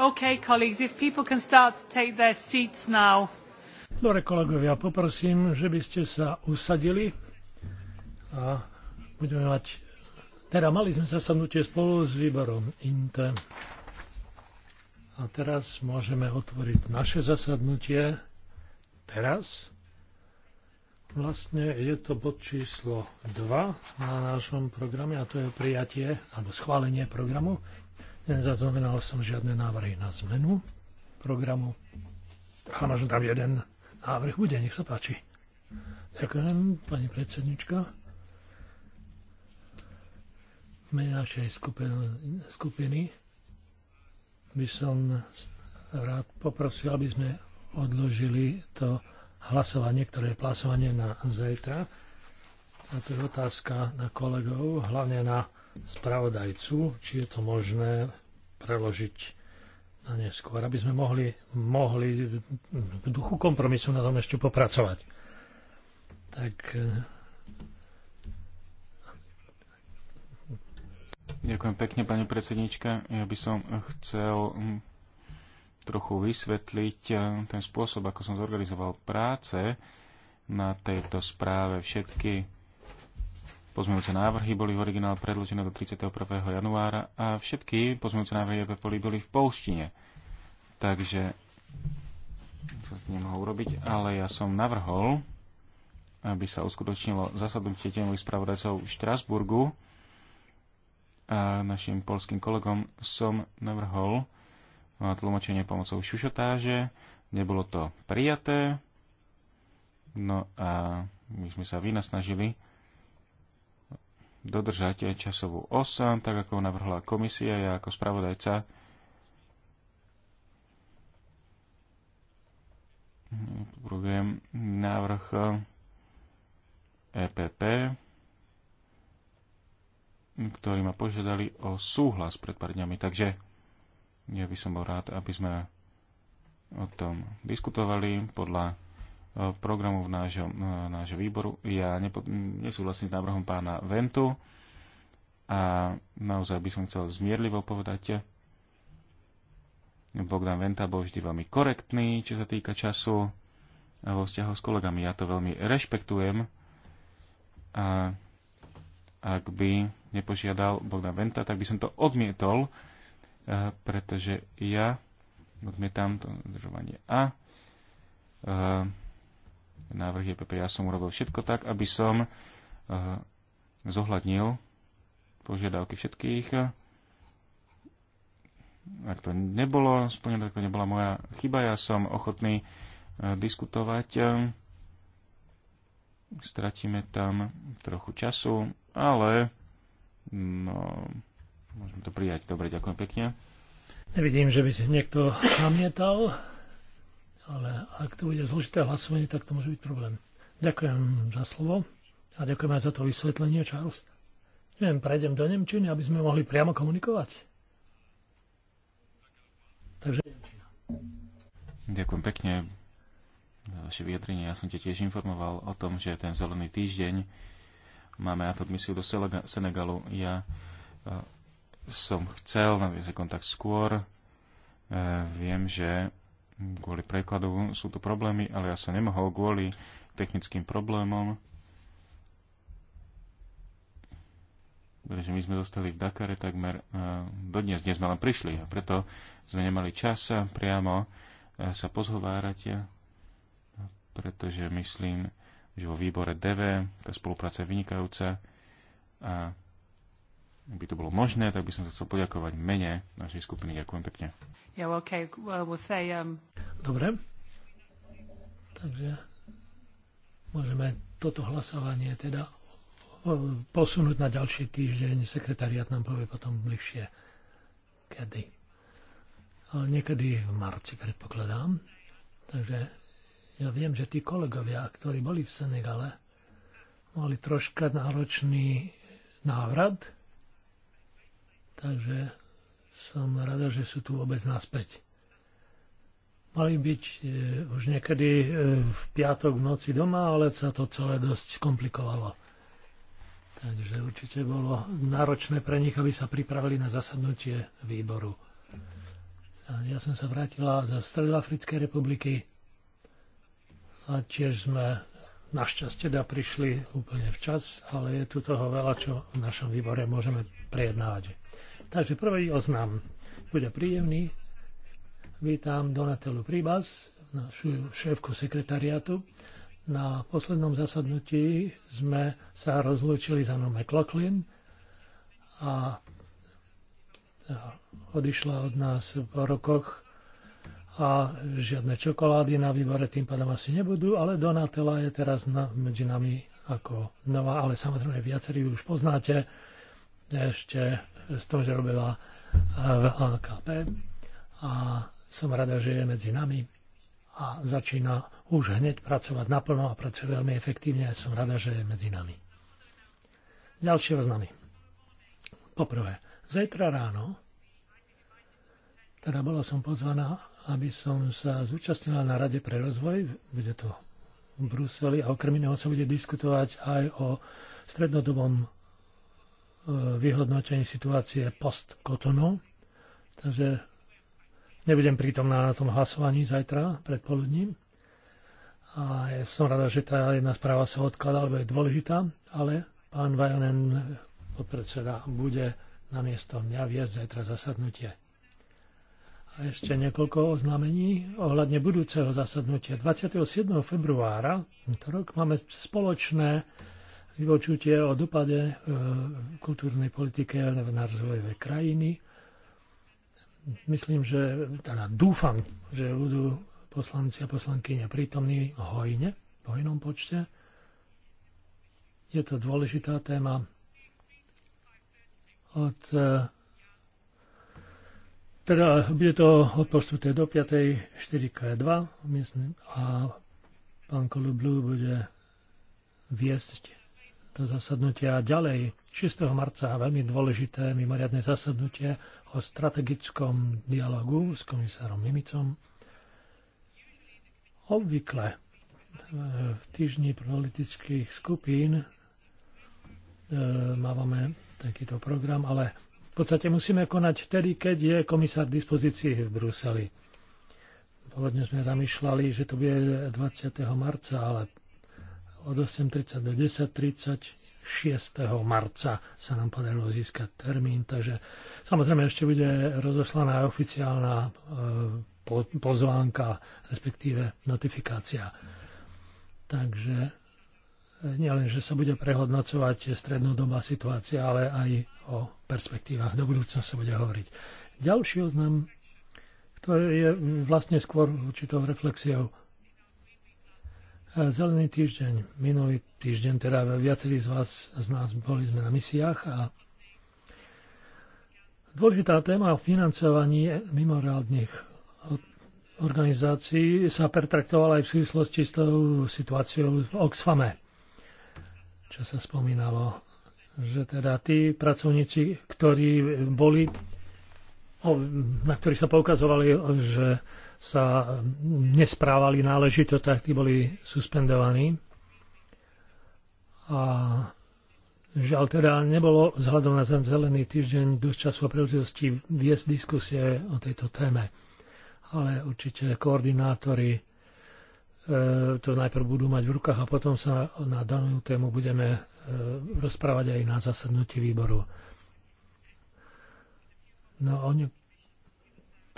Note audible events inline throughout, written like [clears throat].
Okay, colleagues, if people can start to take their seats now. Dobre kolegovia, poprosím, že by ste sa usadili a budeme mať... Teda mali sme zasadnutie spolu s výborom INTE. A teraz môžeme otvoriť naše zasadnutie. Teraz. Vlastne je to bod číslo 2 na našom programe a to je prijatie alebo schválenie programu. Nezaznamenal som žiadne návrhy na zmenu programu. A možno tam jeden návrh bude, nech sa páči. Ďakujem, pani predsednička. Mene našej skupiny by som rád poprosil, aby sme odložili to hlasovanie, ktoré je plasovanie na zajtra. A to je otázka na kolegov, hlavne na spravodajcu, či je to možné preložiť na neskôr, aby sme mohli, mohli v duchu kompromisu na tom ešte popracovať. Tak eh, Ďakujem pekne, pani predsednička. Ja by som chcel hm, trochu vysvetliť eh, ten spôsob, ako som zorganizoval práce na tejto správe. Všetky Pozmeňujúce návrhy boli v originále predložené do 31. januára a všetky pozmeňujúce návrhy EPP boli v polštine. Takže sa s ním urobiť, ale ja som navrhol, aby sa uskutočnilo zasadnutie tenových spravodajcov v Štrasburgu a našim polským kolegom som navrhol tlmočenie pomocou šušotáže. Nebolo to prijaté, no a my sme sa vynasnažili snažili dodržať aj časovú osa, tak ako navrhla komisia, ja ako spravodajca Podporujem návrh EPP, ktorý ma požiadali o súhlas pred pár dňami. Takže ja by som bol rád, aby sme o tom diskutovali podľa Eh, programu v nášho, eh, nášho výboru. Ja nepo, nesúhlasím s návrhom pána Ventu a naozaj by som chcel zmierlivo povedať, eh, Bogdan Venta bol vždy veľmi korektný, čo sa týka času a vo vzťahu s kolegami. Ja to veľmi rešpektujem a ak by nepožiadal Bogdan Venta, tak by som to odmietol, pretože ja odmietam to zdržovanie a návrh Pepe, Ja som urobil všetko tak, aby som eh, zohľadnil požiadavky všetkých. Ak to nebolo splnené, tak to nebola moja chyba. Ja som ochotný eh, diskutovať. Eh, stratíme tam trochu času, ale no, môžeme to prijať. Dobre, ďakujem pekne. Nevidím, že by si niekto namietal ale ak to bude zložité hlasovanie, tak to môže byť problém. Ďakujem za slovo a ďakujem aj za to vysvetlenie, Charles. Neviem, prejdem do Nemčiny, aby sme mohli priamo komunikovať. Takže Nemčina. Ďakujem pekne za vaše vyjadrenie. Ja som te tiež informoval o tom, že ten zelený týždeň máme na to misiu do Senegalu. Ja eh, som chcel naviesť kontakt skôr. Eh, viem, že kvôli prekladu sú tu problémy, ale ja sa nemohol kvôli technickým problémom. Takže my sme dostali v Dakare takmer e, dodnes, dnes sme len prišli a preto sme nemali čas priamo e, sa pozhovárať, e, pretože myslím, že vo výbore DV tá spolupráca je vynikajúca a by to bolo možné, tak by som sa chcel poďakovať mene našej skupiny. Ďakujem pekne. Yeah, okay. well, we'll say, um... Dobre. Takže môžeme toto hlasovanie teda posunúť na ďalší týždeň. Sekretariat nám povie potom bližšie, kedy. Ale niekedy v marci, predpokladám. Takže ja viem, že tí kolegovia, ktorí boli v Senegale, mali troška náročný návrat, Takže som rada, že sú tu vôbec naspäť. Mali byť e, už niekedy e, v piatok v noci doma, ale sa to celé dosť skomplikovalo. Takže určite bolo náročné pre nich, aby sa pripravili na zasadnutie výboru. Ja som sa vrátila zo Stredoafrickej republiky a tiež sme našťastie da prišli úplne včas, ale je tu toho veľa, čo v našom výbore môžeme prejednávať. Takže prvý oznam bude príjemný. Vítam Donatelu Pribas, našu šéfku sekretariátu. Na poslednom zasadnutí sme sa rozlúčili za Nome Kloklin a odišla od nás po rokoch a žiadne čokolády na výbore tým pádom asi nebudú, ale Donatela je teraz na, medzi nami ako nová, ale samozrejme viacerí už poznáte. Ešte z toho, že robila v eh, AKP a som rada, že je medzi nami a začína už hneď pracovať naplno a pracuje veľmi efektívne a som rada, že je medzi nami. Ďalšie oznámy. Poprvé, zajtra ráno, teda bola som pozvaná, aby som sa zúčastnila na Rade pre rozvoj, bude to v Bruseli a okrem iného sa bude diskutovať aj o strednodobom vyhodnotení situácie post Kotonu. Takže nebudem prítomná na tom hlasovaní zajtra predpoludním. A ja som rada, že tá jedna správa sa odkladá, lebo je dôležitá, ale pán Vajonen, podpredseda, bude na miesto mňa viesť zajtra zasadnutie. A ešte niekoľko oznámení ohľadne budúceho zasadnutia. 27. februára, tento rok, máme spoločné vypočutie o dopade e, kultúrnej politike na rozvojové krajiny. Myslím, že, teda dúfam, že budú poslanci a poslankyne prítomní hojne, v hojnom počte. Je to dôležitá téma. Od, e, teda bude to od postute do 5. 4K2 myslím, a pán Kolublu bude viesť to zasadnutie a ďalej 6. marca veľmi dôležité mimoriadne zasadnutie o strategickom dialogu s komisárom Mimicom. Obvykle e, v týždni politických skupín e, máme takýto program, ale v podstate musíme konať vtedy, keď je komisár k dispozícii v Bruseli. Pôvodne sme zamýšľali, že to bude 20. marca, ale od 8.30 do 10.30 6. marca sa nám podarilo získať termín, takže samozrejme ešte bude rozoslaná oficiálna e, pozvánka, respektíve notifikácia. Takže e, nielen, že sa bude prehodnocovať strednodobá situácia, ale aj o perspektívach do budúcna sa bude hovoriť. Ďalší oznam, ktorý je vlastne skôr určitou reflexiou E, Zelený týždeň, minulý týždeň, teda viacerí z vás, z nás boli sme na misiách a dôležitá téma o financovaní mimorádnych organizácií sa pertraktovala aj v súvislosti s tou situáciou v Oxfame, čo sa spomínalo, že teda tí pracovníci, ktorí boli, na ktorých sa poukazovali, že sa nesprávali náležito, tak tí boli suspendovaní. A žiaľ teda nebolo vzhľadom na zelený týždeň dosť času a príležitosti viesť diskusie o tejto téme. Ale určite koordinátori e, to najprv budú mať v rukách a potom sa na danú tému budeme e, rozprávať aj na zasadnutí výboru. No oni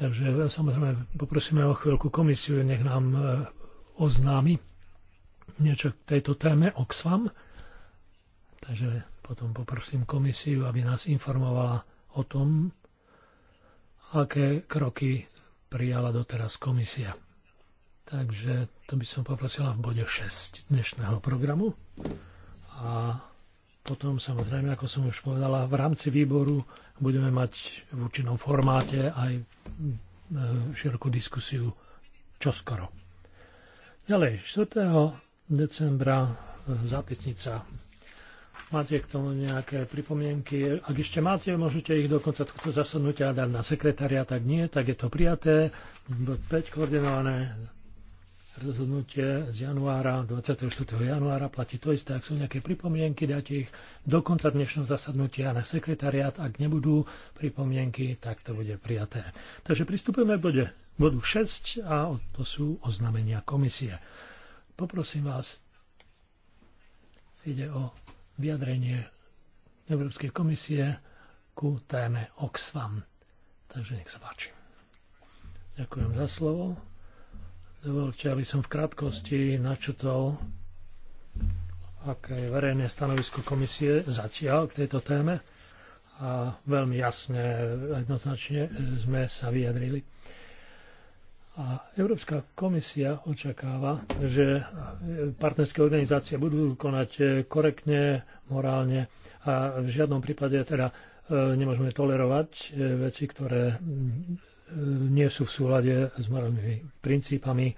Takže samozrejme poprosíme o chvíľku komisiu, nech nám e, oznámi niečo k tejto téme Oxfam. Takže potom poprosím komisiu, aby nás informovala o tom, aké kroky prijala doteraz komisia. Takže to by som poprosila v bode 6 dnešného programu. A potom samozrejme, ako som už povedala, v rámci výboru budeme mať v účinnom formáte aj e, širokú diskusiu čoskoro. Ďalej, 4. decembra e, zápisnica. Máte k tomu nejaké pripomienky? Ak ešte máte, môžete ich dokonca tohto zasadnutia dať na sekretariat. Ak nie, tak je to prijaté. 5 koordinované rozhodnutie z januára, 24. januára platí to isté. Ak sú nejaké pripomienky, dáte ich do konca dnešného zasadnutia na sekretariát. Ak nebudú pripomienky, tak to bude prijaté. Takže pristupujeme k bode, bodu 6 a to sú oznamenia komisie. Poprosím vás, ide o vyjadrenie Európskej komisie ku téme Oxfam. Takže nech sa páči. Ďakujem za slovo Dovolte, aby som v krátkosti načutol, aké je verejné stanovisko komisie zatiaľ k tejto téme a veľmi jasne, jednoznačne sme sa vyjadrili. A Európska komisia očakáva, že partnerské organizácie budú konať korektne, morálne a v žiadnom prípade teda e, nemôžeme tolerovať e, veci, ktoré nie sú v súlade s morálnymi princípami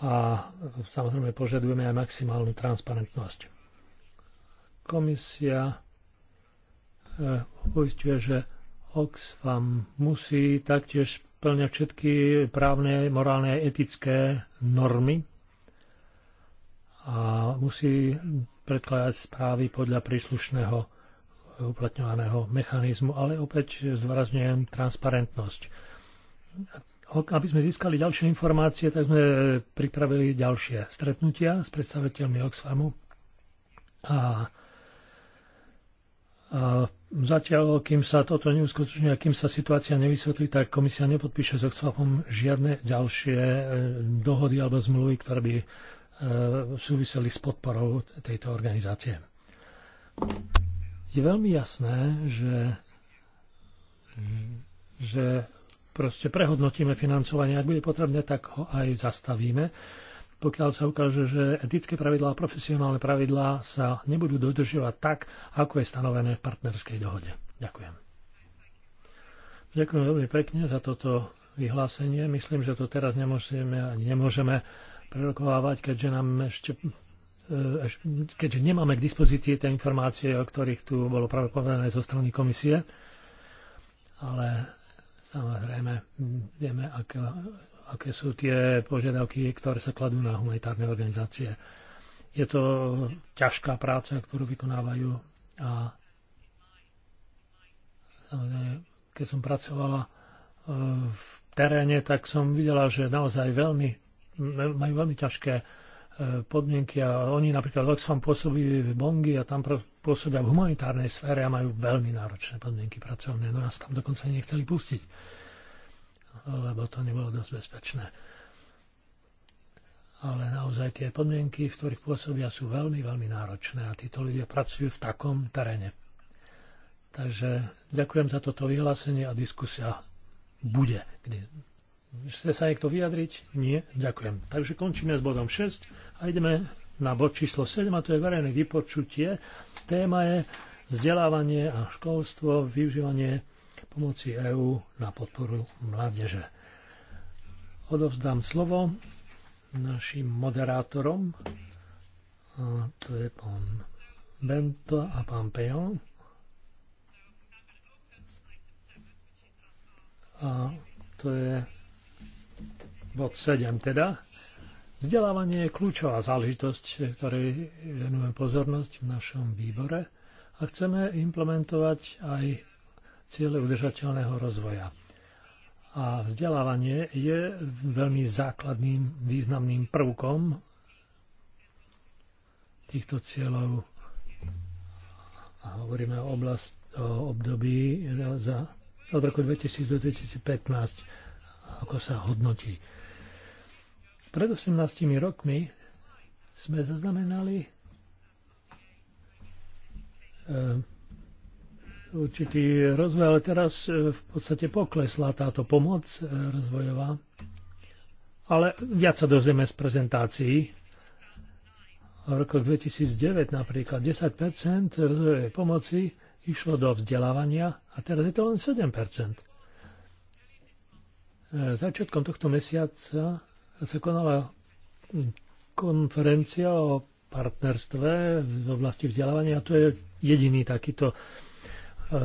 a samozrejme požadujeme aj maximálnu transparentnosť. Komisia eh, uistuje, že Oxfam musí taktiež plňať všetky právne, morálne a etické normy a musí predkladať správy podľa príslušného uplatňovaného mechanizmu, ale opäť zdôrazňujem transparentnosť. Aby sme získali ďalšie informácie, tak sme pripravili ďalšie stretnutia s predstaviteľmi Oxfamu a, a zatiaľ, kým sa toto neuskutočňuje, kým sa situácia nevysvetlí, tak komisia nepodpíše s Oxfamom žiadne ďalšie e, dohody alebo zmluvy, ktoré by e, súviseli s podporou tejto organizácie je veľmi jasné, že, že proste prehodnotíme financovanie. Ak bude potrebné, tak ho aj zastavíme. Pokiaľ sa ukáže, že etické pravidlá a profesionálne pravidlá sa nebudú dodržiavať tak, ako je stanovené v partnerskej dohode. Ďakujem. Ďakujem veľmi pekne za toto vyhlásenie. Myslím, že to teraz nemusíme ani nemôžeme prerokovávať, keďže nám ešte E, keďže nemáme k dispozícii tie informácie, o ktorých tu bolo práve povedané zo strany komisie, ale samozrejme vieme, aké, aké sú tie požiadavky, ktoré sa kladú na humanitárne organizácie. Je to ťažká práca, ktorú vykonávajú a samozrejme, keď som pracovala e, v teréne, tak som videla, že naozaj veľmi, majú veľmi ťažké podmienky a oni napríklad Oxfam pôsobili v Bongi a tam pôsobia v humanitárnej sfére a majú veľmi náročné podmienky pracovné. No nás tam dokonca nechceli pustiť, lebo to nebolo dosť bezpečné. Ale naozaj tie podmienky, v ktorých pôsobia, sú veľmi, veľmi náročné a títo ľudia pracujú v takom teréne. Takže ďakujem za toto vyhlásenie a diskusia bude. Chce sa niekto vyjadriť? Nie? Ďakujem. Takže končíme s bodom 6. A ideme na bod číslo 7, a to je verejné vypočutie. Téma je vzdelávanie a školstvo, využívanie pomoci EÚ na podporu mládeže. Odovzdám slovo našim moderátorom, a to je pán Bento a pán Pejon. A to je bod 7 teda. Vzdelávanie je kľúčová záležitosť, ktorej venujeme pozornosť v našom výbore a chceme implementovať aj ciele udržateľného rozvoja. A vzdelávanie je veľmi základným, významným prvkom týchto cieľov. A hovoríme o, oblasti o období za, od roku 2000 do 2015, ako sa hodnotí pred 18 rokmi sme zaznamenali eh, určitý rozvoj, ale teraz eh, v podstate poklesla táto pomoc eh, rozvojová. Ale viac sa dozrieme z prezentácií. V roku 2009 napríklad 10 rozvojovej pomoci išlo do vzdelávania a teraz je to len 7 Začiatkom tohto mesiaca sa konala hm, konferencia o partnerstve v oblasti vzdelávania a to je jediný takýto eh,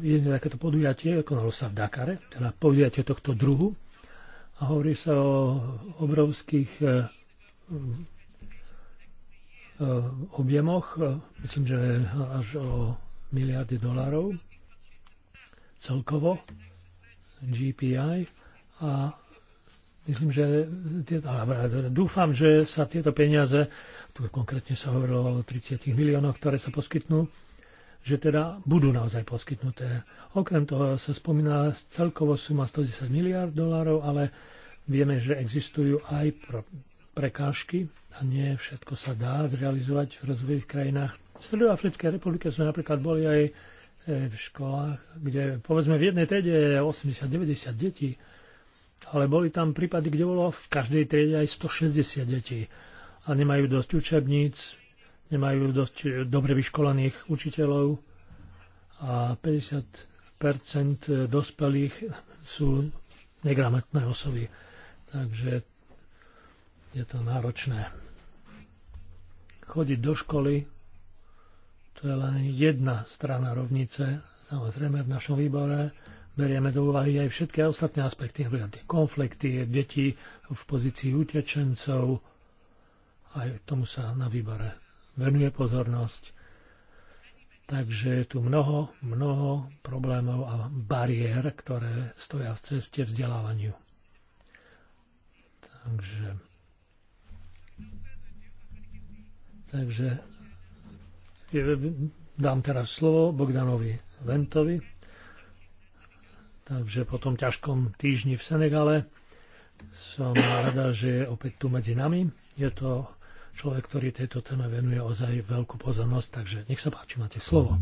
jediné takéto podujatie, konalo sa v Dakare, teda podujatie tohto druhu a hovorí sa o obrovských eh, eh, objemoch, myslím, že až o miliardy dolárov celkovo GPI a Myslím, že dúfam, že sa tieto peniaze, tu konkrétne sa hovorilo o 30 miliónoch, ktoré sa poskytnú, že teda budú naozaj poskytnuté. Okrem toho sa spomína celkovo suma 110 miliard dolárov, ale vieme, že existujú aj prekážky a nie všetko sa dá zrealizovať v rozvojových krajinách. V Stredoafrickej republike sme napríklad boli aj eh, v školách, kde povedzme v jednej triede je 80-90 detí ale boli tam prípady, kde bolo v každej triede aj 160 detí a nemajú dosť učebníc, nemajú dosť eh, dobre vyškolených učiteľov a 50 eh, dospelých sú negramatné osoby. Takže je to náročné. Chodiť do školy to je len jedna strana rovnice, samozrejme v našom výbore berieme do úvahy aj všetky ostatné aspekty, napríklad konflikty, deti v pozícii utečencov, aj tomu sa na výbore venuje pozornosť. Takže je tu mnoho, mnoho problémov a bariér, ktoré stoja v ceste vzdelávaniu. Takže, takže dám teraz slovo Bogdanovi Ventovi. Takže po tom ťažkom týždni v Senegale som rada, že je opäť tu medzi nami. Je to človek, ktorý tejto téme venuje ozaj veľkú pozornosť, takže nech sa páči, máte slovo.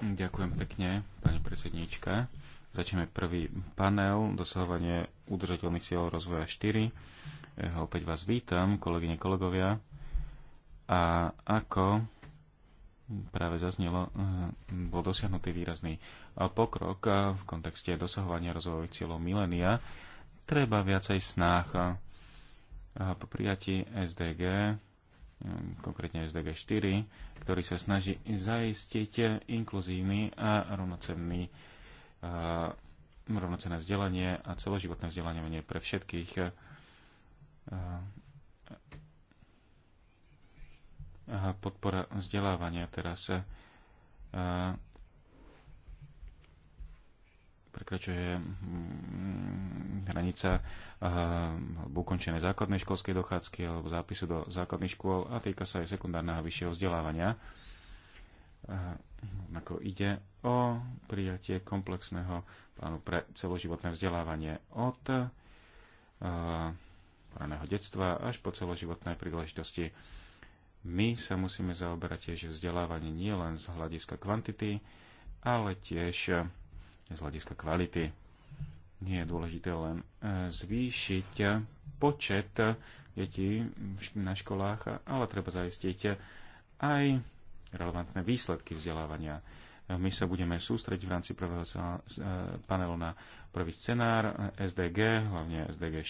Ďakujem pekne, pani predsedníčka. Začneme prvý panel, dosahovanie udržateľných cieľov rozvoja 4. Ja opäť vás vítam, kolegyne, kolegovia. A ako práve zaznelo, hm, bol dosiahnutý výrazný eh, pokrok eh, v kontexte dosahovania rozvojových cieľov milénia. Treba viacej snách eh, po prijatí SDG, hm, konkrétne SDG 4, ktorý sa snaží zaistiť inkluzívny a rovnocenný rovnocenné vzdelanie a celoživotné vzdelanie pre všetkých podpora vzdelávania teraz e, prekračuje hranica e, alebo ukončené základnej školskej dochádzky alebo zápisu do základných škôl a týka sa aj sekundárneho vyššieho vzdelávania. E, ako ide o prijatie komplexného plánu pre celoživotné vzdelávanie od raného detstva až po celoživotné príležitosti my sa musíme zaoberať tiež vzdelávanie nie len z hľadiska kvantity, ale tiež eh, z hľadiska kvality. Nie je dôležité len eh, zvýšiť eh, počet detí na školách, ale treba zaistiť aj relevantné výsledky vzdelávania. My sa budeme sústrediť v rámci prvého panelu na prvý scenár SDG, hlavne SDG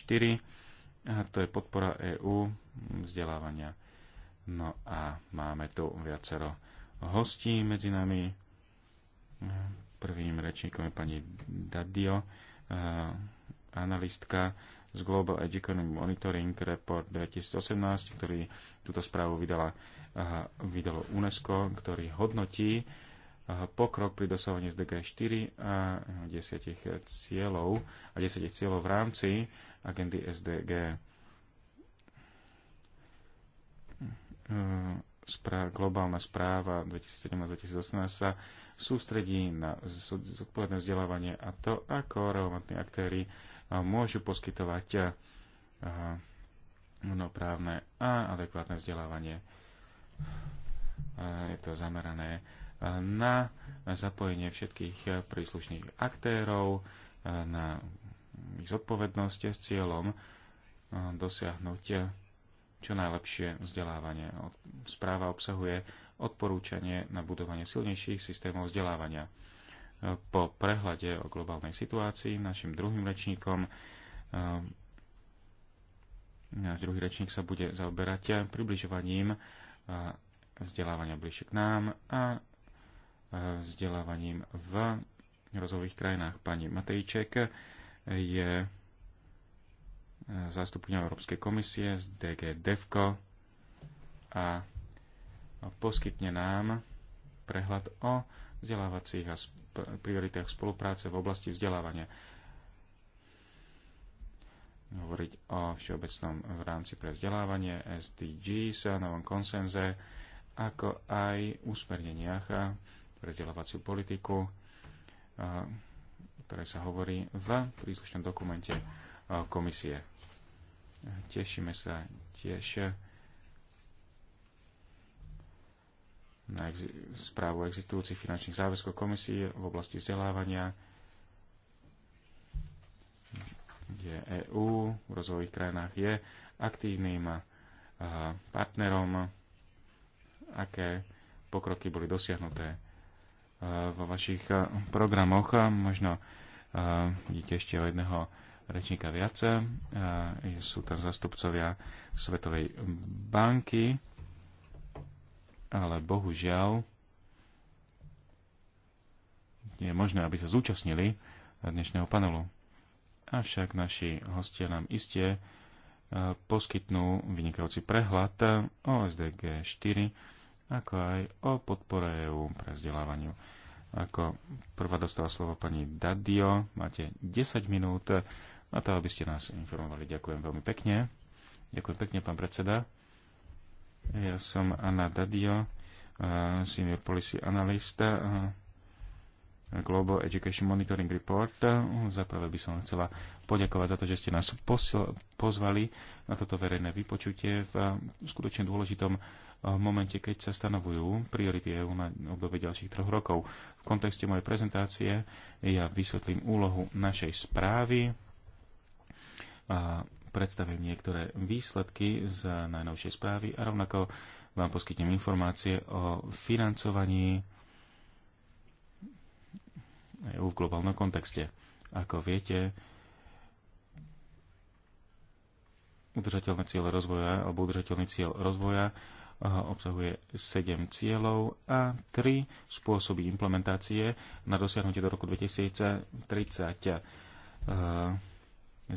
4, a to je podpora EÚ vzdelávania No a máme tu viacero hostí medzi nami. Prvým rečníkom je pani Dadio, eh, analistka z Global Economic Monitoring Report 2018, ktorý túto správu vydala, eh, vydalo UNESCO, ktorý hodnotí eh, pokrok pri dosahovaní dg 4 a 10 cieľov a 10 cieľov v rámci agendy SDG Eh, správ, globálna správa 2017-2018 sa sústredí na zodpovedné vzdelávanie a to, ako relevantní aktéry eh, môžu poskytovať rovnoprávne eh, a adekvátne vzdelávanie. Je to zamerané na zapojenie všetkých príslušných aktérov, na ich zodpovednosť s cieľom dosiahnuť čo najlepšie vzdelávanie. Správa obsahuje odporúčanie na budovanie silnejších systémov vzdelávania. E, po prehľade o globálnej situácii našim druhým rečníkom e, náš druhý rečník sa bude zaoberať približovaním e, vzdelávania bližšie k nám a vzdelávaním v rozvojových krajinách. Pani Matejček je zástupňa Európskej komisie z DG DEVKO a poskytne nám prehľad o vzdelávacích a prioritách spolupráce v oblasti vzdelávania. Hovoriť o všeobecnom v rámci pre vzdelávanie SDGs, novom konsenze, ako aj usmerneniach pre vzdelávaciu politiku, ktoré sa hovorí v príslušnom dokumente komisie. Tešíme sa tiež na ex- správu existujúcich finančných záväzkov komisí v oblasti vzdelávania, kde EÚ v rozvojových krajinách je aktívnym partnerom, aké pokroky boli dosiahnuté vo vašich programoch. Možno vidíte ešte o jedného rečníka viace. Sú tam zastupcovia Svetovej banky, ale bohužiaľ je možné, aby sa zúčastnili dnešného panelu. Avšak naši hostia nám iste e, poskytnú vynikajúci prehľad o SDG 4, ako aj o podpore EU pre vzdelávaniu. Ako prvá dostala slovo pani Dadio, máte 10 minút na to, aby ste nás informovali. Ďakujem veľmi pekne. Ďakujem pekne, pán predseda. Ja som Anna Dadio, eh, senior policy analyst, eh, Global Education Monitoring Report. Zaprave by som chcela poďakovať za to, že ste nás pozvali na toto verejné vypočutie v eh, skutočne dôležitom momente, keď sa stanovujú priority EU na obdobie ďalších troch rokov. V kontexte mojej prezentácie ja vysvetlím úlohu našej správy, a predstavím niektoré výsledky z najnovšej správy a rovnako vám poskytnem informácie o financovaní EU v globálnom kontexte. Ako viete, udržateľné cieľe rozvoja alebo udržateľný cieľ rozvoja obsahuje 7 cieľov a 3 spôsoby implementácie na dosiahnutie do roku 2030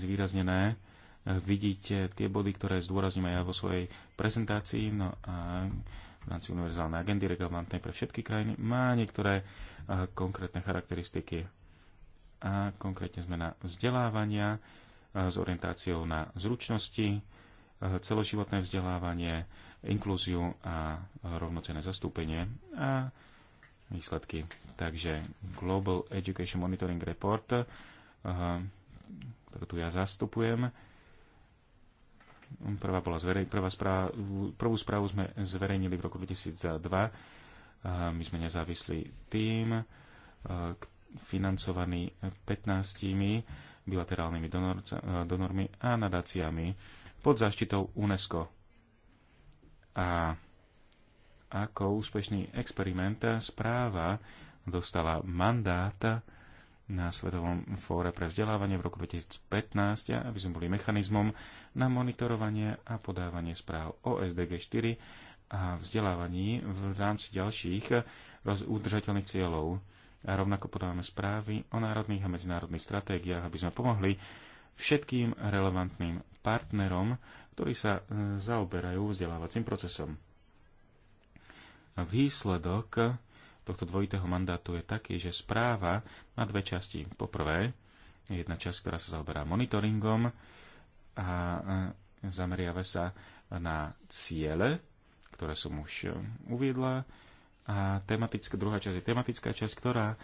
zvýraznené. Vidíte tie body, ktoré zdôrazním aj vo svojej prezentácii. No a v rámci univerzálnej agendy relevantnej pre všetky krajiny má niektoré konkrétne charakteristiky. A konkrétne sme na vzdelávania s orientáciou na zručnosti, celoživotné vzdelávanie, inklúziu a rovnocené zastúpenie a výsledky. Takže Global Education Monitoring Report ktorú tu ja zastupujem. Prvá, bola zverej, prvá správa, prvú správu sme zverejnili v roku 2002. My sme nezávisli tým, financovaný 15 bilaterálnymi donorca, donormi a nadáciami pod záštitou UNESCO. A ako úspešný experiment správa dostala mandát na Svetovom fóre pre vzdelávanie v roku 2015, aby sme boli mechanizmom na monitorovanie a podávanie správ o SDG 4 a vzdelávaní v rámci ďalších rozúdržateľných cieľov. A rovnako podávame správy o národných a medzinárodných stratégiách, aby sme pomohli všetkým relevantným partnerom, ktorí sa e, zaoberajú vzdelávacím procesom. Výsledok tohto dvojitého mandátu je taký, že správa má dve časti. Poprvé, jedna časť, ktorá sa zaoberá monitoringom a zameriava sa na ciele, ktoré som už e, uviedla. A tematická, druhá časť je tematická časť, ktorá e,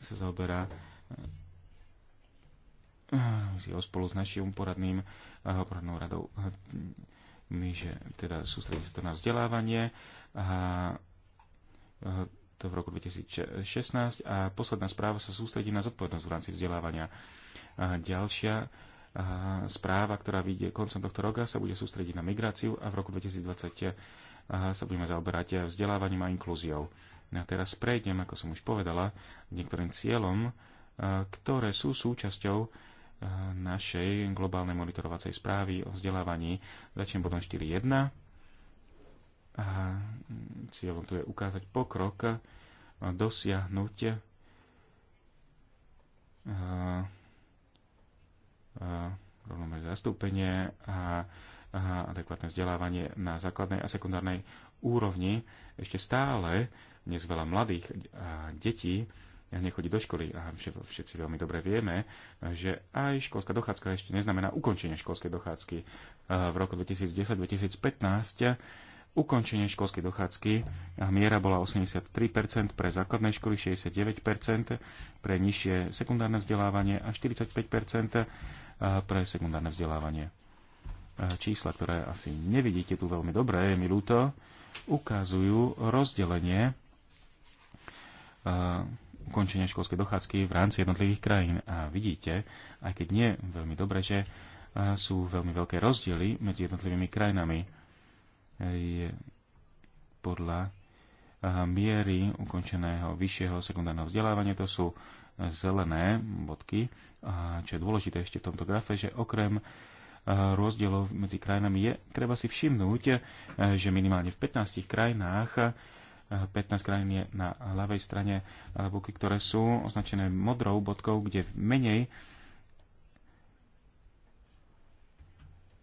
sa zaoberá e, spolu s našim poradným poradnou radou my, že teda sústredí sa to na vzdelávanie a to v roku 2016 a posledná správa sa sústredí na zodpovednosť v rámci vzdelávania. A ďalšia a správa, ktorá vyjde koncom tohto roka, sa bude sústrediť na migráciu a v roku 2020 sa budeme zaoberať vzdelávaním a inklúziou. No a teraz prejdem, ako som už povedala, niektorým cieľom, ktoré sú súčasťou našej globálnej monitorovacej správy o vzdelávaní. Začnem bodom 4.1 a cieľom tu je ukázať pokrok, dosiahnuť rovnomerné zastúpenie a, a adekvátne vzdelávanie na základnej a sekundárnej úrovni. Ešte stále dnes veľa mladých a detí nechodí do školy a všetci veľmi dobre vieme, že aj školská dochádzka ešte neznamená ukončenie školskej dochádzky. V roku 2010-2015 ukončenie školskej dochádzky a miera bola 83% pre základné školy, 69% pre nižšie sekundárne vzdelávanie a 45% pre sekundárne vzdelávanie. Čísla, ktoré asi nevidíte tu veľmi dobre, je mi ľúto, ukazujú rozdelenie ukončenia školskej dochádzky v rámci jednotlivých krajín. A vidíte, aj keď nie veľmi dobre, že sú veľmi veľké rozdiely medzi jednotlivými krajinami je podľa eh, miery ukončeného vyššieho sekundárneho vzdelávania. To sú eh, zelené bodky. A čo je dôležité ešte v tomto grafe, že okrem eh, rozdielov medzi krajinami je treba si všimnúť, že minimálne v 15 krajinách 15 krajín je na ľavej strane, alebo ktoré sú označené modrou bodkou, kde menej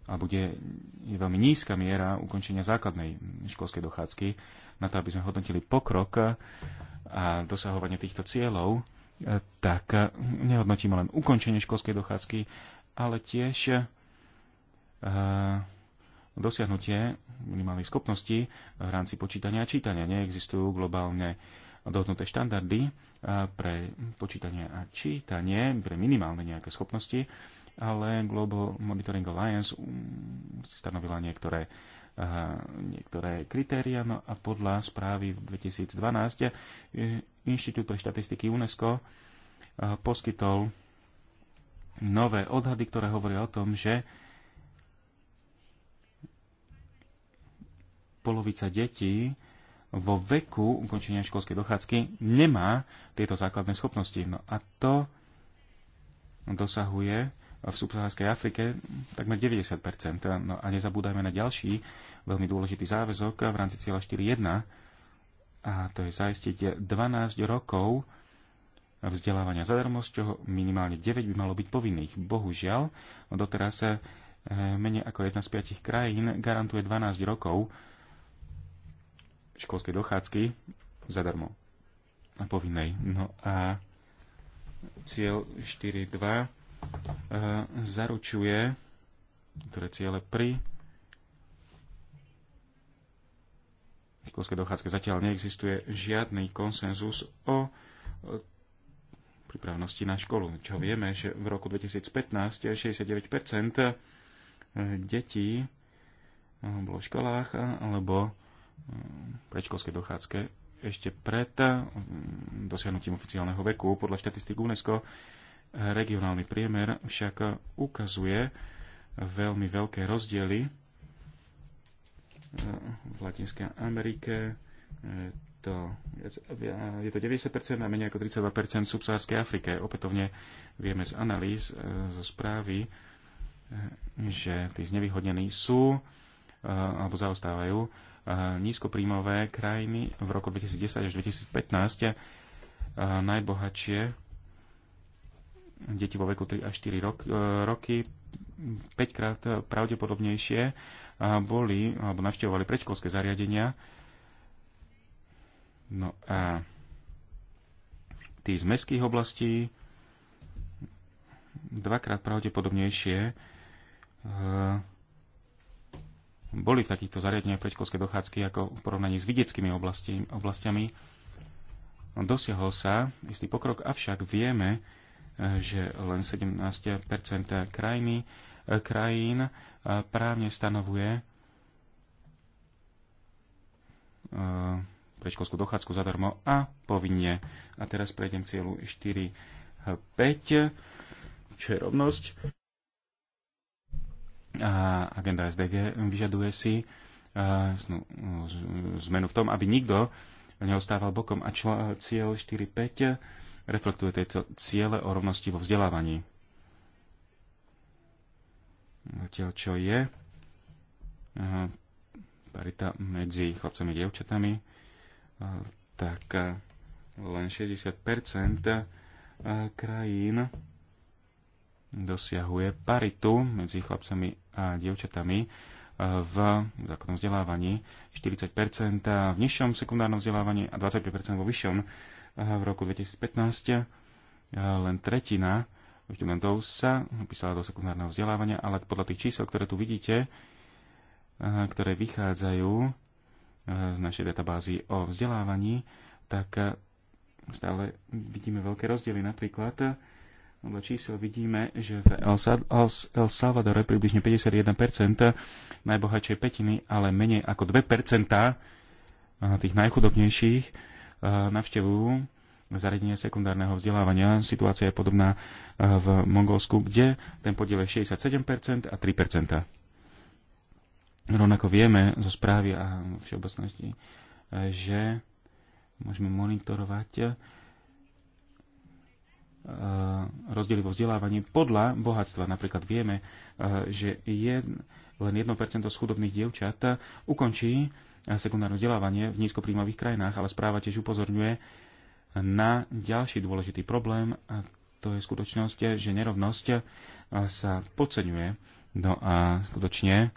a bude je veľmi nízka miera ukončenia základnej školskej dochádzky na to, aby sme hodnotili pokrok a dosahovanie týchto cieľov, tak nehodnotíme len ukončenie školskej dochádzky, ale tiež eh, dosiahnutie minimálnych schopnosti v rámci počítania a čítania. Neexistujú globálne dohodnuté štandardy eh, pre počítanie a čítanie, pre minimálne nejaké schopnosti ale Global Monitoring Alliance um, si stanovila niektoré, eh, niektoré kritéria no a podľa správy v 2012 eh, Inštitút pre štatistiky UNESCO eh, poskytol nové odhady, ktoré hovoria o tom, že polovica detí vo veku ukončenia školskej dochádzky nemá tieto základné schopnosti. No a to dosahuje v subsahárskej Afrike takmer 90 No a nezabúdajme na ďalší veľmi dôležitý záväzok v rámci cieľa 4.1 a to je zaistiť 12 rokov vzdelávania zadarmo, z čoho minimálne 9 by malo byť povinných. Bohužiaľ, doteraz sa eh, menej ako jedna z piatich krajín garantuje 12 rokov školskej dochádzky zadarmo a povinnej. No a cieľ Eh, zaručuje ktoré ciele pri školskej dochádzke zatiaľ neexistuje žiadny konsenzus o pripravnosti na školu. Čo vieme, že v roku 2015 69% eh, detí eh, bolo v školách alebo predškolskej dochádzke ešte pred dosiahnutím oficiálneho veku. Podľa štatistik UNESCO Regionálny priemer však ukazuje veľmi veľké rozdiely e, v Latinskej Amerike. E, je to, je to 90% a menej ako 32% v subsárskej Afrike. Opätovne vieme z analýz, e, zo správy, že tí znevýhodnení sú alebo zaostávajú nízkopríjmové krajiny v roku 2010 až 2015 najbohatšie deti vo veku 3 až 4 rok, e, roky 5 krát pravdepodobnejšie e, boli alebo navštevovali predškolské zariadenia. No a tí z mestských oblastí dvakrát pravdepodobnejšie e, boli v takýchto zariadeniach predškolské dochádzky ako v porovnaní s vidieckými oblasti, oblastiami. Dosiahol sa istý pokrok, avšak vieme, že len 17 krajiny, eh, krajín eh, právne stanovuje eh, predškolskú dochádzku zadarmo a povinne. A teraz prejdem cieľu 4, 5, čo je rovnosť. A agenda SDG vyžaduje si zmenu v tom, aby nikto neostával bokom. A čl- cieľ 4.5 reflektuje tieto ciele o rovnosti vo vzdelávaní. Zatiaľ čo je parita medzi chlapcami a dievčatami, tak len 60 krajín dosiahuje paritu medzi chlapcami a dievčatami v základnom vzdelávaní, 40% v nižšom sekundárnom vzdelávaní a 25% vo vyššom v roku 2015 eh, len tretina študentov sa písala do sekundárneho vzdelávania, ale podľa tých čísel, ktoré tu vidíte, eh, ktoré vychádzajú eh, z našej databázy o vzdelávaní, tak stále vidíme veľké rozdiely. Napríklad podľa čísel vidíme, že v El Salvadore približne 51% najbohatšej petiny, ale menej ako 2% tých najchudobnejších E, navštevujú zariadenie sekundárneho vzdelávania. Situácia je podobná e, v Mongolsku, kde ten podiel je 67% a 3%. Rovnako vieme zo správy a všeobecnosti, e, že môžeme monitorovať rozdiely vo vzdelávaní podľa bohatstva. Napríklad vieme, že je len 1% z chudobných dievčat ukončí sekundárne vzdelávanie v nízkopríjmových krajinách, ale správa tiež upozorňuje na ďalší dôležitý problém a to je skutočnosť, že nerovnosť sa podceňuje. No a skutočne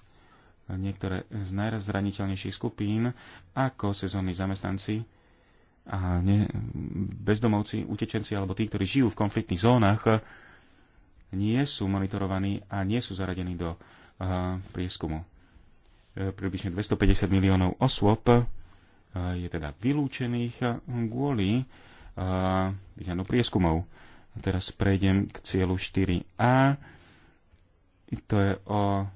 niektoré z najzraniteľnejších skupín, ako sezónni zamestnanci, a ne, bezdomovci, utečenci alebo tí, ktorí žijú v konfliktných zónach, nie sú monitorovaní a nie sú zaradení do uh, prieskumu. E, približne 250 miliónov osôb e, je teda vylúčených kvôli e, významnou prieskumov. Teraz prejdem k cieľu 4a. To je o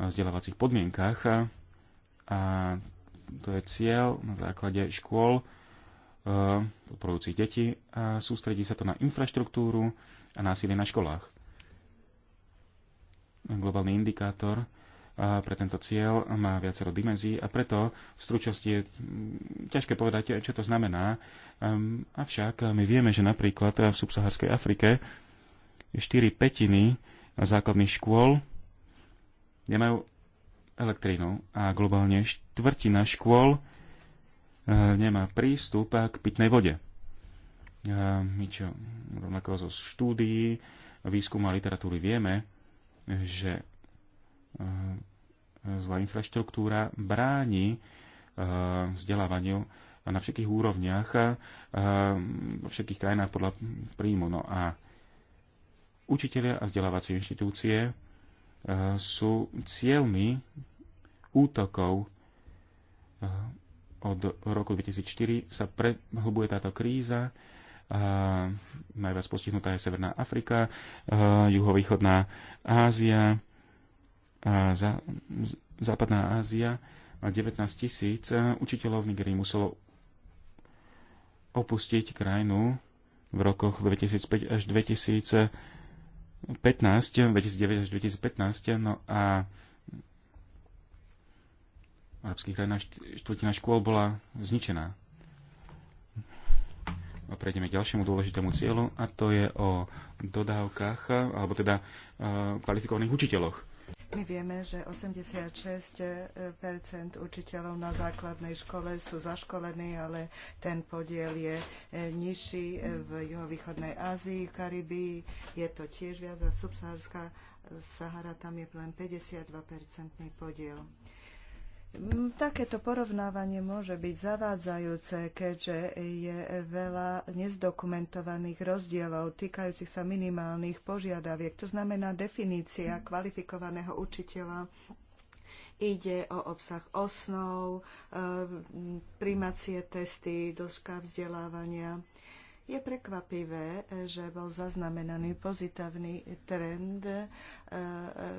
vzdelávacích podmienkach a to je cieľ na základe škôl podporujúcich deti a sústredí sa to na infraštruktúru a násilie na školách. Globálny indikátor a pre tento cieľ má viacero dimenzií a preto v stručnosti je ťažké povedať, čo to znamená. Ehm, avšak my vieme, že napríklad v subsaharskej Afrike 4 petiny základných škôl nemajú elektrínu a globálne štvrtina škôl e, nemá prístup k pitnej vode. E, my čo, rovnako zo štúdií, výskumu a literatúry vieme, že e, zlá infraštruktúra bráni e, vzdelávaniu na všetkých úrovniach, e, vo všetkých krajinách podľa príjmu. No a učiteľia a vzdelávacie inštitúcie e, sú cieľmi útokov od roku 2004 sa prehlbuje táto kríza. Najviac postihnutá je Severná Afrika, juhovýchodná Ázia, a za, Západná Ázia má 19 tisíc e, učiteľov v Nigerii muselo opustiť krajinu v rokoch 2005 až 2015, 2009 až 2015, no a v arabských krajinách štvrtina škôl bola zničená. A prejdeme k ďalšiemu dôležitému cieľu a to je o dodávkach, alebo teda e, kvalifikovaných učiteľoch my vieme, že 86 učiteľov na základnej škole sú zaškolení, ale ten podiel je eh, nižší eh, v juhovýchodnej Ázii, v Karibii. Je to tiež viac a subsaharská Sahara tam je len 52-percentný podiel. Mm, takéto porovnávanie môže byť zavádzajúce, keďže je veľa nezdokumentovaných rozdielov týkajúcich sa minimálnych požiadaviek. To znamená definícia kvalifikovaného učiteľa. Ide o obsah osnov, eh, primacie testy, dĺžka vzdelávania. Je prekvapivé, že bol zaznamenaný pozitívny trend e, e,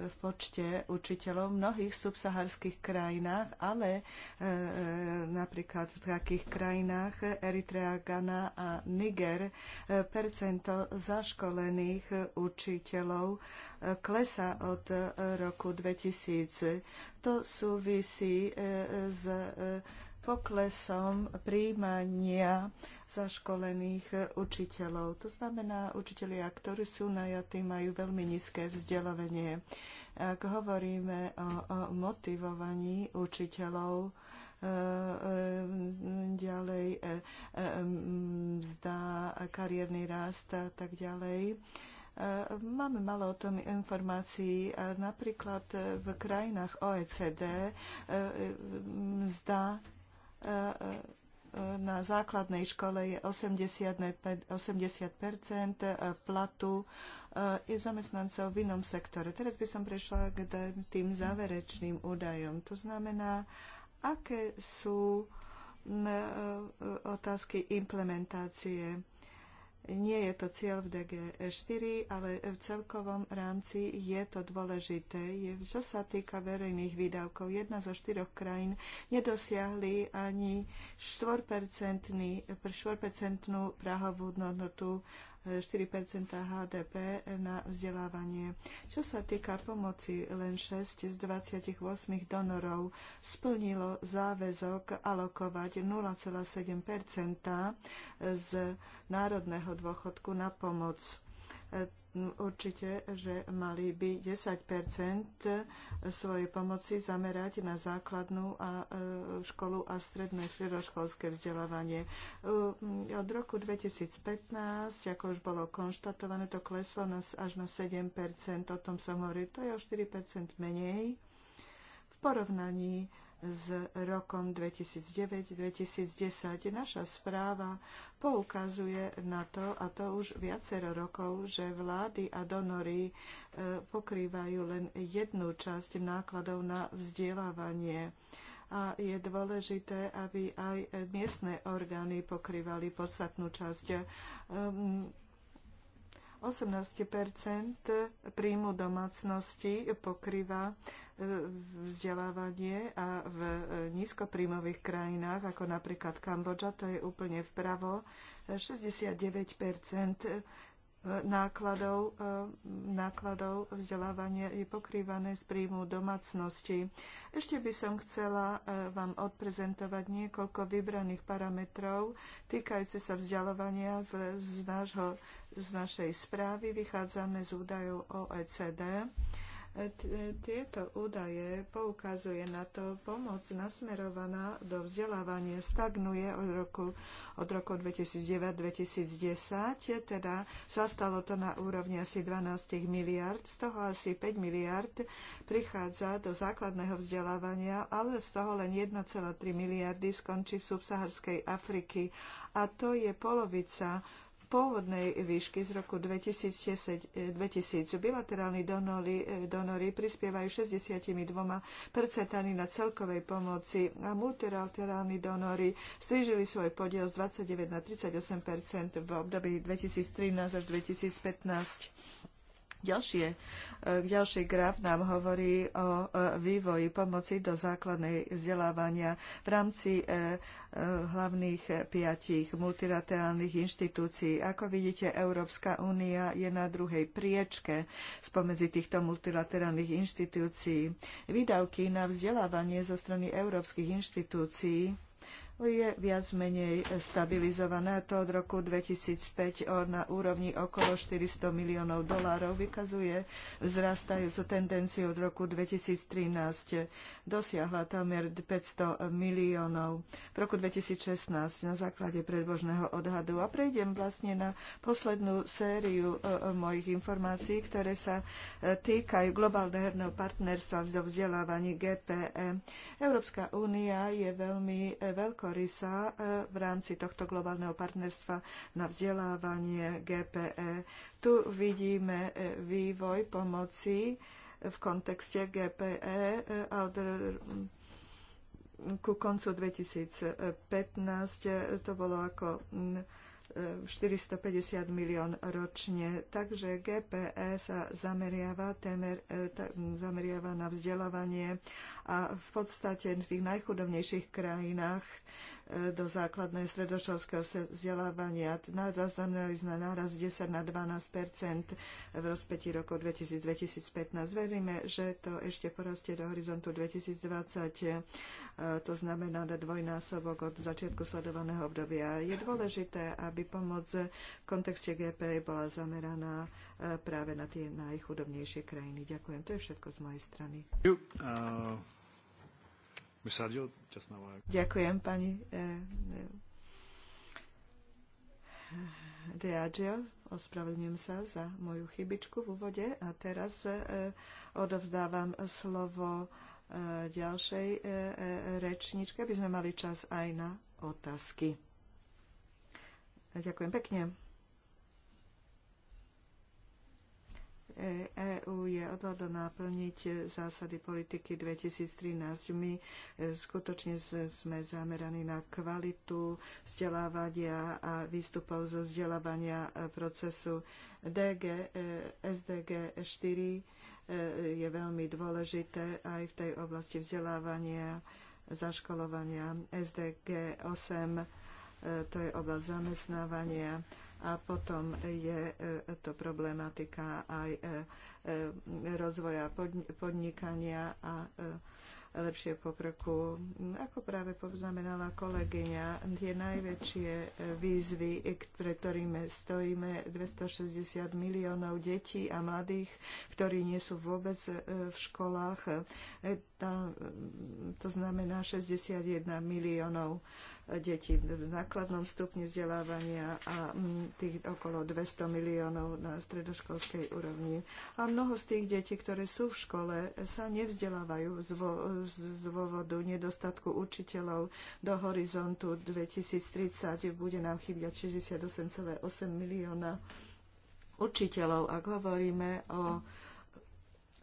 v počte učiteľov v mnohých subsaharských krajinách, ale e, napríklad v takých krajinách Eritrea, Ghana a Niger percento zaškolených učiteľov klesa od roku 2000. To súvisí s poklesom príjmania zaškolených eh, učiteľov. To znamená, učitelia, ktorí sú najatí, majú veľmi nízke vzdelovanie. Ak hovoríme o, o motivovaní učiteľov, eh, eh, ďalej mm, mzda, kariérny rast a tak ďalej. Máme malo o tom informácií. Napríklad v krajinách OECD mzda na základnej škole je 80, eh, platu je eh, zamestnancov v inom sektore. Teraz by som prešla k tým záverečným údajom. To znamená, aké sú mm, eh, otázky implementácie nie je to cieľ v DG4, ale v celkovom rámci je to dôležité. čo sa týka verejných výdavkov, jedna zo štyroch krajín nedosiahli ani 4%, 4% prahovú hodnotu 4 HDP na vzdelávanie. Čo sa týka pomoci, len 6 z 28 donorov splnilo záväzok alokovať 0,7 z národného dôchodku na pomoc určite, že mali by 10 svojej pomoci zamerať na základnú a, e, školu a stredné široškolské vzdelávanie. E, od roku 2015, ako už bolo konštatované, to kleslo až na 7 o tom som hovoril, to je o 4 menej v porovnaní s rokom 2009-2010. Naša správa poukazuje na to, a to už viacero rokov, že vlády a donory e, pokrývajú len jednu časť nákladov na vzdelávanie a je dôležité, aby aj miestne orgány pokrývali podstatnú časť ehm, 18 príjmu domácnosti pokrýva e, vzdelávanie a v e, nízkopríjmových krajinách, ako napríklad Kambodža, to je úplne vpravo, 69 e, nákladov, nákladov vzdelávania je pokrývané z príjmu domácnosti. Ešte by som chcela vám odprezentovať niekoľko vybraných parametrov týkajúce sa vzdelávania z nášho z našej správy, vychádzame z údajov OECD. E, e, tieto údaje poukazuje na to, pomoc nasmerovaná do vzdelávania stagnuje od roku, od roku 2009-2010, teda zastalo to na úrovni asi 12 miliard, z toho asi 5 miliard prichádza do základného vzdelávania, ale z toho len 1,3 miliardy skončí v subsaharskej Afriky a to je polovica pôvodnej výšky z roku 2010, 2000. Bilaterálni donory, donory prispievajú 62% na celkovej pomoci a multilaterálni donory strížili svoj podiel z 29 na 38% v období 2013 až 2015. Ďalšie, e, ďalší graf nám hovorí o e, vývoji pomoci do základnej vzdelávania v rámci e, hlavných piatich multilaterálnych inštitúcií. Ako vidíte, Európska únia je na druhej priečke spomedzi týchto multilaterálnych inštitúcií. Výdavky na vzdelávanie zo strany európskych inštitúcií je viac menej stabilizované. To od roku 2005 na úrovni okolo 400 miliónov dolárov vykazuje vzrastajúcu tendenciu od roku 2013. Dosiahla tamer 500 miliónov v roku 2016 na základe predbožného odhadu. A prejdem vlastne na poslednú sériu e, e, mojich informácií, ktoré sa e, týkajú globálneho partnerstva v vzdelávaní GPE. Európska únia je veľmi veľko ktorý sa e, v rámci tohto globálneho partnerstva na vzdelávanie GPE. Tu vidíme e, vývoj pomoci v kontexte GPE e, ku koncu 2015 to bolo ako 450 milión ročne. Takže GPE sa zameriava, témer, e, zameriava na vzdelávanie a v podstate v tých najchudobnejších krajinách do základného stredoškolského vzdelávania. Zaznamenali sme náraz 10 na 12 v rozpeti roku 2000-2015. Veríme, že to ešte porastie do horizontu 2020, e, to znamená na dvojnásobok od začiatku sledovaného obdobia. Je dôležité, aby pomoc v kontexte GP bola zameraná e, práve na tie najchudobnejšie krajiny. Ďakujem. To je všetko z mojej strany. Ďakujem, pani eh, eh, Diagio. Ospravedlňujem sa za moju chybičku v úvode a teraz eh, odovzdávam slovo ďalšej rečničke, aby sme mali čas aj na otázky. Ďakujem pekne. EÚ e je odhodlaná plniť zásady politiky 2013. My e, skutočne sme zameraní na kvalitu vzdelávania a výstupov zo vzdelávania e, procesu DG, SDG 4 je veľmi dôležité aj v tej oblasti vzdelávania, zaškolovania. SDG 8 to je oblasť zamestnávania a potom je e, to problematika aj e, e, rozvoja podnikania a lepšie pokroku. Ako práve poznamenala kolegyňa, tie najväčšie výzvy, pred ktorými stojíme, 260 miliónov detí a mladých, ktorí nie sú vôbec v školách, tá, to znamená 61 miliónov detí v základnom stupni vzdelávania a mm, tých okolo 200 miliónov na stredoškolskej úrovni. A mnoho z tých detí, ktoré sú v škole, sa nevzdelávajú z, dôvodu nedostatku učiteľov. Do horizontu 2030 bude nám chybiať 68,8 milióna učiteľov, ak hovoríme o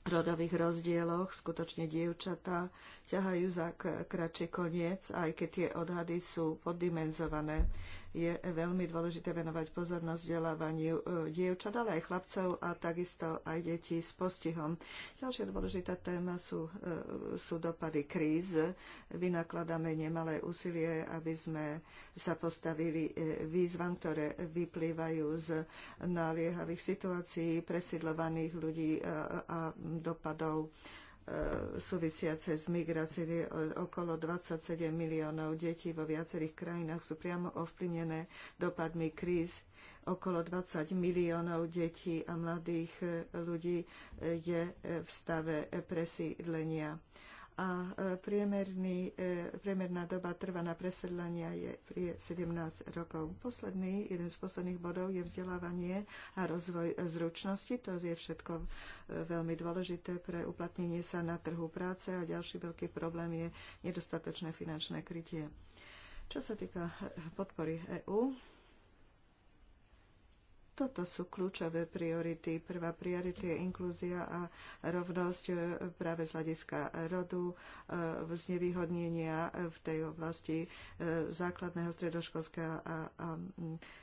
rodových rozdieloch. Skutočne dievčatá ťahajú za kratší koniec, aj keď tie odhady sú poddimenzované je veľmi dôležité venovať pozornosť vzdelávaniu e, dievčat, ale aj chlapcov a takisto aj detí s postihom. Ďalšia dôležitá téma sú, e, sú dopady kríz. Vynakladáme nemalé úsilie, aby sme sa postavili e, výzvam, ktoré vyplývajú z naliehavých situácií, presidlovaných ľudí a dopadov E, súvisiace s migráciou. Okolo 27 miliónov detí vo viacerých krajinách sú priamo ovplyvnené dopadmi kríz. Okolo 20 miliónov detí a mladých e, ľudí e, je v stave presídlenia a e, priemerný, e, priemerná doba trva na presedlania je 17 rokov. Posledný, jeden z posledných bodov je vzdelávanie a rozvoj zručnosti. To je všetko e, veľmi dôležité pre uplatnenie sa na trhu práce a ďalší veľký problém je nedostatočné finančné krytie. Čo sa týka podpory EÚ, toto sú kľúčové priority. Prvá priorita je inklúzia a rovnosť e, práve z hľadiska rodu, e, znevýhodnenia v tej oblasti e, základného, stredoškolského a, a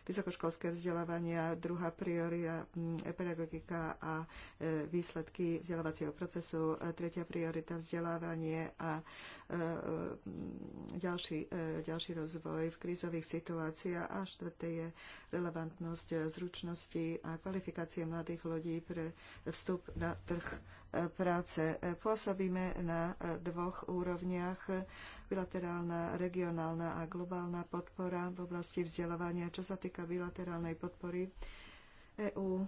vysokoškolského vzdelávania. Druhá priorita pedagogika a výsledky vzdelávacieho procesu. Tretia priorita vzdelávanie a E, e, ďalší, e, ďalší rozvoj v krízových situáciách a štvrté je relevantnosť zručnosti a kvalifikácie mladých ľudí pre vstup na trh práce. Pôsobíme na dvoch úrovniach, bilaterálna, regionálna a globálna podpora v oblasti vzdelávania. Čo sa týka bilaterálnej podpory, EÚ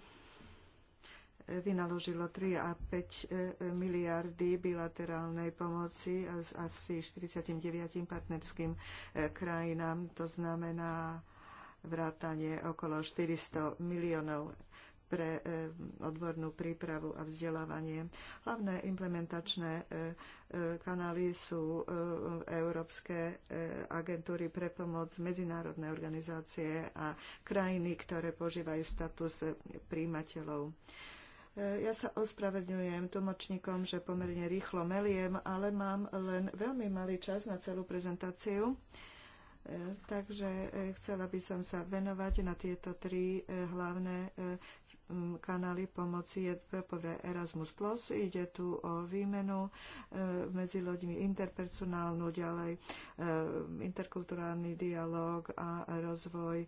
vynaložilo 3 a 5 e, miliardy bilaterálnej pomoci asi 49 partnerským e, krajinám. To znamená vrátanie okolo 400 miliónov pre e, odbornú prípravu a vzdelávanie. Hlavné implementačné kanály sú európske agentúry pre pomoc, medzinárodné organizácie a krajiny, ktoré požívajú status príjimateľov. Eh, ja sa ospravedňujem tlmočníkom, že pomerne rýchlo meliem, ale mám len veľmi malý čas na celú prezentáciu. Eh, takže eh, chcela by som sa venovať na tieto tri hlavné Mm, kanály pomoci je prvé Erasmus+, Plus. ide tu o výmenu e, medzi ľuďmi interpersonálnu, ďalej e, interkulturálny dialog a rozvoj e,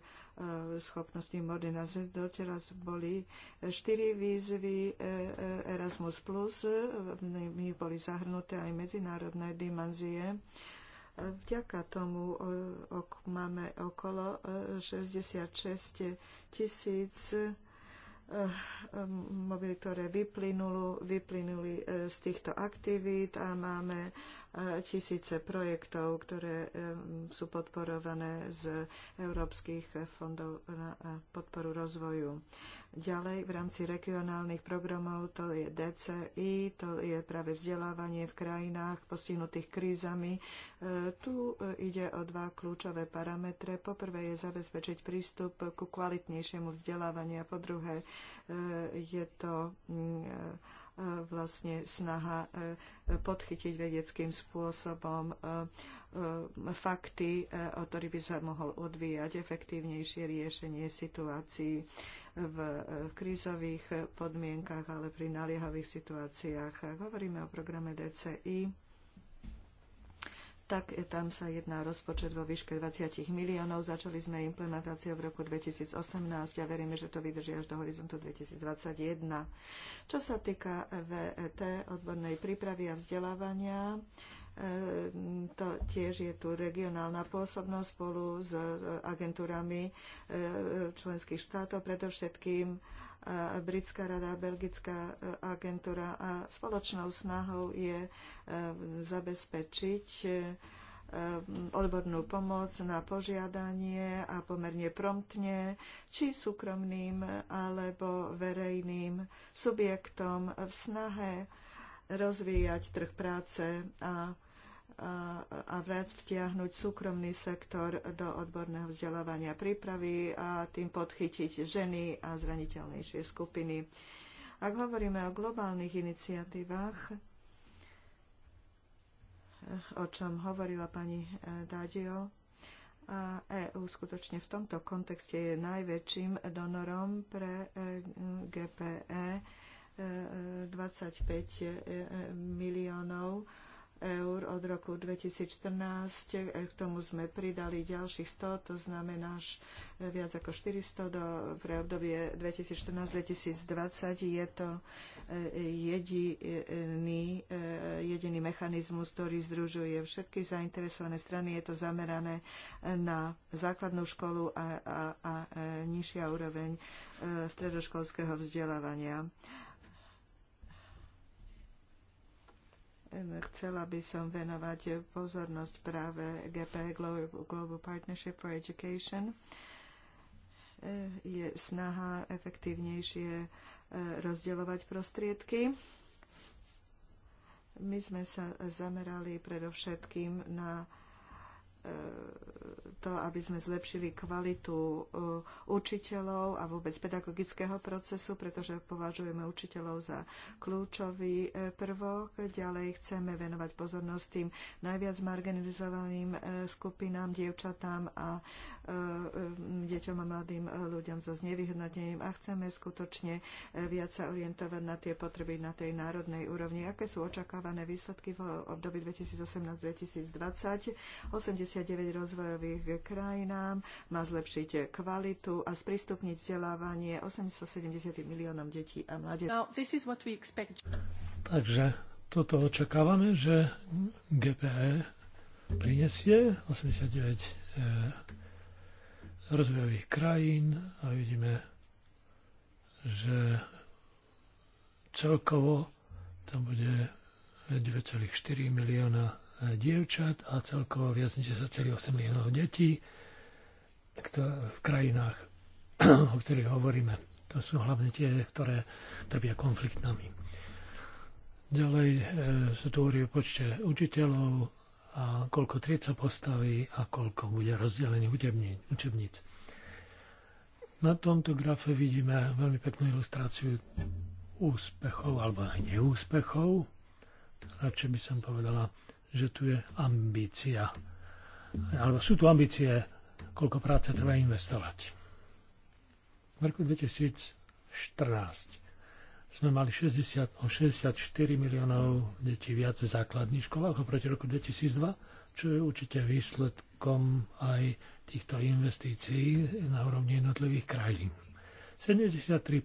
schopností modernizácie. Doteraz boli štyri výzvy Erasmus+, Plus. v nich boli zahrnuté aj medzinárodné dimenzie. Vďaka tomu ok, máme okolo 66 tisíc 000 mobily, ktoré vyplynuli e, z týchto aktivít a máme tisíce projektov, ktoré sú podporované z európskych fondov na podporu rozvoju. Ďalej v rámci regionálnych programov to je DCI, to je práve vzdelávanie v krajinách postihnutých krízami. E, tu e, ide o dva kľúčové parametre. Poprvé je zabezpečiť prístup ku kvalitnejšiemu vzdelávaniu a po druhé e, je to vlastne snaha e, podchytiť vedeckým spôsobom e, e, fakty, o ktorých by sa mohol odvíjať efektívnejšie riešenie situácií v krízových podmienkach, ale pri naliehavých situáciách. Hovoríme o programe DCI tak tam sa jedná rozpočet vo výške 20 miliónov. Začali sme implementáciu v roku 2018 a veríme, že to vydrží až do horizontu 2021. Čo sa týka VT, e odbornej prípravy a vzdelávania, to tiež je tu regionálna pôsobnosť spolu s agentúrami e, členských štátov, predovšetkým e, Britská rada, Belgická e, agentúra a spoločnou snahou je zabezpečiť odbornú pomoc na požiadanie a pomerne promptne či súkromným alebo verejným subjektom v snahe rozvíjať trh práce a a, a viac vtiahnuť súkromný sektor do odborného vzdelávania prípravy a tým podchytiť ženy a zraniteľnejšie skupiny. Ak hovoríme o globálnych iniciatívach, o čom hovorila pani e, Dadio, a EU skutočne v tomto kontexte je najväčším donorom pre GPE 25 e, e, miliónov eur od roku 2014. E, k tomu sme pridali ďalších 100, to znamená až viac ako 400 do, pre obdobie 2014-2020. Je to jediný, jediný mechanizmus, ktorý združuje všetky zainteresované strany. Je to zamerané na základnú školu a, a, a nižšia úroveň stredoškolského vzdelávania. Chcela by som venovať pozornosť práve GP Global Partnership for Education. Je snaha efektívnejšie e, rozdeľovať prostriedky. My sme sa zamerali predovšetkým na E, to, aby sme zlepšili kvalitu e, učiteľov a vôbec pedagogického procesu, pretože považujeme učiteľov za kľúčový e, prvok. Ďalej chceme venovať pozornosť tým najviac marginalizovaným skupinám, dievčatám a deťom a mladým ľuďom so znevyhodnotením a chceme skutočne viac sa orientovať na tie potreby na tej národnej úrovni. Aké sú očakávané výsledky v období 2018-2020? 80 59 rozvojových krajinám, má zlepšiť kvalitu a sprístupniť vzdelávanie 870 miliónom detí a mladých. Takže toto očakávame, že GPE prinesie 89 e, rozvojových krajín a vidíme, že celkovo tam bude 9,4 milióna dievčat a celkovo viac než 10,8 miliónov detí v krajinách, [clears throat] o ktorých hovoríme. To sú hlavne tie, ktoré trpia konfliktami. Ďalej e, sa tu hovorí o počte učiteľov a koľko tried sa postaví a koľko bude rozdelených učebníc. Na tomto grafe vidíme veľmi peknú ilustráciu úspechov alebo aj neúspechov. Radšej by som povedala že tu je ambícia. Alebo sú tu ambície, koľko práce treba investovať. V roku 2014 sme mali 60, o 64 miliónov detí viac v základných školách oproti roku 2002, čo je určite výsledkom aj týchto investícií na úrovni jednotlivých krajín. 73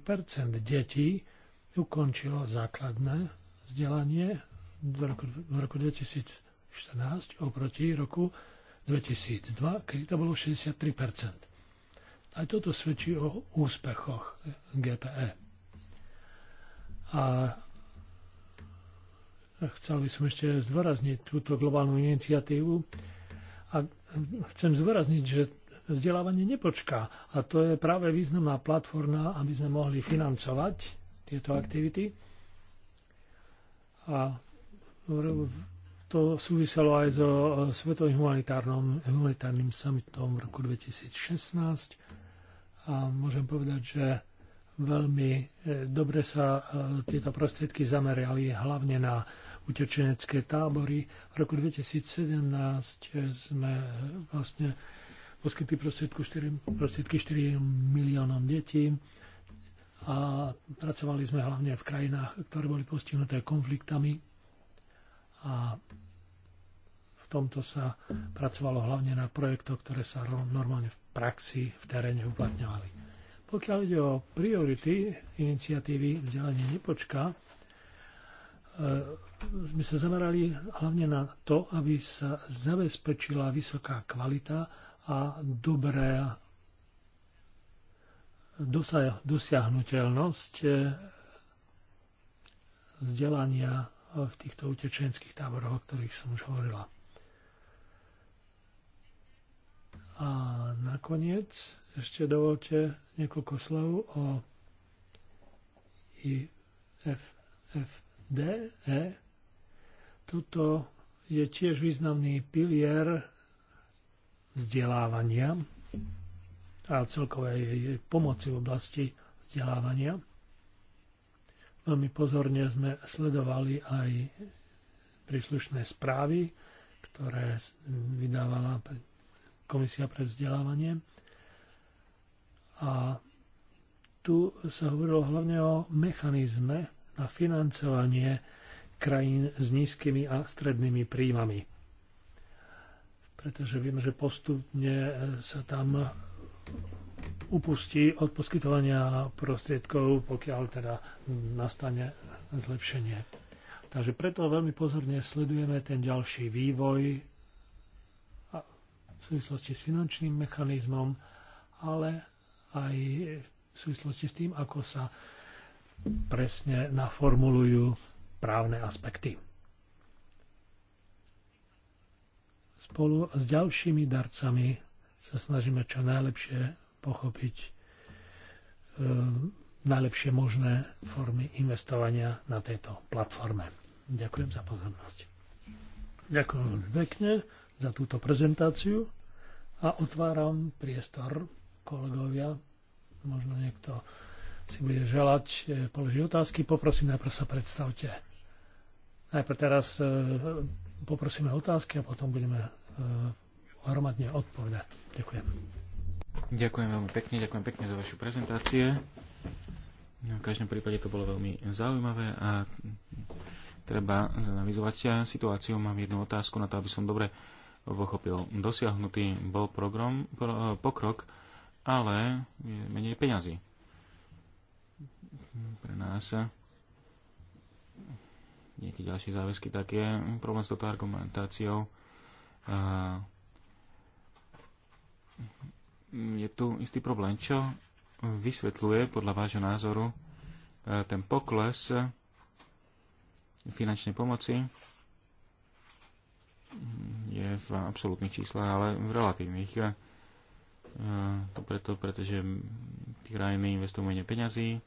detí ukončilo základné vzdelanie roku, v roku 2014 oproti roku 2002, kedy to bolo 63 Aj toto svedčí o úspechoch GPE. A chcel by som ešte zdôrazniť túto globálnu iniciatívu a chcem zdôrazniť, že vzdelávanie nepočká a to je práve významná platforma, aby sme mohli financovať tieto aktivity. A to súviselo aj so e, Svetovým humanitárnym, humanitárnym summitom v roku 2016 a môžem povedať, že veľmi e, dobre sa e, tieto prostriedky zameriali hlavne na utečenecké tábory. V roku 2017 sme vlastne poskytli prostriedky 4, prostriedky 4 miliónom detí a pracovali sme hlavne v krajinách, ktoré boli postihnuté konfliktami a v tomto sa pracovalo hlavne na projektoch, ktoré sa normálne v praxi, v teréne uplatňovali. Pokiaľ ide o priority iniciatívy vzdelanie nepočka, sme sa zamerali hlavne na to, aby sa zabezpečila vysoká kvalita a dobrá dosiahnutelnosť e, vzdelania v týchto utečenských táboroch, o ktorých som už hovorila. A nakoniec ešte dovolte niekoľko slov o IFFDE. Toto je tiež významný pilier vzdelávania a celkovej pomoci v oblasti vzdelávania. Veľmi pozorne sme sledovali aj príslušné správy, ktoré vydávala Komisia pre vzdelávanie. A tu sa hovorilo hlavne o mechanizme na financovanie krajín s nízkymi a strednými príjmami. Pretože viem, že postupne sa tam upustí od poskytovania prostriedkov, pokiaľ teda nastane zlepšenie. Takže preto veľmi pozorne sledujeme ten ďalší vývoj a v súvislosti s finančným mechanizmom, ale aj v súvislosti s tým, ako sa presne naformulujú právne aspekty. Spolu s ďalšími darcami sa snažíme čo najlepšie pochopiť e, najlepšie možné formy investovania na tejto platforme. Ďakujem za pozornosť. Ďakujem pekne za túto prezentáciu a otváram priestor kolegovia. Možno niekto si bude želať e, položiť otázky. Poprosím, najprv sa predstavte. Najprv teraz e, poprosíme otázky a potom budeme e, hromadne odpovedať. Ďakujem. Ďakujem veľmi pekne, ďakujem pekne za vašu prezentácie. No, v každom prípade to bolo veľmi zaujímavé a treba zanalizovať situáciu. Mám jednu otázku na to, aby som dobre pochopil. Dosiahnutý bol program, pokrok, ale je menej peňazí. Pre nás nejaké ďalšie záväzky, tak je problém s touto argumentáciou je tu istý problém. Čo vysvetľuje podľa vášho názoru e, ten pokles finančnej pomoci? Je v absolútnych číslach, ale v relatívnych. E, to preto, pretože krajiny investujú menej peňazí,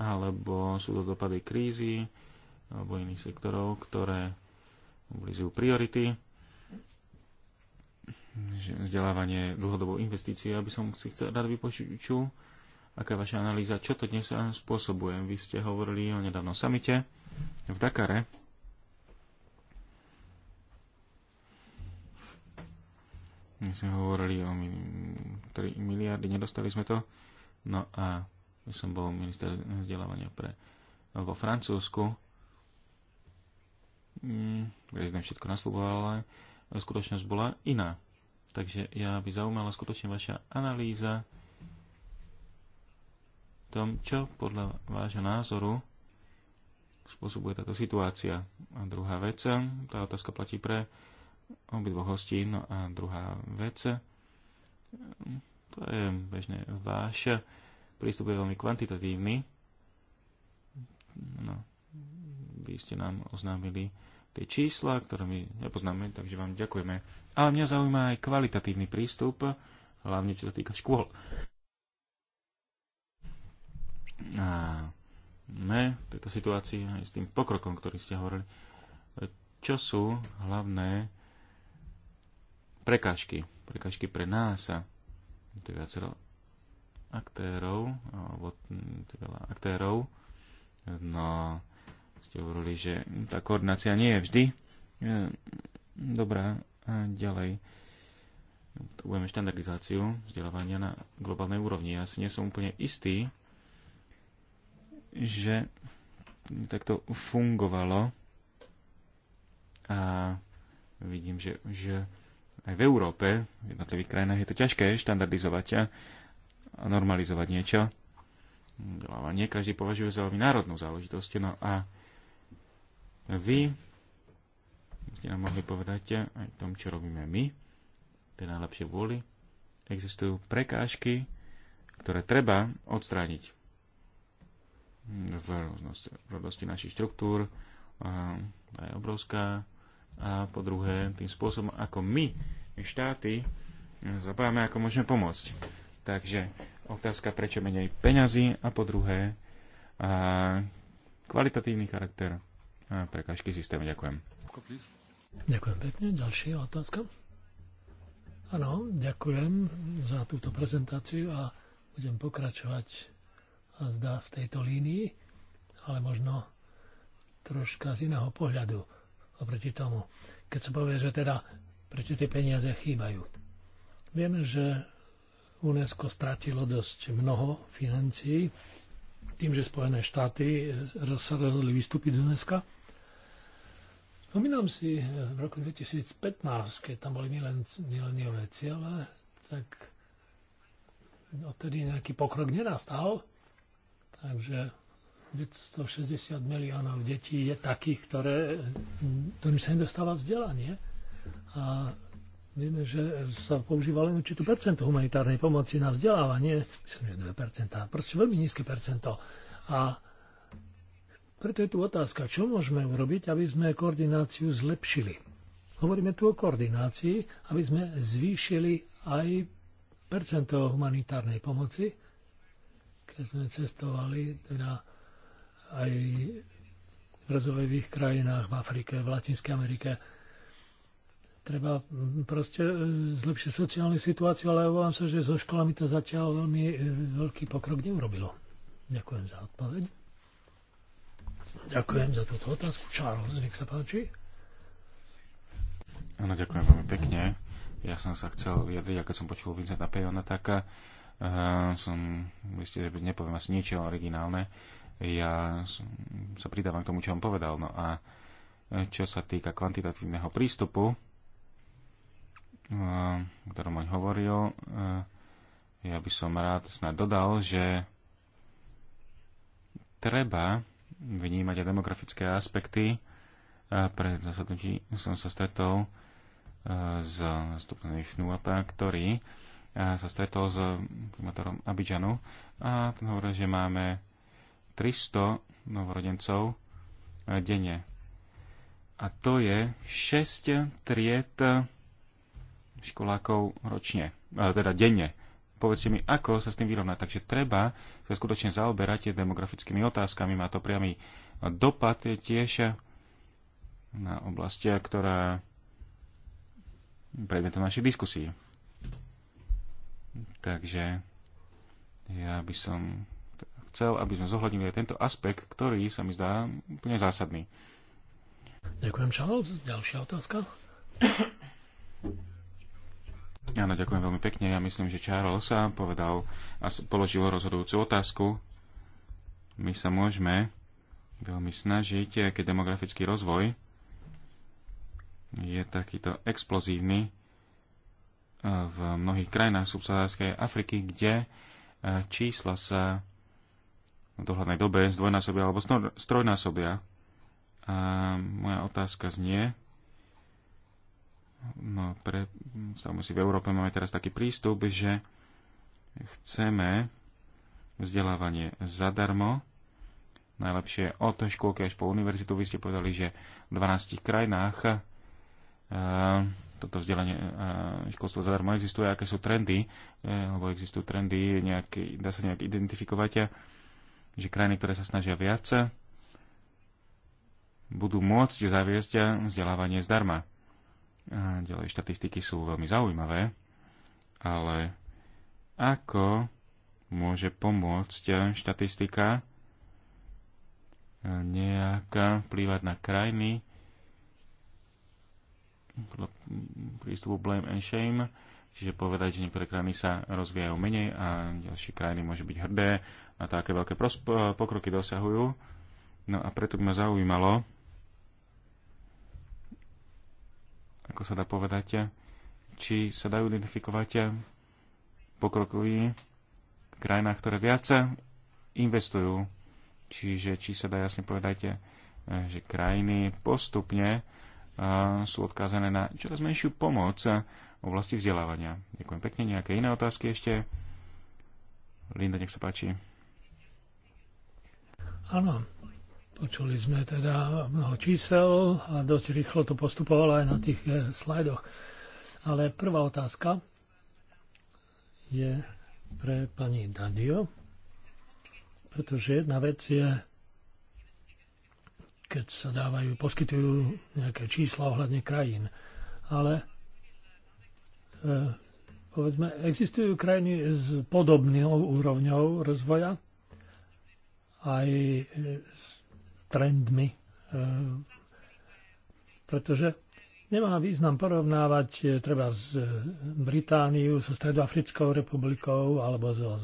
alebo sú to dopady krízy, alebo iných sektorov, ktoré mobilizujú priority vzdelávanie dlhodobou investíciou. aby som si chcel rád vypočul, aká je vaša analýza, čo to dnes spôsobuje. Vy ste hovorili o nedávnom samite v Dakare. My sme hovorili o 3 miliardy, nedostali sme to. No a ja som bol minister vzdelávania pre, vo Francúzsku. Mm, všetko nasľuboval, ale e, skutočnosť bola iná. Takže ja by zaujímala skutočne vaša analýza tom, čo podľa vášho názoru spôsobuje táto situácia. A druhá vec, tá otázka platí pre obidvoch hostí. No a druhá vec, to je bežne váš prístup je veľmi kvantitatívny. No, vy ste nám oznámili tie čísla, ktoré my nepoznáme, takže vám ďakujeme. Ale mňa zaujíma aj kvalitatívny prístup, hlavne čo sa týka škôl. A sme v tejto situácii aj s tým pokrokom, ktorý ste hovorili. Čo sú hlavné prekážky? Prekážky pre nás a to je viacero aktérov, alebo teda aktérov, no ste hovorili, že tá koordinácia nie je vždy e, dobrá a ďalej budeme štandardizáciu vzdelávania na globálnej úrovni. Ja si nie som úplne istý, že takto fungovalo a vidím, že, že aj v Európe, v jednotlivých krajinách je to ťažké štandardizovať a normalizovať niečo. Vzdelávanie každý považuje za veľmi národnú záležitosť, no a vy ste nám mohli povedať aj tom, čo robíme my, tej najlepšej vôli. Existujú prekážky, ktoré treba odstrániť v rôznosti našich štruktúr. aj je obrovská. A po druhé, tým spôsobom, ako my, štáty, zapájame, ako môžeme pomôcť. Takže otázka, prečo menej peňazí a po druhé, a kvalitatívny charakter prekážky systému. Ďakujem. Ďakujem pekne. Ďalšia otázka. Áno, ďakujem za túto prezentáciu a budem pokračovať a zdá v tejto línii, ale možno troška z iného pohľadu oproti tomu, keď sa povie, že teda prečo tie peniaze chýbajú. Vieme, že UNESCO stratilo dosť mnoho financií tým, že Spojené štáty sa rozhodli vystúpiť z UNESCO Spomínam si eh, v roku 2015, keď tam boli milen, mileniové ciele, tak odtedy nejaký pokrok nenastal, takže 260 miliónov detí je takých, ktoré, ktorým sa nedostáva vzdelanie. A vieme, že sa používa len určitú percentu humanitárnej pomoci na vzdelávanie, myslím, že 2%, proste veľmi nízke percento. A preto je tu otázka, čo môžeme urobiť, aby sme koordináciu zlepšili. Hovoríme tu o koordinácii, aby sme zvýšili aj percento humanitárnej pomoci, keď sme cestovali teda aj v rozvojových krajinách, v Afrike, v Latinskej Amerike. Treba proste e, zlepšiť sociálnu situáciu, ale obávam sa, že so školami to zatiaľ veľmi e, veľký pokrok neurobilo. Ďakujem za odpoveď. Ďakujem za túto otázku. Charles, nech sa páči. Áno, ďakujem veľmi pekne. Ja som sa chcel vyjadriť, ako som počul Vincenta Pejona, tak uh, som, vy ste, nepoviem asi niečo originálne. Ja som, sa pridávam k tomu, čo on povedal. No a eh, čo sa týka kvantitatívneho prístupu, o eh, ktorom on hovoril, ja by som rád snad dodal, že treba vnímať aj demografické aspekty. A pred zasadnutí som sa stretol e, s zastupnými FNUAPA, ktorý e, sa stretol s primátorom Abidžanu a ten hovorí, že máme 300 novorodencov e, denne. A to je 6 tried školákov ročne, teda denne povedzte mi, ako sa s tým vyrovnať. Takže treba sa skutočne zaoberať demografickými otázkami. Má to priamy dopad tiež na oblasti, ktorá predmetom našich diskusí. Takže ja by som chcel, aby sme zohľadnili aj tento aspekt, ktorý sa mi zdá úplne zásadný. Ďakujem, Charles. Ďalšia otázka. Áno, ďakujem veľmi pekne. Ja myslím, že Charles sa povedal a položil rozhodujúcu otázku. My sa môžeme veľmi snažiť, aký demografický rozvoj je takýto explozívny e, v mnohých krajinách subsahárskej Afriky, kde e, čísla sa v dohľadnej dobe zdvojnásobia alebo strojnásobia. A moja otázka znie, no, pre, si v Európe máme teraz taký prístup, že chceme vzdelávanie zadarmo, najlepšie od škôlky až po univerzitu. Vy ste povedali, že v 12 krajinách eh, toto vzdelanie eh, školstvo zadarmo existuje, aké sú trendy, alebo eh, existujú trendy, nejaký, dá sa nejak identifikovať, že krajiny, ktoré sa snažia viac, budú môcť zaviesť vzdelávanie zdarma. A ďalej štatistiky sú veľmi zaujímavé, ale ako môže pomôcť štatistika nejaká vplývať na krajiny prístupu blame and shame, čiže povedať, že niektoré krajiny sa rozvíjajú menej a ďalšie krajiny môžu byť hrdé a také veľké pokroky dosahujú. No a preto by ma zaujímalo, ako sa dá povedať, či sa dajú identifikovať pokrokoví v krajinách, ktoré viac investujú. Čiže či sa dá jasne povedať, že krajiny postupne sú odkázané na čoraz menšiu pomoc v oblasti vzdelávania. Ďakujem pekne. Nejaké iné otázky ešte? Linda, nech sa páči. Áno, Počuli sme teda mnoho čísel a dosť rýchlo to postupovalo aj na tých eh, slajdoch. Ale prvá otázka je pre pani Dadio, pretože jedna vec je, keď sa dávajú, poskytujú nejaké čísla ohľadne krajín. Ale eh, povedzme, existujú krajiny s podobnou úrovňou rozvoja, aj eh, s trendmi, e, pretože nemá význam porovnávať e, treba s e, Britániu, so Stredoafrickou republikou alebo so,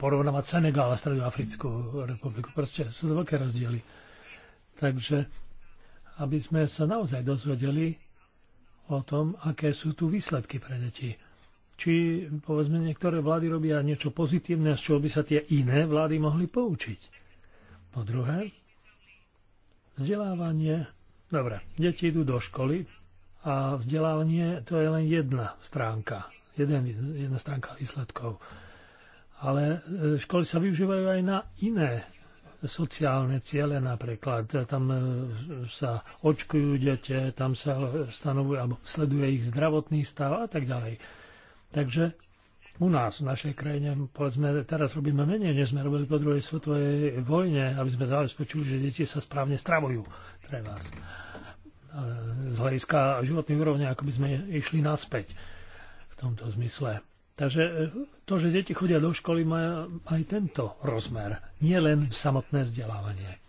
porovnávať Senegal a Stredoafrickú republiku. Proste sú to veľké rozdiely. Takže aby sme sa naozaj dozvedeli o tom, aké sú tu výsledky pre deti. Či, povedzme, niektoré vlády robia niečo pozitívne, z čoho by sa tie iné vlády mohli poučiť. Po druhé, Vzdelávanie, dobre, deti idú do školy a vzdelávanie to je len jedna stránka, jeden, jedna stránka výsledkov. Ale e, školy sa využívajú aj na iné sociálne ciele napríklad. E, tam e, sa očkujú deti, tam sa stanovuje alebo sleduje ich zdravotný stav a tak ďalej. Takže u nás, v našej krajine, povedzme, teraz robíme menej, než sme robili po druhej svetovej vojne, aby sme zabezpečili, že deti sa správne stravujú pre vás. E, z hľadiska životnej úrovne, ako by sme išli naspäť v tomto zmysle. Takže e, to, že deti chodia do školy, má aj tento rozmer, nie len samotné vzdelávanie.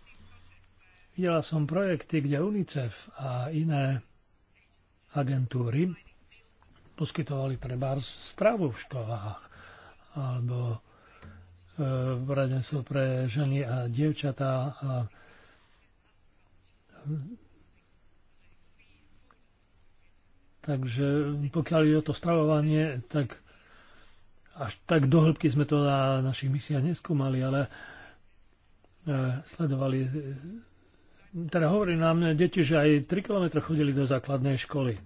Videla som projekty, kde UNICEF a iné agentúry poskytovali treba stravu v školách alebo e, sú pre ženy a dievčatá a Takže pokiaľ je o to stravovanie, tak až tak do hĺbky sme to na našich misiách neskúmali, ale e, sledovali, e, teda hovorí nám deti, že aj 3 km chodili do základnej školy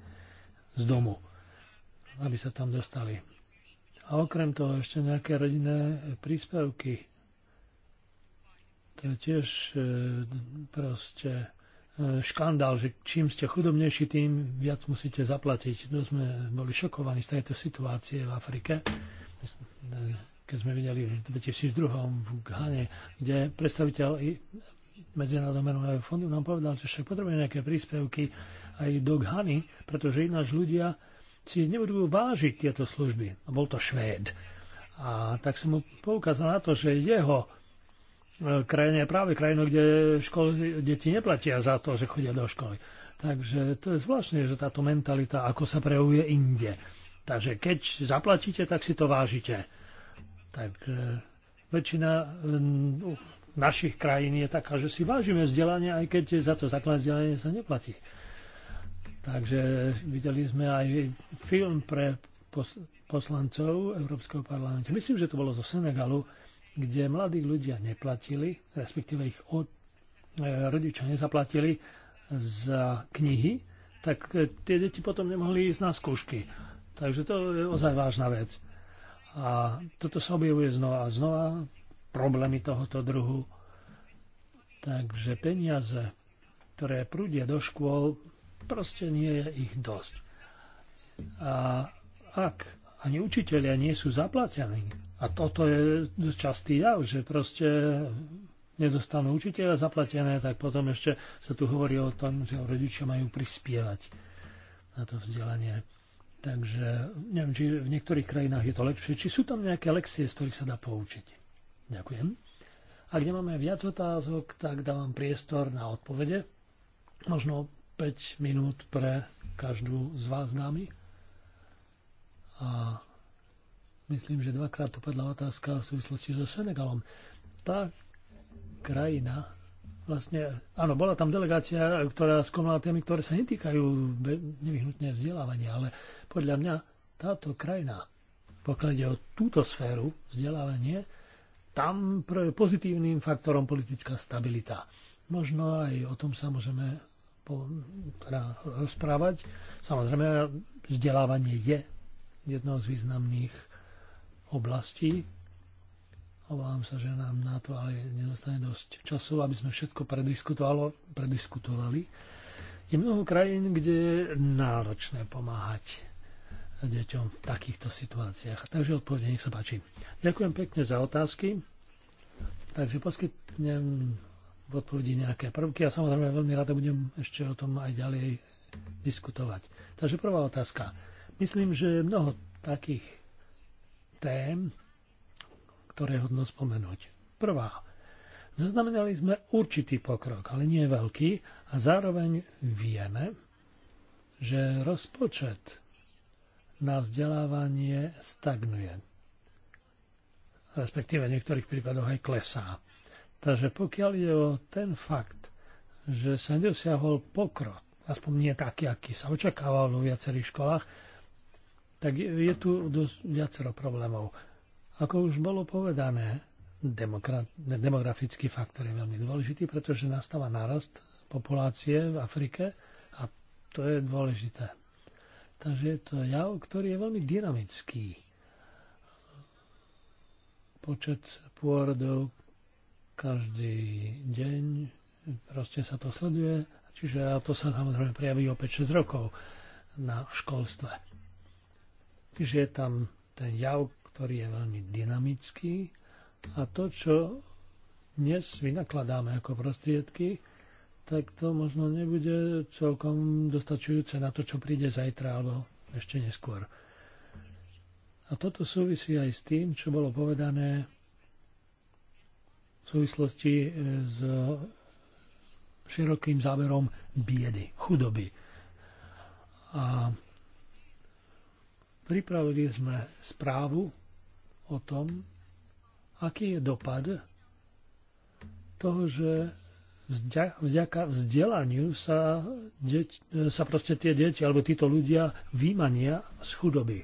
z domu aby sa tam dostali. A okrem toho ešte nejaké rodinné príspevky. To je tiež e, proste e, škandál, že čím ste chudobnejší, tým viac musíte zaplatiť. To sme boli šokovaní z tejto situácie v Afrike, keď sme videli v 2002 v Ghane, kde predstaviteľ Medzinárodného menového fondu nám povedal, že však potrebujeme nejaké príspevky aj do Ghany, pretože ináč ľudia si nebudú vážiť tieto služby. Bol to Švéd. A tak som mu poukázal na to, že jeho e, krajina je práve krajina, kde školy, deti neplatia za to, že chodia do školy. Takže to je zvláštne, že táto mentalita, ako sa prejavuje inde. Takže keď zaplatíte, tak si to vážite. Takže väčšina našich krajín je taká, že si vážime vzdelanie, aj keď za to základné vzdelanie sa neplatí. Takže videli sme aj film pre poslancov Európskeho parlamentu. Myslím, že to bolo zo Senegalu, kde mladí ľudia neplatili, respektíve ich od, e, rodičia nezaplatili za knihy, tak e, tie deti potom nemohli ísť na skúšky. Takže to je ozaj vážna vec. A toto sa objavuje znova a znova, problémy tohoto druhu. Takže peniaze, ktoré prúdia do škôl, Proste nie je ich dosť. A ak ani učiteľia nie sú zaplatení, a toto je častý jav, že proste nedostanú učiteľa zaplatené, tak potom ešte sa tu hovorí o tom, že rodičia majú prispievať na to vzdelanie. Takže neviem, či v niektorých krajinách je to lepšie, či sú tam nejaké lekcie, z ktorých sa dá poučiť. Ďakujem. Ak nemáme viac otázok, tak dávam priestor na odpovede. Možno 5 minút pre každú z vás nami. A myslím, že dvakrát tu padla otázka v súvislosti so Senegalom. Tá krajina, vlastne, áno, bola tam delegácia, ktorá skúmala témy, ktoré sa netýkajú nevyhnutne vzdelávania, ale podľa mňa táto krajina, pokiaľ ide o túto sféru vzdelávanie, tam pozitívnym faktorom politická stabilita. Možno aj o tom sa môžeme teda rozprávať. Samozrejme, vzdelávanie je jednou z významných oblastí. Obávam sa, že nám na to aj nezostane dosť času, aby sme všetko prediskutovali. Je mnoho krajín, kde je náročné pomáhať deťom v takýchto situáciách. Takže odpovede, nech sa páči. Ďakujem pekne za otázky. Takže poskytnem odpovedi nejaké prvky a samozrejme veľmi rada budem ešte o tom aj ďalej diskutovať. Takže prvá otázka. Myslím, že je mnoho takých tém, ktoré hodno spomenúť. Prvá. Zaznamenali sme určitý pokrok, ale nie veľký a zároveň vieme, že rozpočet na vzdelávanie stagnuje. Respektíve v niektorých prípadoch aj klesá. Takže pokiaľ ide o ten fakt, že sa nedosiahol pokrok, aspoň nie taký, aký sa očakával vo viacerých školách, tak je tu dosť viacero problémov. Ako už bolo povedané, demografický faktor je veľmi dôležitý, pretože nastáva nárast populácie v Afrike a to je dôležité. Takže je to jav, ktorý je veľmi dynamický. Počet pôrodov, každý deň, proste sa to sleduje, čiže a to sa samozrejme prejaví 5 6 rokov na školstve. Čiže je tam ten jav, ktorý je veľmi dynamický a to, čo dnes vynakladáme ako prostriedky, tak to možno nebude celkom dostačujúce na to, čo príde zajtra alebo ešte neskôr. A toto súvisí aj s tým, čo bolo povedané v súvislosti e, s širokým záberom biedy, chudoby. A pripravili sme správu o tom, aký je dopad toho, že vďaka vzdelaniu sa, deť, e, sa proste tie deti alebo títo ľudia výmania z chudoby.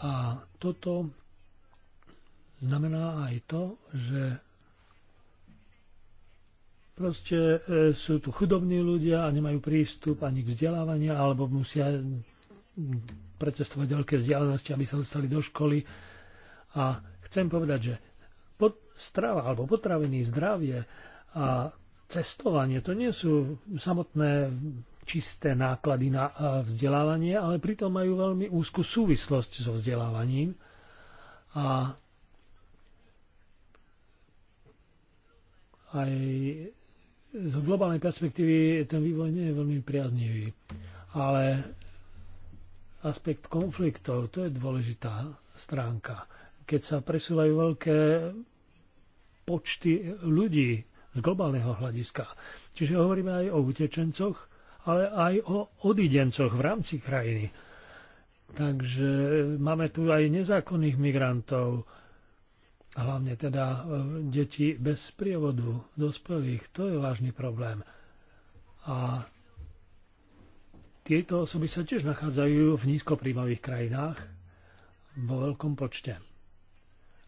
A toto znamená aj to, že proste e, sú tu chudobní ľudia a nemajú prístup ani k vzdelávaniu alebo musia precestovať veľké vzdialenosti, aby sa dostali do školy. A chcem povedať, že pod, strava alebo potraviny, zdravie a cestovanie, to nie sú samotné čisté náklady na e, vzdelávanie, ale pritom majú veľmi úzku súvislosť so vzdelávaním. A aj z globálnej perspektívy ten vývoj nie je veľmi priaznivý. Ale aspekt konfliktov, to je dôležitá stránka. Keď sa presúvajú veľké počty ľudí z globálneho hľadiska. Čiže hovoríme aj o utečencoch, ale aj o odidencoch v rámci krajiny. Takže máme tu aj nezákonných migrantov, hlavne teda e, deti bez prievodu, dospelých, to je vážny problém. A tieto osoby sa tiež nachádzajú v nízkopríjmových krajinách vo veľkom počte.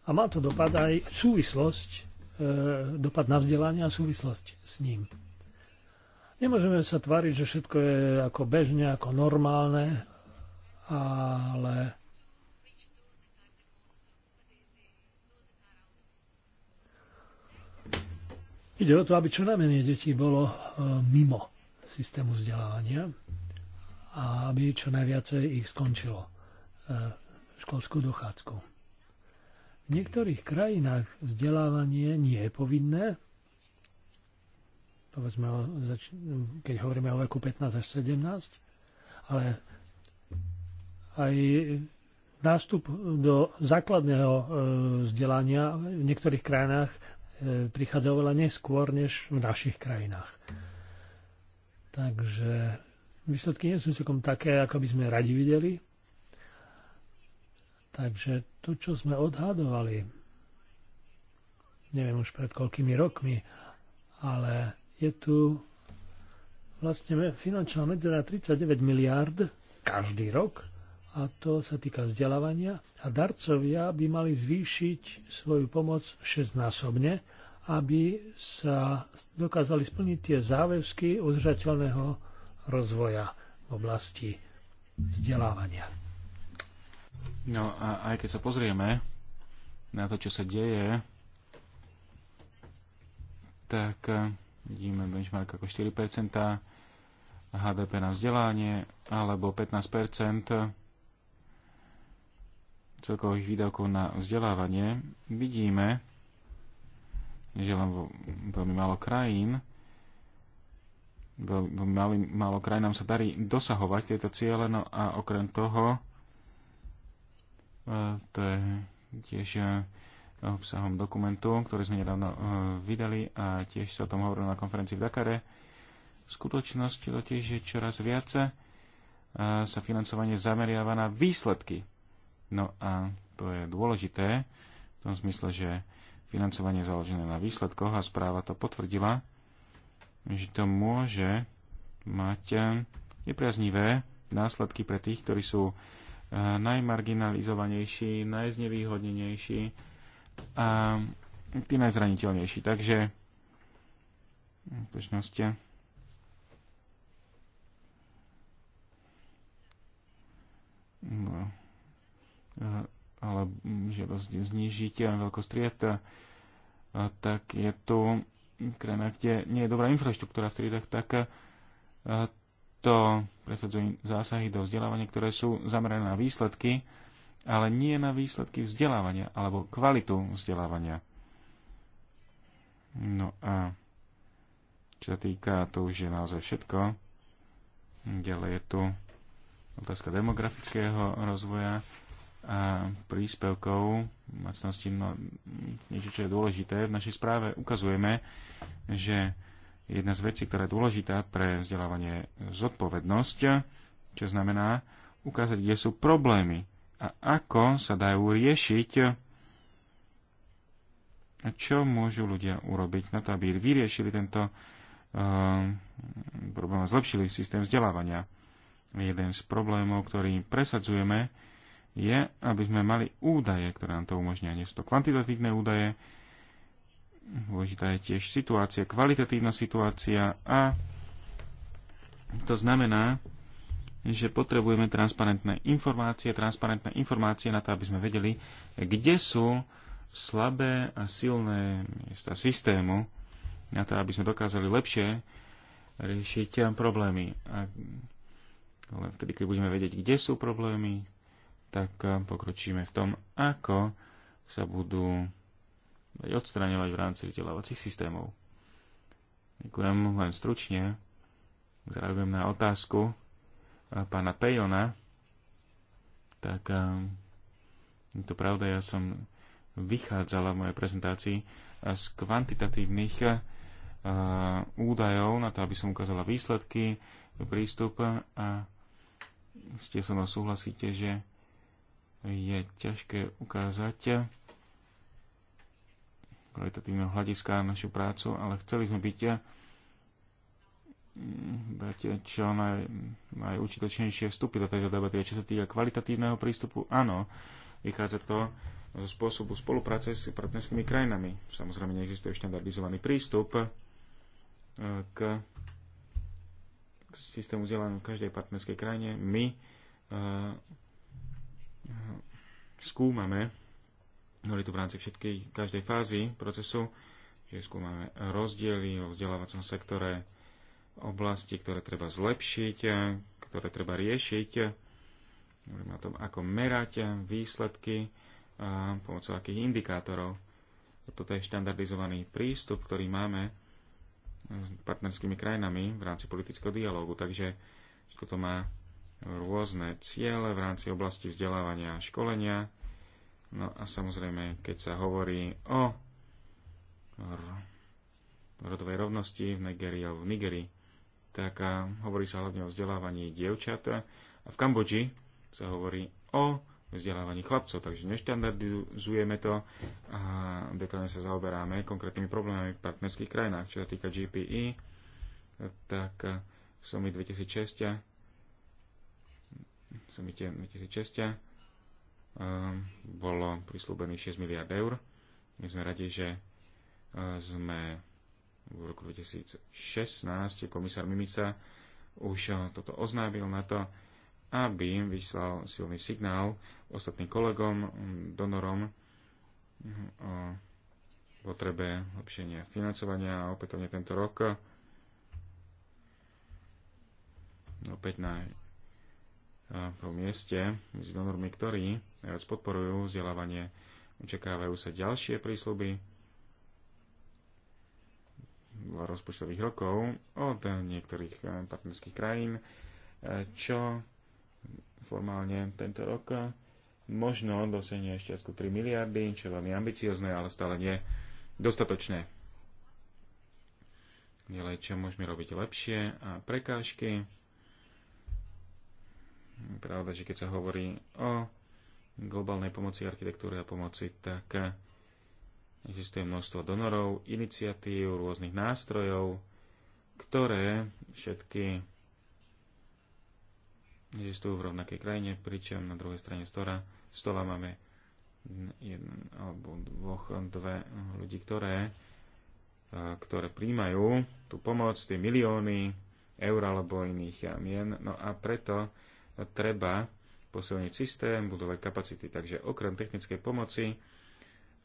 A má to dopad aj súvislosť, e, dopad na vzdelanie a súvislosť s ním. Nemôžeme sa tváriť, že všetko je ako bežne, ako normálne, ale Ide o to, aby čo najmenej detí bolo e, mimo systému vzdelávania a aby čo najviacej ich skončilo e, školskú dochádzku. V niektorých krajinách vzdelávanie nie je povinné, povedzme, keď hovoríme o veku 15 až 17, ale aj nástup do základného e, vzdelania v niektorých krajinách E, prichádza oveľa neskôr než v našich krajinách. Takže výsledky nie sú celkom také, ako by sme radi videli. Takže to, čo sme odhadovali, neviem už pred koľkými rokmi, ale je tu vlastne finančná medzera 39 miliárd každý rok a to sa týka vzdelávania a darcovia by mali zvýšiť svoju pomoc šestnásobne, aby sa dokázali splniť tie záväzky udržateľného rozvoja v oblasti vzdelávania. No a aj keď sa pozrieme na to, čo sa deje, tak vidíme benchmark ako 4% HDP na vzdelanie alebo 15% celkových výdavkov na vzdelávanie, vidíme, že len vo, veľmi málo krajín, veľmi, veľmi málo, krajín nám sa darí dosahovať tieto ciele, no a okrem toho, e, to je tiež e, obsahom dokumentu, ktorý sme nedávno e, vydali a tiež sa o tom hovorilo na konferencii v Dakare. v skutočnosti totiž že čoraz viac sa financovanie zameriava na výsledky No a to je dôležité v tom zmysle, že financovanie je založené na výsledkoch a správa to potvrdila, že to môže mať eh, nepriaznivé následky pre tých, ktorí sú eh, najmarginalizovanejší, najznevýhodnenejší a tí najzraniteľnejší. Takže v hm, eh. no, Eh, ale mm, žiadosť znižiť eh, veľkosť tried, eh, tak je tu krajina, kde nie je dobrá infraštruktúra v triedach, tak to presadzujú zásahy do vzdelávania, ktoré sú zamerané na výsledky, ale nie na výsledky vzdelávania alebo kvalitu vzdelávania. No a čo sa týka, to už je naozaj všetko. Ďalej je tu otázka demografického rozvoja a príspevkov domácnosti, no, niečo, čo je dôležité. V našej správe ukazujeme, že jedna z vecí, ktorá je dôležitá pre vzdelávanie zodpovednosť, čo znamená ukázať, kde sú problémy a ako sa dajú riešiť a čo môžu ľudia urobiť na to, aby vyriešili tento uh, problém a zlepšili systém vzdelávania. Jeden z problémov, ktorý presadzujeme, je, aby sme mali údaje, ktoré nám to umožňujú. Nie sú to kvantitatívne údaje, dôležitá je tiež situácia, kvalitatívna situácia a to znamená, že potrebujeme transparentné informácie, transparentné informácie na to, aby sme vedeli, kde sú slabé a silné miesta systému, na to, aby sme dokázali lepšie riešiť problémy. A vtedy, keď budeme vedieť, kde sú problémy, tak eh, pokročíme v tom, ako sa budú odstraňovať v rámci vzdelávacích systémov. Ďakujem len stručne. Zareagujem na otázku eh, pána Pejona. Tak eh, je to pravda, ja som vychádzala v mojej prezentácii z kvantitatívnych údajov na to, aby som ukázala výsledky, prístup a ste so mnou súhlasíte, že je ťažké ukázať kvalitatívneho hľadiska na našu prácu, ale chceli sme byť eh, dať čo naj, najúčitočnejšie vstupy do tejto debaty. A čo sa týka kvalitatívneho prístupu, áno, vychádza to zo spôsobu spolupráce s partnerskými krajinami. Samozrejme, neexistuje štandardizovaný prístup eh, k, k systému vzdelávania v každej partnerskej krajine. My eh, skúmame, hovorí tu v rámci všetkej, každej fázy procesu, že skúmame rozdiely o vzdelávacom sektore, oblasti, ktoré treba zlepšiť, ktoré treba riešiť. Hovoríme o tom, ako merať výsledky a pomocou akých indikátorov. Toto je štandardizovaný prístup, ktorý máme s partnerskými krajinami v rámci politického dialógu, takže to má rôzne ciele v rámci oblasti vzdelávania a školenia. No a samozrejme, keď sa hovorí o rodovej rovnosti v Nigerii alebo v Nigerii, tak hovorí sa hlavne o vzdelávaní dievčat a v Kambodži sa hovorí o vzdelávaní chlapcov, takže neštandardizujeme to a detálne sa zaoberáme konkrétnymi problémami v partnerských krajinách. Čo sa týka GPE, tak v i 2006 samite 2006 eh, bolo prislúbených 6 miliard eur. My sme radi, že eh, sme v roku 2016 komisár Mimica už eh, toto oznámil na to, aby im vyslal silný signál ostatným kolegom, donorom o potrebe lepšenia financovania a opätovne tento rok opäť na po mieste medzi donormi, ktorí najviac podporujú vzdelávanie, očakávajú sa ďalšie prísľuby rozpočtových rokov od niektorých eh, partnerských krajín, eh, čo formálne tento rok možno dosiahne ešte asi 3 miliardy, čo je veľmi ambiciozne, ale stále nie dostatočné. Ďalej, čo môžeme robiť lepšie a prekážky pravda, že keď sa hovorí o globálnej pomoci, architektúre a pomoci, tak existuje množstvo donorov, iniciatív, rôznych nástrojov, ktoré všetky existujú v rovnakej krajine, pričom na druhej strane stora, stola máme jeden, alebo dvoch, dve ľudí, ktoré, e, ktoré príjmajú tú pomoc, tie milióny eur alebo iných mien. No a preto treba posilniť systém, budovať kapacity. Takže okrem technickej pomoci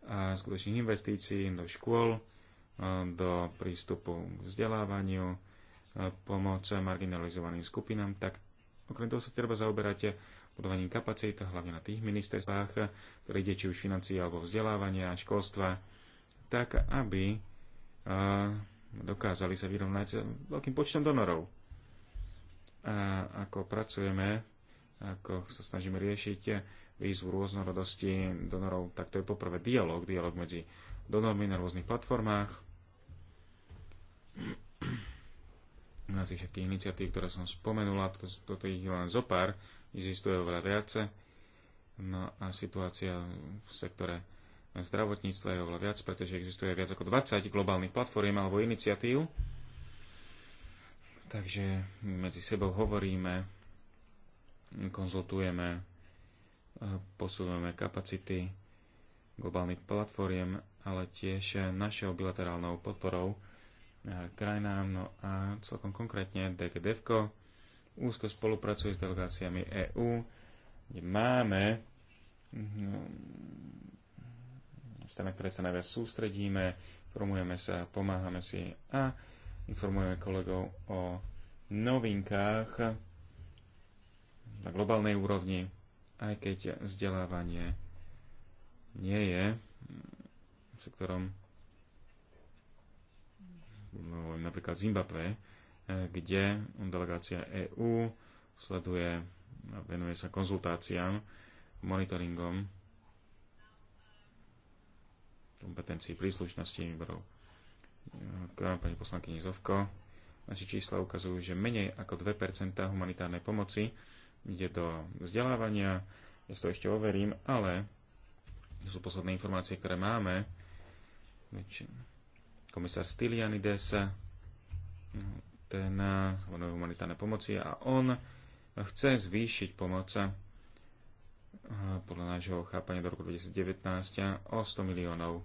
a skutočných investícií do škôl, e, do prístupu k vzdelávaniu, e, pomoc marginalizovaným skupinám, tak okrem toho sa treba zaoberať budovaním kapacít, hlavne na tých ministerstvách, ktoré ide či už financie alebo vzdelávania, a školstva, tak aby e, dokázali sa vyrovnať s veľkým počtom donorov a ako pracujeme, ako sa snažíme riešiť výzvu rôznorodosti donorov, tak to je poprvé dialog, dialog medzi donormi na rôznych platformách, na tých všetkých iniciatív, ktoré som spomenula, toto, to ich len zo pár, existuje oveľa viace. No a situácia v sektore zdravotníctva je oveľa viac, pretože existuje viac ako 20 globálnych platform alebo iniciatív, Takže medzi sebou hovoríme, konzultujeme, eh, posúvame kapacity globálnych platformiem, ale tiež našou bilaterálnou podporou eh, krajinám. No a celkom konkrétne DGDFko úzko spolupracuje s delegáciami EÚ, kde máme no, strany, ktoré sa najviac sústredíme, formujeme sa, pomáhame si a informujeme kolegov o novinkách na globálnej úrovni, aj keď vzdelávanie nie je mm, sektorom no, napríklad Zimbabwe, eh, kde delegácia EÚ sleduje a venuje sa konzultáciám, monitoringom kompetencií príslušnosti výborov pani poslankyni Zovko. Naše čísla ukazujú, že menej ako 2% humanitárnej pomoci ide do vzdelávania. Ja to ešte overím, ale to sú posledné informácie, ktoré máme. Komisár Stylianides, ten hovorí humanitárnej pomoci a on chce zvýšiť pomoc eh, podľa nášho chápania do roku 2019 o 100 miliónov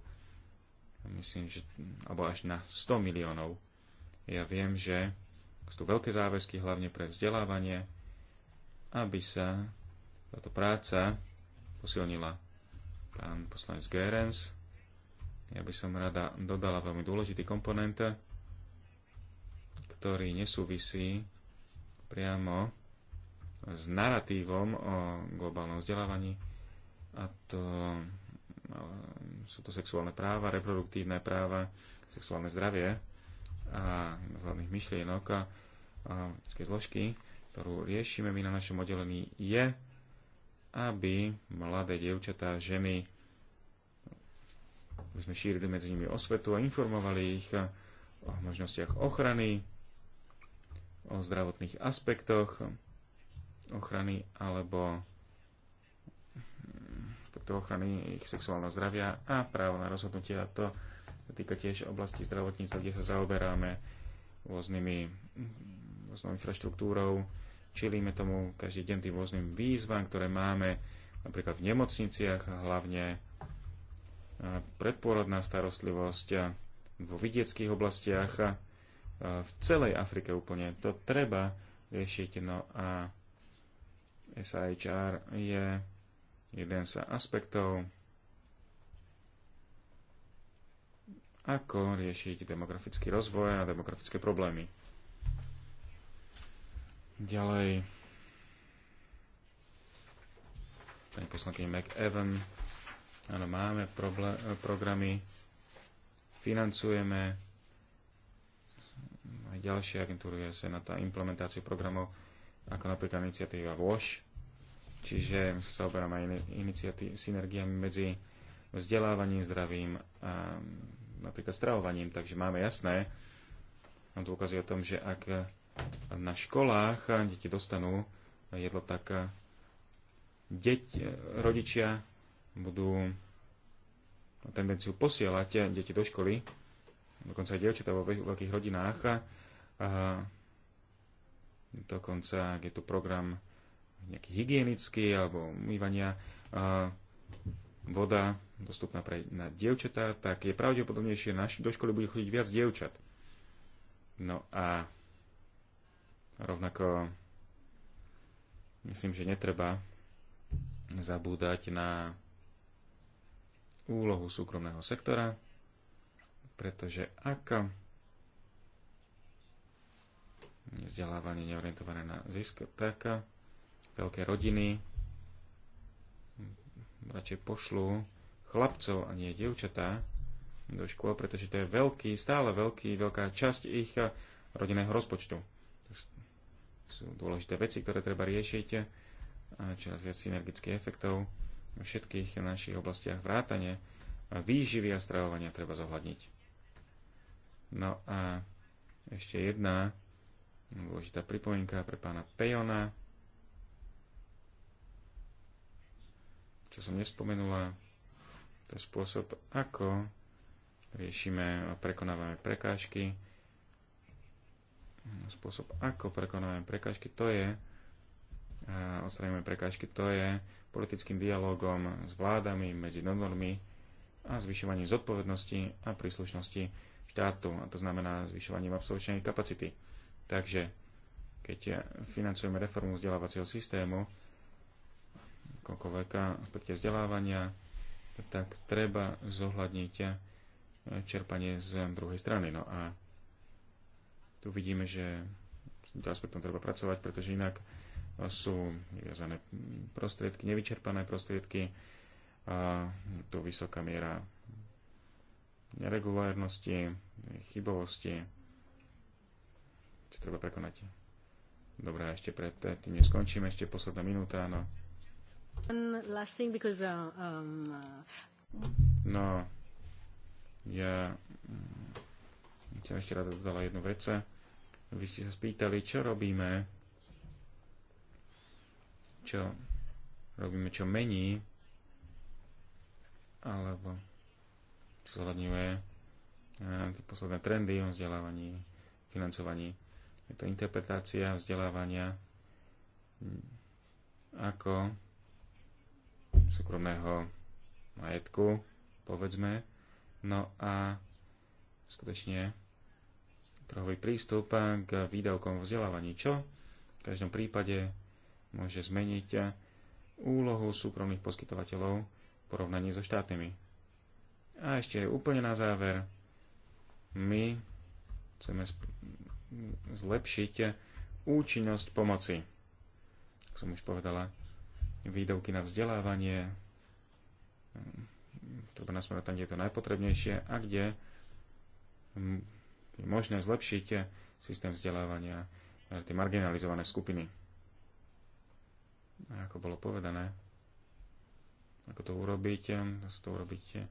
myslím, že, alebo až na 100 miliónov. Ja viem, že sú tu veľké záväzky, hlavne pre vzdelávanie, aby sa táto práca posilnila. Pán poslanec Gerens, ja by som rada dodala veľmi dôležitý komponent, ktorý nesúvisí priamo s naratívom o globálnom vzdelávaní a to Ehm, sú to sexuálne práva, reproduktívne práva, sexuálne zdravie a jedna z hlavných myšlienok a, a zložky, ktorú riešime my na našom oddelení, je, aby mladé dievčatá, ženy, aby sme šírili medzi nimi osvetu a informovali ich o možnostiach ochrany, o zdravotných aspektoch ochrany alebo aspektu ochrany ich sexuálneho zdravia a právo na rozhodnutie. A to sa týka tiež oblasti zdravotníctva, kde sa zaoberáme rôznymi, rôznou infraštruktúrou. Čilíme tomu každý deň tým rôznym výzvam, ktoré máme napríklad v nemocniciach, hlavne predporodná starostlivosť vo vidieckých oblastiach v celej Afrike úplne. To treba riešiť. No a SIHR je jeden z aspektov, ako riešiť demografický rozvoj a demografické problémy. Ďalej, pani poslankyň McEwan, áno, máme programy, financujeme aj ďalšie agentúry sa na tá implementáciu programov, ako napríklad iniciatíva WASH, Čiže sa zaoberám aj iniciatí- synergiami medzi vzdelávaním, zdravím a mm, napríklad stravovaním. Takže máme jasné dôkazy o tom, že ak na školách deti dostanú jedlo, tak deť, rodičia budú tendenciu posielať deti do školy, dokonca aj dievčatá vo veľkých rodinách. A dokonca, ak je tu program nejaký hygienický alebo umývania voda dostupná pre, na dievčatá, tak je pravdepodobnejšie, že do školy bude chodiť viac dievčat. No a rovnako myslím, že netreba zabúdať na úlohu súkromného sektora, pretože ak vzdelávanie neorientované na zisk, tak veľké rodiny radšej pošlú chlapcov a nie dievčatá do škôl, pretože to je veľký, stále veľký, veľká časť ich eh, rodinného rozpočtu. To sú dôležité veci, ktoré treba riešiť a čoraz viac synergických efektov vo všetkých našich oblastiach vrátane výživy a stravovania treba zohľadniť. No a ešte jedna dôležitá pripomienka pre pána Pejona. čo som nespomenula, to je spôsob, ako riešime a prekonávame prekážky. No, spôsob, ako prekonávame prekážky, to je a prekážky, to je politickým dialogom s vládami, medzi normami a zvyšovaním zodpovednosti a príslušnosti štátu, a to znamená zvyšovaním absolučnej kapacity. Takže keď financujeme reformu vzdelávacieho systému, veka aspekte vzdelávania, tak treba zohľadniť eh, čerpanie z druhej strany. No a tu vidíme, že s týmto aspektom treba pracovať, pretože inak eh, sú vyviazané prostriedky, nevyčerpané prostriedky, a tu vysoká miera neregulárnosti, chybovosti, čo treba prekonať. Dobre, ešte pred eh, tým neskončíme, ešte posledná minúta, no Uh, um, uh, no, ja som mm, ešte rada dodala jednu vec. Vy ste sa spýtali, čo robíme, čo robíme, čo mení, alebo zohľadňuje eh, tie posledné trendy o vzdelávaní, financovaní. Je to interpretácia vzdelávania mm, ako súkromného majetku, povedzme. No a skutočne trhový prístup k výdavkom vzdelávaní, čo v každom prípade môže zmeniť úlohu súkromných poskytovateľov v porovnaní so štátnymi. A ešte úplne na záver, my chceme zlepšiť účinnosť pomoci. Ako som už povedala, výdavky na vzdelávanie, mm, by nasmerovať tam, kde je to najpotrebnejšie a kde mm, je možné zlepšiť systém vzdelávania e, tie marginalizované skupiny. A ako bolo povedané, ako to urobíte, to urobíte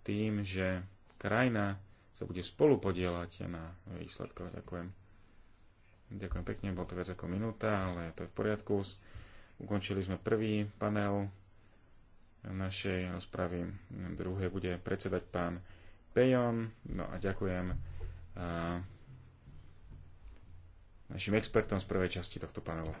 tým, že krajina sa bude spolu na výsledkoch. Ďakujem. Ďakujem pekne, bol to viac ako minúta, ale to je v poriadku. Ukončili sme prvý panel našej rozpravy. Druhé bude predsedať pán Pejon. No a ďakujem našim expertom z prvej časti tohto panelu.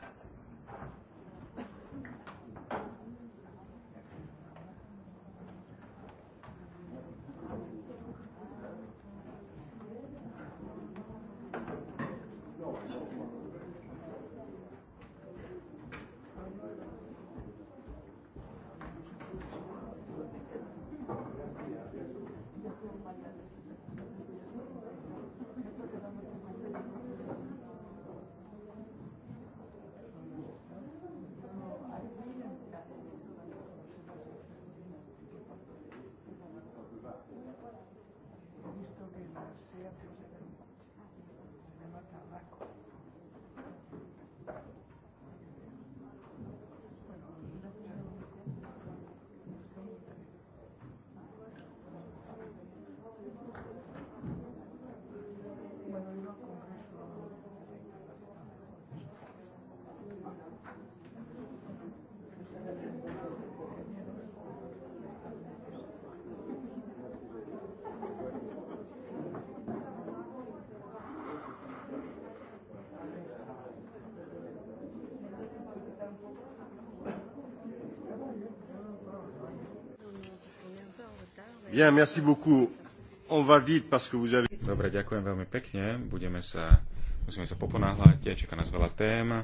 Dobre, ďakujem veľmi pekne. Budeme sa, musíme sa poponáhľať. Čaká nás veľa tém. A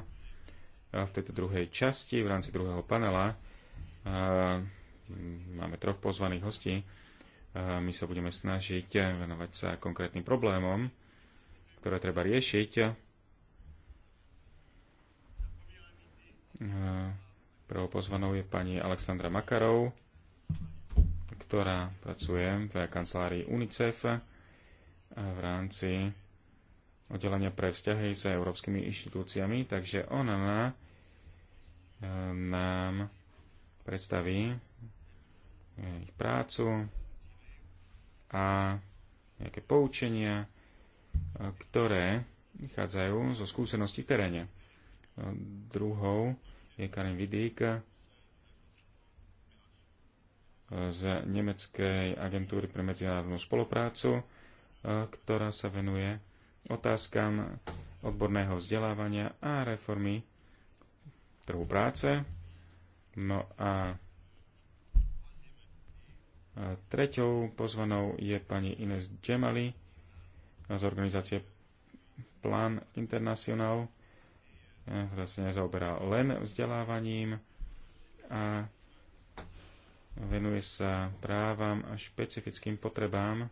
eh, v tejto druhej časti, v rámci druhého panela, a, eh, máme troch pozvaných hostí. A eh, my sa budeme snažiť venovať sa konkrétnym problémom, ktoré treba riešiť. A, prvou pozvanou je pani Alexandra Makarov, ktorá pracuje v kancelárii UNICEF eh, v rámci oddelenia pre vzťahy s európskymi inštitúciami, takže ona má, eh, nám predstaví eh, ich prácu a nejaké poučenia, ktoré vychádzajú zo skúseností v teréne. Druhou je Karin Vidík, z Nemeckej agentúry pre medzinárodnú spoluprácu, e, ktorá sa venuje otázkam odborného vzdelávania a reformy trhu práce. No a treťou pozvanou je pani Ines Džemali z organizácie Plan International, e, ktorá sa nezaoberá len vzdelávaním a venuje sa právam a špecifickým potrebám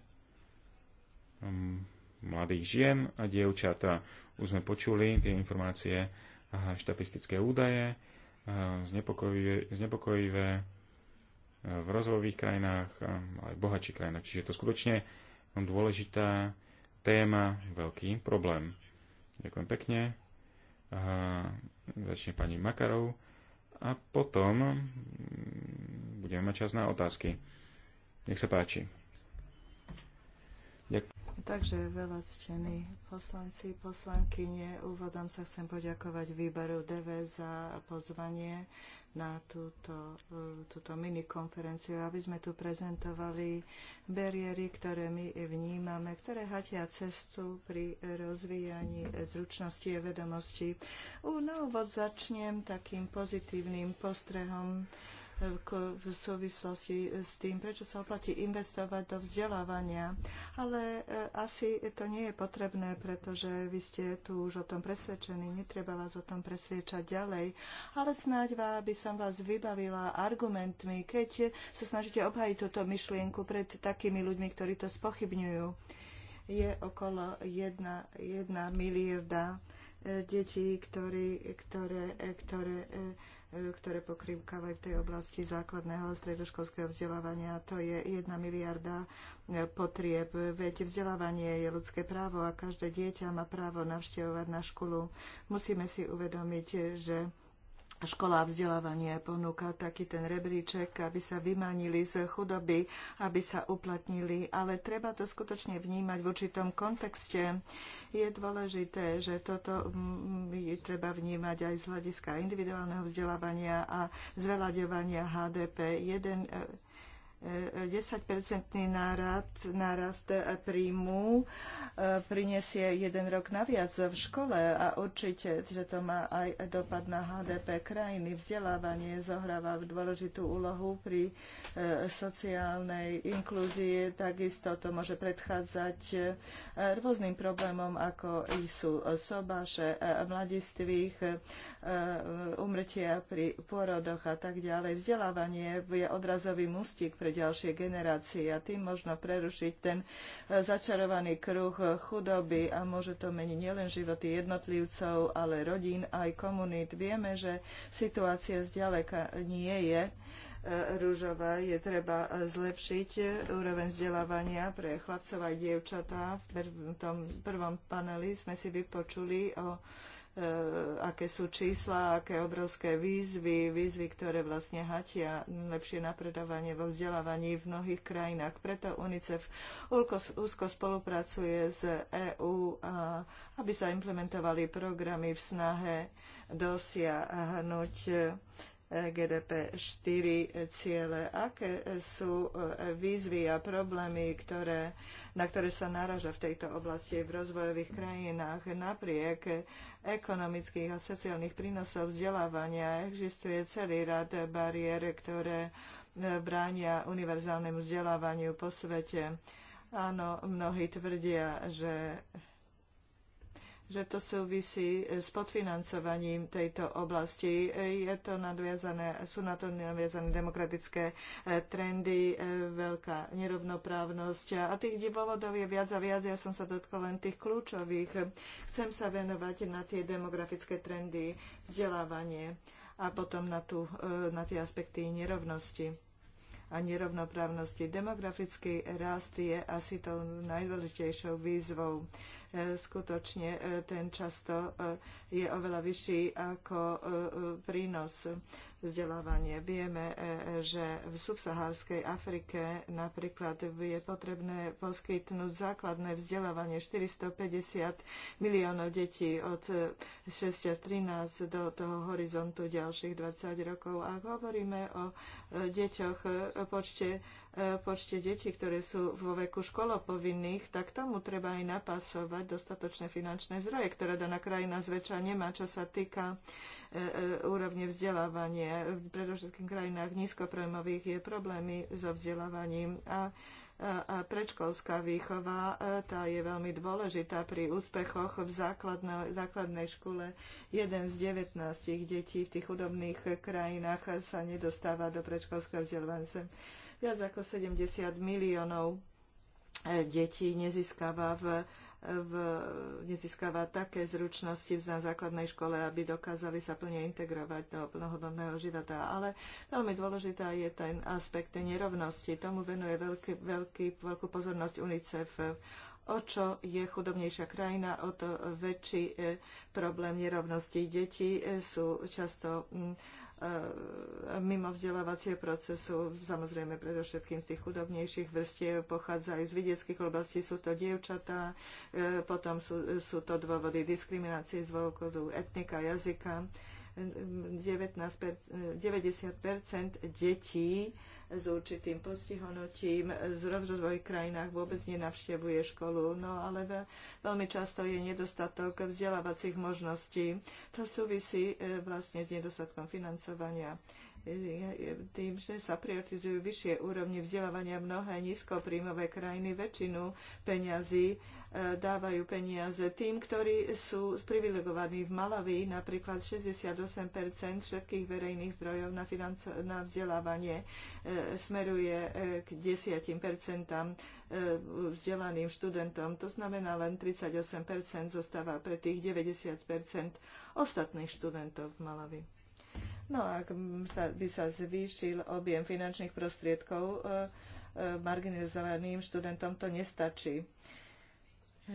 um, mladých žien a dievčat. Už sme počuli tie informácie a štatistické údaje, znepokojivé, znepokojivé e, v rozvojových krajinách, ale aj bohatší krajina. Čiže je to skutočne dôležitá téma, veľký problém. Ďakujem pekne. A začne pani Makarov a potom budeme mať čas na otázky. Nech sa páči. Ďak. Takže veľa ctení poslanci, poslankyne, úvodom sa chcem poďakovať výberu DV za pozvanie na túto, e, túto minikonferenciu, aby sme tu prezentovali bariéry, ktoré my vnímame, ktoré hatia cestu pri rozvíjaní zručnosti a U, Na úvod začnem takým pozitívnym postrehom v súvislosti s tým, prečo sa oplatí investovať do vzdelávania. Ale e, asi to nie je potrebné, pretože vy ste tu už o tom presvedčení, netreba vás o tom presviečať ďalej. Ale snáď by som vás vybavila argumentmi, keď sa snažíte obhajiť túto myšlienku pred takými ľuďmi, ktorí to spochybňujú. Je okolo 1 miliarda e, detí, ktoré, e, ktoré, ktoré ktoré pokrývkajú v tej oblasti základného a stredoškolského vzdelávania. To je jedna miliarda e, potrieb. Veď vzdelávanie je ľudské právo a každé dieťa má právo navštevovať na školu. Musíme si uvedomiť, že škola a vzdelávanie ponúka taký ten rebríček, aby sa vymanili z chudoby, aby sa uplatnili, ale treba to skutočne vnímať v určitom kontexte. Je dôležité, že toto mm, je treba vnímať aj z hľadiska individuálneho vzdelávania a zvelaďovania HDP. Jeden e, 10-percentný nárast, príjmu e, prinesie jeden rok naviac v škole a určite, že to má aj dopad na HDP krajiny. Vzdelávanie zohráva dôležitú úlohu pri e, sociálnej inklúzii. Takisto to môže predchádzať e, rôznym problémom, ako sú sobáše mladistvých, E, umrtia pri pôrodoch a tak ďalej. Vzdelávanie je odrazový mustík pre ďalšie generácie a tým možno prerušiť ten e, začarovaný kruh chudoby a môže to meniť nielen životy jednotlivcov, ale rodín aj komunít. Vieme, že situácia zďaleka nie je e, rúžová je treba zlepšiť úroveň vzdelávania pre chlapcov a dievčatá. V tom prvom paneli sme si vypočuli o E, aké sú čísla, aké obrovské výzvy, výzvy, ktoré vlastne hatia lepšie napredovanie vo vzdelávaní v mnohých krajinách. Preto UNICEF úzko spolupracuje s EÚ, aby sa implementovali programy v snahe dosiahnuť E GDP 4 ciele. Aké sú e, výzvy a problémy, ktoré, na ktoré sa naraža v tejto oblasti v rozvojových krajinách? Napriek ekonomických a sociálnych prínosov vzdelávania existuje celý rad bariér, ktoré e, bránia univerzálnemu vzdelávaniu po svete. Áno, mnohí tvrdia, že že to súvisí eh, s podfinancovaním tejto oblasti. Eh, je to nadviazané, sú na to nadviazané demokratické eh, trendy, veľká nerovnoprávnosť a tých dôvodov je viac a viac. Ja som sa dotkol len tých kľúčových. Chcem sa venovať na tie demografické trendy, vzdelávanie a potom na, tú, na tie aspekty nerovnosti a nerovnoprávnosti. Demografický rast je asi tou najdôležitejšou výzvou E, skutočne e, ten často e, je oveľa vyšší ako prínos vzdelávanie. Vieme, že v subsahárskej Afrike napríklad je potrebné poskytnúť základné vzdelávanie 450 miliónov detí od 6.13 do toho horizontu ďalších 20 rokov. Ak hovoríme o deťoch v počte počte detí, ktoré sú vo veku školopovinných, tak tomu treba aj napasovať dostatočné finančné zdroje, ktoré daná krajina zväčša nemá, čo sa týka e, e, úrovne vzdelávania. V predovšetkých krajinách nízkoprojmových je problémy so vzdelávaním a a predškolská výchova, e, tá je veľmi dôležitá pri úspechoch v základnej, základnej škole. Jeden z 19 detí v tých chudobných krajinách sa nedostáva do predškolského vzdelávania Viac ako 70 miliónov e, detí nezískava v v, nezískava také zručnosti v základnej škole, aby dokázali sa plne integrovať do plnohodnotného života. Ale veľmi dôležitá je ten aspekt tej nerovnosti. Tomu venuje veľký, veľký, veľkú pozornosť UNICEF. O čo je chudobnejšia krajina, o to väčší e, problém nerovnosti. Deti e, sú často mm, E, mimo vzdelávacie procesu, samozrejme predovšetkým z tých chudobnejších vrstiev, pochádzajú z vidieckých oblastí, sú to dievčatá, e, potom sú, sú to dôvody diskriminácie z dôvodu etnika, jazyka 90 detí s určitým postihnutím z rozvojových krajinách vôbec nenavštevuje školu, no ale veľmi často je nedostatok vzdelávacích možností. To súvisí e, vlastne s nedostatkom financovania e, tým, že sa prioritizujú vyššie úrovne vzdelávania mnohé nízkopríjmové krajiny väčšinu peňazí dávajú peniaze tým, ktorí sú privilegovaní. V Malavi napríklad 68 všetkých verejných zdrojov na, na vzdelávanie e, smeruje e, k 10 e, vzdelaným študentom. To znamená, len 38 zostáva pre tých 90 ostatných študentov v Malavi. No a ak sa, by sa zvýšil objem finančných prostriedkov marginalizovaným študentom, to nestačí.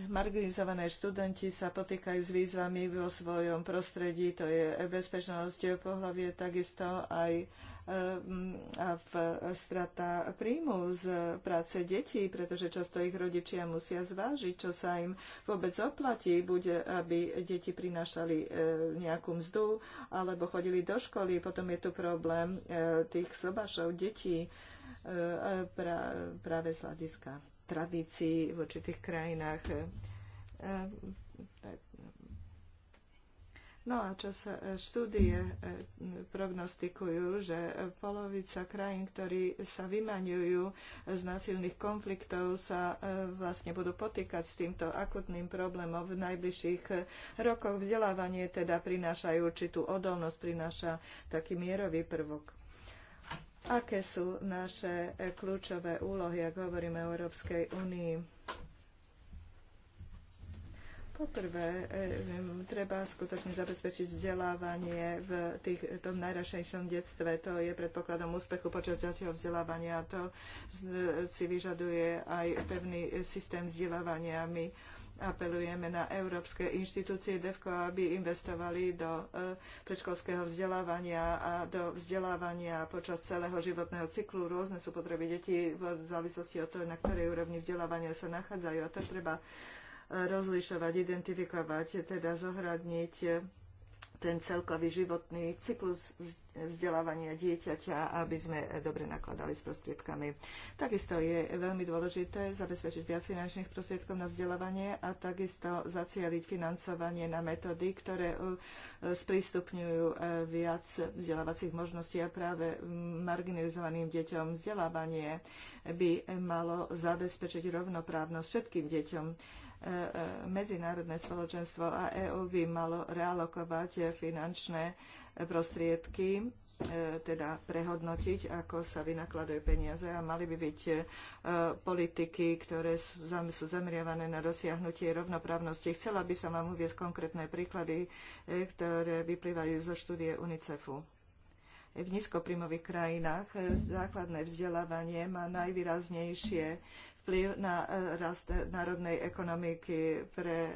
Marginalizované študenti sa potýkajú s výzvami vo svojom prostredí, to je bezpečnosť pohľavie, takisto aj eh, a v strata príjmu z práce detí, pretože často ich rodičia musia zvážiť, čo sa im vôbec oplatí, buď aby deti prinášali eh, nejakú mzdu, alebo chodili do školy. Potom je tu problém eh, tých sobašov detí práve z hľadiska tradícií v určitých krajinách. E, e, no a čo sa e, štúdie prognostikujú, že polovica krajín, ktorí sa vymaňujú z násilných konfliktov, sa vlastne budú potýkať s týmto akutným problémom v najbližších rokoch. Vzdelávanie teda prináša aj určitú odolnosť, prináša taký mierový prvok aké sú naše e, kľúčové úlohy, ak hovoríme o Európskej únii. Poprvé, e, treba skutočne zabezpečiť vzdelávanie v tých, tom najrašejšom detstve. To je predpokladom úspechu počas ďalšieho vzdelávania. To e, si vyžaduje aj pevný systém vzdelávania. My apelujeme na európske inštitúcie DEFCO, aby investovali do e, predškolského vzdelávania a do vzdelávania počas celého životného cyklu. Rôzne sú potreby detí v závislosti od toho, na ktorej úrovni vzdelávania sa nachádzajú. A to treba e, rozlišovať, identifikovať, teda zohradniť ten celkový životný cyklus vzdelávania dieťaťa, aby sme dobre nakladali s prostriedkami. Takisto je veľmi dôležité zabezpečiť viac finančných prostriedkov na vzdelávanie a takisto zacieliť financovanie na metódy, ktoré e, sprístupňujú e, viac vzdelávacích možností a práve marginalizovaným deťom vzdelávanie by malo zabezpečiť rovnoprávnosť všetkým deťom medzinárodné spoločenstvo a EÚ by malo realokovať finančné prostriedky e, teda prehodnotiť, ako sa vynakladajú peniaze a mali by byť e, politiky, ktoré sú zameriavané na dosiahnutie rovnoprávnosti. Chcela by som vám uvieť konkrétne príklady, e, ktoré vyplývajú zo štúdie UNICEFu. V nízkoprímových krajinách základné vzdelávanie má najvýraznejšie vplyv na e, rast e, národnej ekonomiky pre e,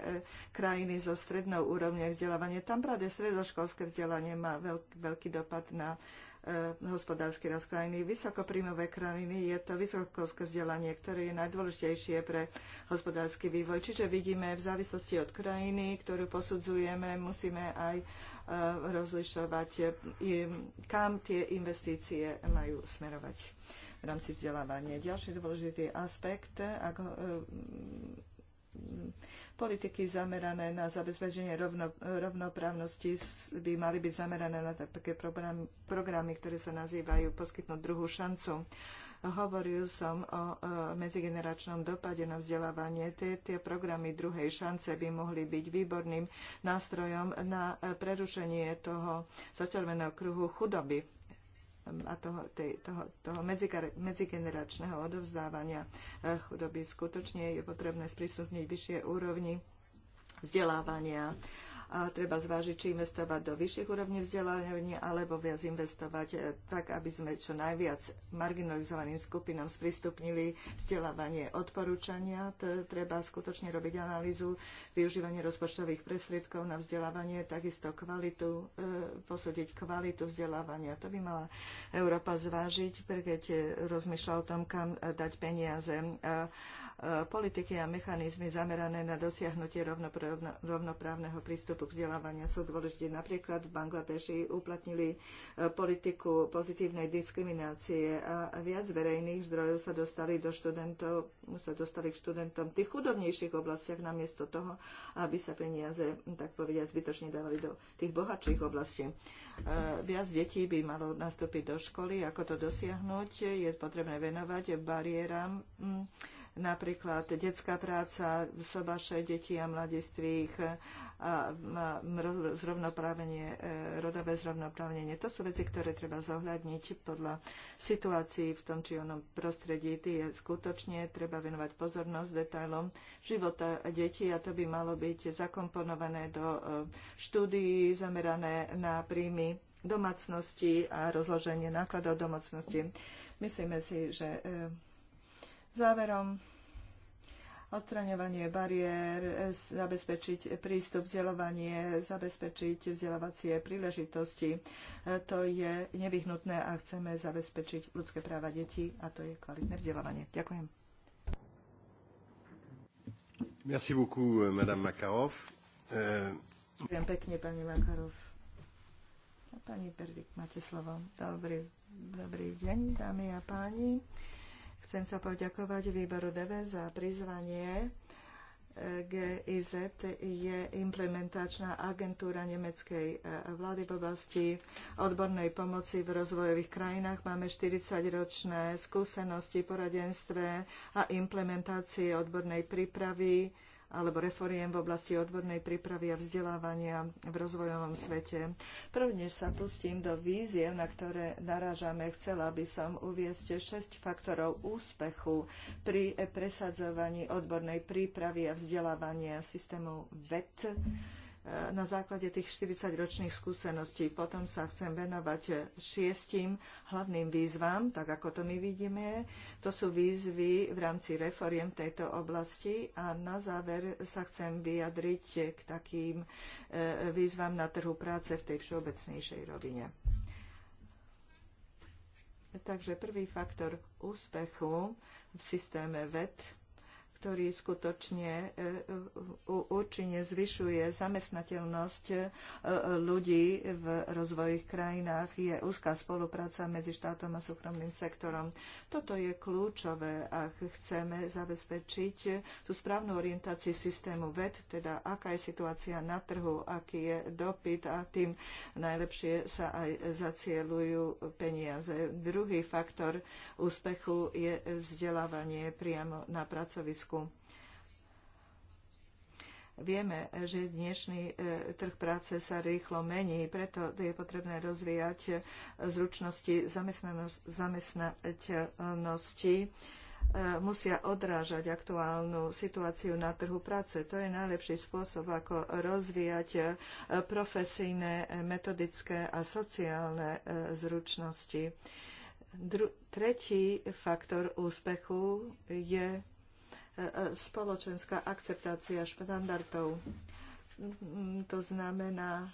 krajiny so strednou úrovňou vzdelávania. Tam práve stredoškolské vzdelanie má veľký dopad na hospodársky rast krajiny. Vysokopríjmové krajiny je to vysokoškolské vzdelanie, ktoré je najdôležitejšie pre hospodársky vývoj. Čiže vidíme v závislosti od krajiny, ktorú posudzujeme, musíme aj rozlišovať, kam tie investície majú smerovať v rámci vzdelávania. Ďalší dôležitý aspekt, ako e, politiky zamerané na zabezpečenie rovno, rovnoprávnosti by mali byť zamerané na také programy, programy, ktoré sa nazývajú poskytnúť druhú šancu. Hovoril som o e, medzigeneračnom dopade na vzdelávanie. Tie, tie programy druhej šance by mohli byť výborným nástrojom na e, prerušenie toho začerveného kruhu chudoby a toho, tej, toho, toho medzigeneračného odovzdávania eh, chudoby. Skutočne je potrebné sprístupniť vyššie úrovni vzdelávania a treba zvážiť, či investovať do vyšších úrovní vzdelávania alebo viac investovať e, tak, aby sme čo najviac marginalizovaným skupinám sprístupnili vzdelávanie odporúčania. Treba skutočne robiť analýzu využívanie rozpočtových prostriedkov na vzdelávanie, takisto kvalitu, e, posúdiť kvalitu vzdelávania. To by mala Európa zvážiť, keď rozmýšľa o tom, kam dať peniaze. A E, politiky a mechanizmy zamerané na dosiahnutie rovnoprávneho prístupu k vzdelávania sú dôležité. Napríklad v Bangladeši uplatnili e, politiku pozitívnej diskriminácie a viac verejných zdrojov sa dostali do študentov, sa dostali k študentom v tých chudobnejších oblastiach namiesto toho, aby sa peniaze, tak povediať, zbytočne dávali do tých bohatších oblastí. E, viac detí by malo nastúpiť do školy. Ako to dosiahnuť? Je potrebné venovať bariéram napríklad detská práca, sobaše detí a mladistvých, a zrovnoprávenie, e, rodové zrovnoprávnenie. To sú veci, ktoré treba zohľadniť podľa situácií v tom či onom prostredí. Ty je skutočne treba venovať pozornosť detailom života detí a to by malo byť zakomponované do e, štúdií zamerané na príjmy domácnosti a rozloženie nákladov domácnosti. Myslíme si, že e, Záverom, odstraňovanie bariér, e, zabezpečiť prístup, vzdelovanie, zabezpečiť vzdelávacie príležitosti. E, to je nevyhnutné a chceme zabezpečiť ľudské práva detí a to je kvalitné vzdelávanie. Ďakujem. Merci beaucoup, euh, Madame Makarov. Euh, Ďakujem pekne, pani Makarov. Pani Berdik, máte slovo. Dobrý, dobrý deň, dámy a páni. Chcem sa poďakovať výboru DV za prizvanie. GIZ je implementačná agentúra nemeckej e, vlády v oblasti odbornej pomoci v rozvojových krajinách. Máme 40-ročné skúsenosti v poradenstve a implementácii odbornej prípravy alebo reforiem v oblasti odbornej prípravy a vzdelávania v rozvojovom svete. Prvne sa pustím do víziev, na ktoré narážame. Chcela by som uviesť 6 faktorov úspechu pri presadzovaní odbornej prípravy a vzdelávania systému VET na základe tých 40-ročných skúseností. Potom sa chcem venovať šiestim hlavným výzvam, tak ako to my vidíme. To sú výzvy v rámci reforiem tejto oblasti a na záver sa chcem vyjadriť k takým e, výzvam na trhu práce v tej všeobecnejšej rovine. Takže prvý faktor úspechu v systéme VET ktorý skutočne účinne e, e, zvyšuje zamestnateľnosť e, ľudí v rozvojových krajinách, je úzká spolupráca medzi štátom a súkromným sektorom. Toto je kľúčové, ak chceme zabezpečiť tú správnu orientáciu systému VED, teda aká je situácia na trhu, aký je dopyt a tým najlepšie sa aj zacielujú peniaze. Druhý faktor úspechu je vzdelávanie priamo na pracovisku Slovensku. Vieme, že dnešný e, trh práce sa rýchlo mení, preto je potrebné rozvíjať e, zručnosti zamestnanosti e, musia odrážať aktuálnu situáciu na trhu práce. To je najlepší spôsob, ako rozvíjať profesijné, metodické a sociálne zručnosti. Dru- tretí faktor úspechu je spoločenská akceptácia štandardov. To znamená,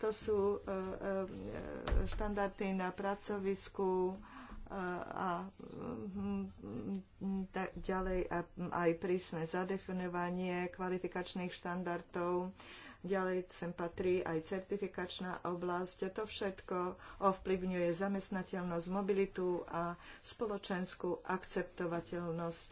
to sú eh, eh, štandardy na pracovisku eh, a hm, hm, ďalej hm, aj prísne zadefinovanie kvalifikačných štandardov. Ďalej sem patrí aj certifikačná oblasť. To všetko ovplyvňuje zamestnateľnosť, mobilitu a spoločenskú akceptovateľnosť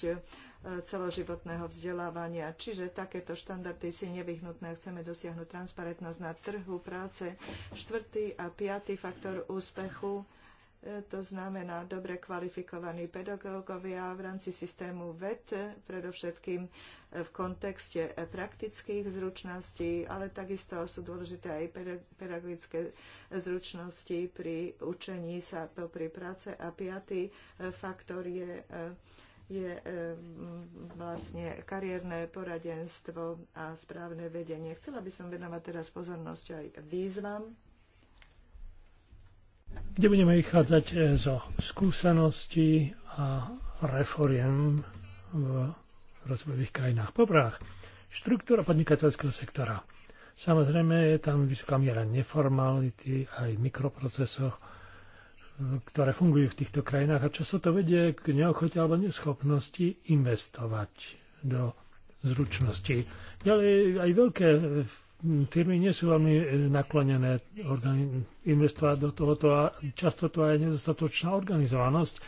celoživotného vzdelávania. Čiže takéto štandardy si nevyhnutné. Chceme dosiahnuť transparentnosť na trhu práce. Štvrtý a piatý faktor úspechu e, to znamená dobre kvalifikovaní pedagógovia v rámci systému VET, predovšetkým e, v kontexte e, praktických zručností, ale takisto sú dôležité aj pedagogické zručnosti pri učení sa pri práce. A piatý faktor je je vlastne kariérne poradenstvo a správne vedenie. Chcela by som venovať teraz pozornosť aj výzvam, kde budeme vychádzať eh, zo skúseností a reforiem v rozvojových krajinách. Poprvé, štruktúra podnikateľského sektora. Samozrejme, je tam vysoká miera neformality aj v mikroprocesoch, ktoré fungujú v týchto krajinách a často to vedie k neochote alebo neschopnosti investovať do zručnosti. Ďalej aj veľké firmy nie sú veľmi naklonené investovať do tohoto a často to aj nedostatočná organizovanosť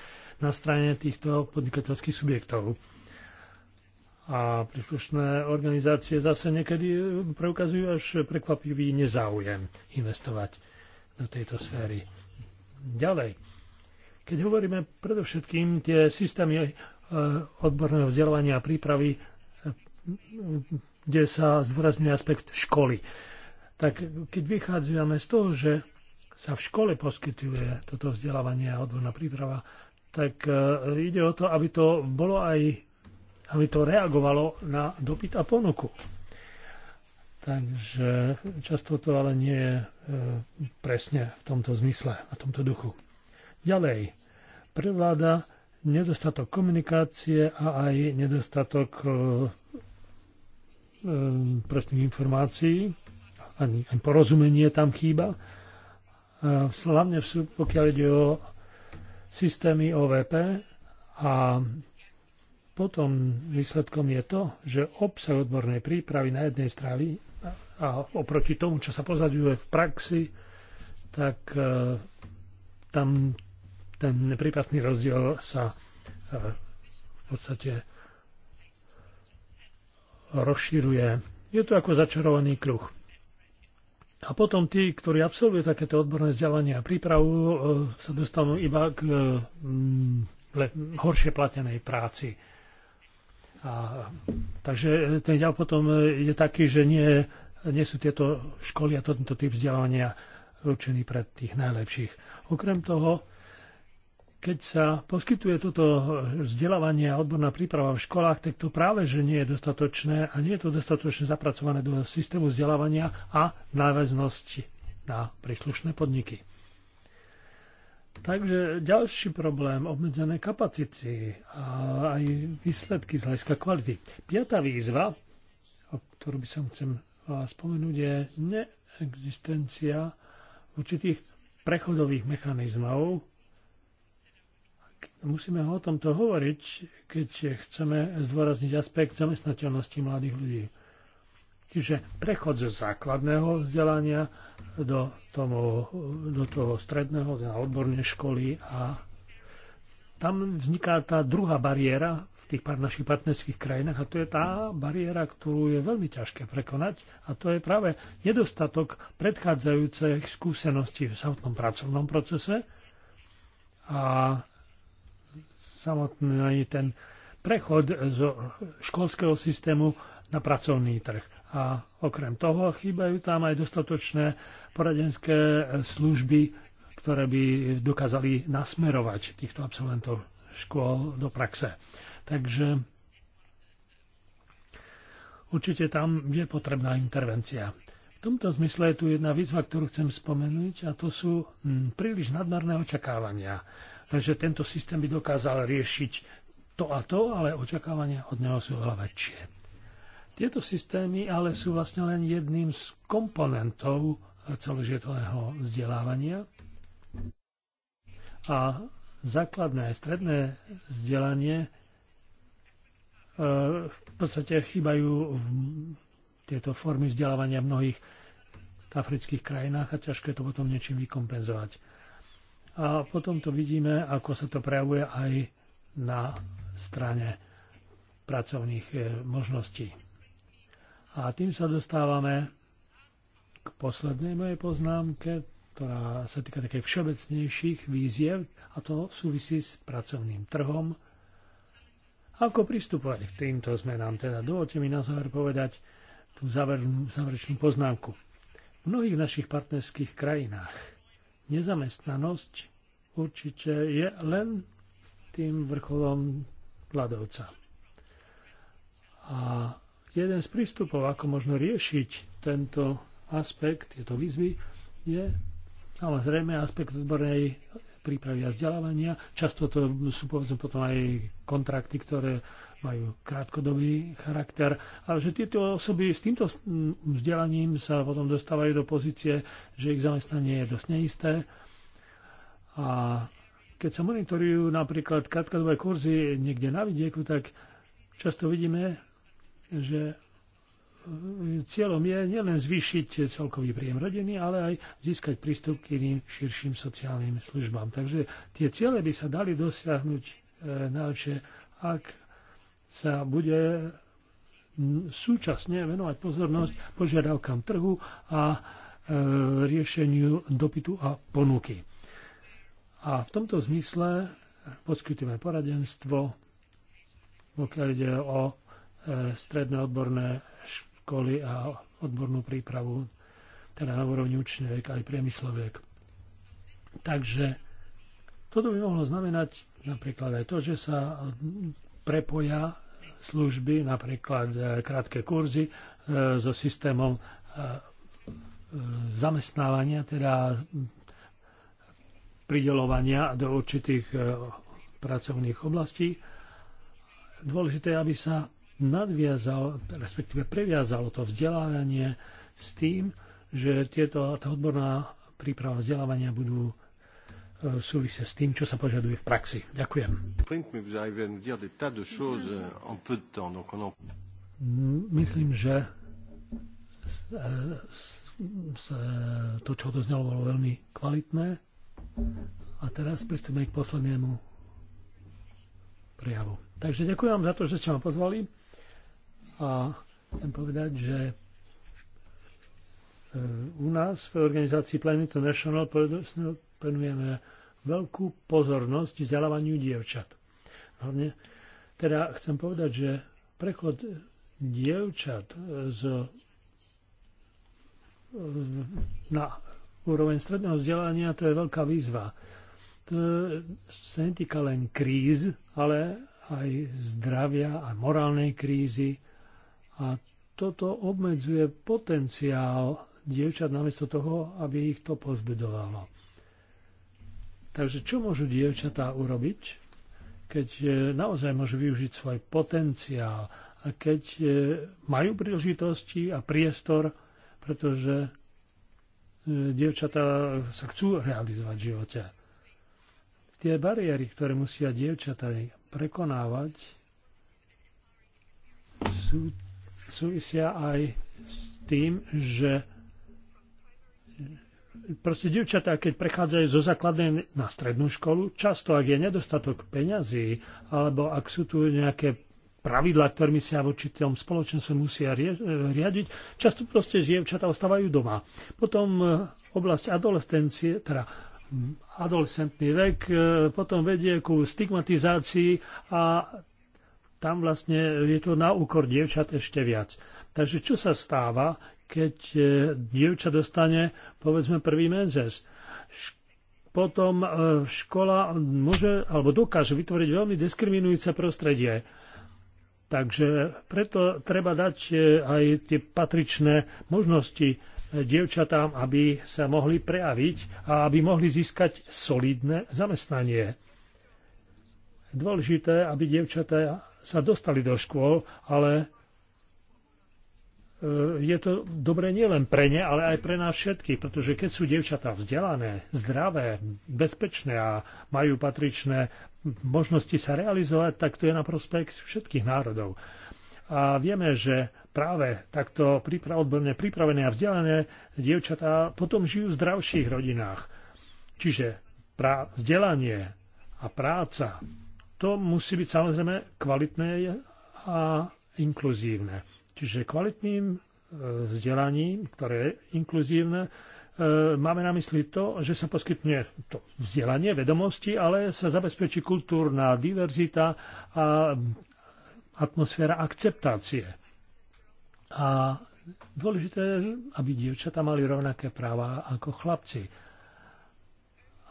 na strane týchto podnikateľských subjektov. A príslušné organizácie zase niekedy preukazujú až prekvapivý nezáujem investovať do tejto sféry ďalej. Keď hovoríme predovšetkým tie systémy eh, odborného vzdelávania a prípravy, eh, kde sa zdôrazňuje aspekt školy, tak keď vychádzame z toho, že sa v škole poskytuje toto vzdelávanie a odborná príprava, tak eh, ide o to, aby to bolo aj aby to reagovalo na dopyt a ponuku. Takže často to ale nie je e, presne v tomto zmysle, v tomto duchu. Ďalej, prevláda nedostatok komunikácie a aj nedostatok e, e, presných informácií, ani, ani porozumenie tam chýba. Hlavne pokiaľ ide o systémy OVP a potom výsledkom je to, že obsah odbornej prípravy na jednej strane a oproti tomu, čo sa pozaduje v praxi, tak e, tam ten neprípadný rozdiel sa e, v podstate rozširuje. Je to ako začarovaný kruh. A potom tí, ktorí absolvujú takéto odborné vzdelanie a prípravu, e, sa dostanú iba k mm, horšie platenej práci. A, takže ten ďal potom e, je taký, že nie, nie sú tieto školy a tento typ vzdelávania určený pre tých najlepších. Okrem toho, keď sa poskytuje toto vzdelávanie a odborná príprava v školách, tak to práve, že nie je dostatočné a nie je to dostatočne zapracované do systému vzdelávania a náväznosti na príslušné podniky. Takže ďalší problém, obmedzené kapacity a aj výsledky z hľadiska kvality. Piatá výzva, o ktorú by som chcem spomenúť, je neexistencia určitých prechodových mechanizmov. Musíme o tomto hovoriť, keď chceme zdôrazniť aspekt zamestnateľnosti mladých ľudí. Čiže prechod zo základného vzdelania do, tomu, do toho stredného, na odborné školy a tam vzniká tá druhá bariéra v tých pár našich partnerských krajinách a to je tá bariéra, ktorú je veľmi ťažké prekonať a to je práve nedostatok predchádzajúcej skúseností v samotnom pracovnom procese a samotný ten prechod zo školského systému na pracovný trh. A okrem toho chýbajú tam aj dostatočné poradenské služby, ktoré by dokázali nasmerovať týchto absolventov škôl do praxe. Takže určite tam je potrebná intervencia. V tomto zmysle je tu jedna výzva, ktorú chcem spomenúť a to sú hm, príliš nadmerné očakávania. Takže tento systém by dokázal riešiť to a to, ale očakávania od neho sú oveľa väčšie. Tieto systémy ale sú vlastne len jedným z komponentov celožietového vzdelávania a základné a stredné vzdelanie e, v podstate chýbajú v tieto formy vzdelávania v mnohých afrických krajinách a ťažké to potom niečím vykompenzovať. A potom to vidíme, ako sa to prejavuje aj na strane pracovných e, možností. A tým sa dostávame k poslednej mojej poznámke, ktorá sa týka také všeobecnejších víziev, a to súvisí s pracovným trhom. Ako pristupovať k týmto zmenám? Teda dovolte mi na záver povedať tú záverčnú, záverečnú poznámku. V mnohých našich partnerských krajinách nezamestnanosť určite je len tým vrcholom ľadovca. A Jeden z prístupov, ako možno riešiť tento aspekt, tieto výzvy, je samozrejme aspekt odbornej prípravy a vzdelávania. Často to sú povedzme potom aj kontrakty, ktoré majú krátkodobý charakter, ale že tieto osoby s týmto vzdelaním sa potom dostávajú do pozície, že ich zamestnanie je dosť neisté. A keď sa monitorujú napríklad krátkodobé kurzy niekde na vidieku, tak často vidíme, že e, cieľom je nielen zvýšiť celkový príjem rodiny, ale aj získať prístup k iným širším sociálnym službám. Takže tie ciele by sa dali dosiahnuť e, najlepšie, ak sa bude súčasne venovať pozornosť požiadavkám trhu a e, riešeniu dopytu a ponuky. A v tomto zmysle poskytujeme poradenstvo, pokiaľ ide o E, stredné odborné školy a odbornú prípravu, teda na úrovni učňoviek aj priemysloviek. Takže toto by mohlo znamenať napríklad aj to, že sa prepoja služby, napríklad e, krátke kurzy e, so systémom zamestnávania, teda pridelovania do určitých pracovných oblastí. Dôležité, aby sa nadviazal, respektíve previazalo to vzdelávanie s tým, že tieto, tá odborná príprava vzdelávania budú e, súvisie s tým, čo sa požaduje v praxi. Ďakujem. Myslím, že e, e, to, čo znelo, bolo veľmi kvalitné. A teraz pristúpime k poslednému prejavu. Takže ďakujem vám za to, že ste ma pozvali. A chcem povedať, že e, u nás v organizácii Planet National venujeme veľkú pozornosť vzdelávaniu dievčat. Hlavne, teda chcem povedať, že prechod dievčat z, e, na úroveň stredného vzdelania to je veľká výzva. To sa netýka len kríz, ale aj zdravia a morálnej krízy, a toto obmedzuje potenciál dievčat namiesto toho, aby ich to pozbudovalo. Takže čo môžu dievčatá urobiť, keď e, naozaj môžu využiť svoj potenciál a keď e, majú príležitosti a priestor, pretože e, dievčatá sa chcú realizovať v živote. Tie bariéry, ktoré musia dievčatá prekonávať, sú súvisia aj s tým, že proste divčatá, keď prechádzajú zo základnej na strednú školu, často ak je nedostatok peňazí, alebo ak sú tu nejaké pravidlá, ktorými sa v určitom spoločenstve musia riadiť, často proste dievčatá ostávajú doma. Potom e, oblasť adolescencie, teda adolescentný vek, e, potom vedie ku stigmatizácii a tam vlastne je to na úkor dievčat ešte viac. Takže čo sa stáva, keď e, dievča dostane, povedzme, prvý menzes? Potom e, škola môže alebo dokáže vytvoriť veľmi diskriminujúce prostredie. Takže preto treba dať e, aj tie patričné možnosti dievčatám, aby sa mohli prejaviť a aby mohli získať solidné zamestnanie. Dôležité, aby dievčatá sa dostali do škôl, ale e, je to dobré nielen pre ne, ale aj pre nás všetkých, pretože keď sú dievčatá vzdelané, zdravé, bezpečné a majú patričné možnosti sa realizovať, tak to je na prospekt všetkých národov. A vieme, že práve takto odborne pripravené a vzdelané dievčatá potom žijú v zdravších rodinách. Čiže vzdelanie a práca to musí byť samozrejme kvalitné a inkluzívne. Čiže kvalitným e, vzdelaním, ktoré je inkluzívne, e, máme na mysli to, že sa poskytne to vzdelanie, vedomosti, ale sa zabezpečí kultúrna diverzita a atmosféra akceptácie. A dôležité je, aby dievčatá mali rovnaké práva ako chlapci.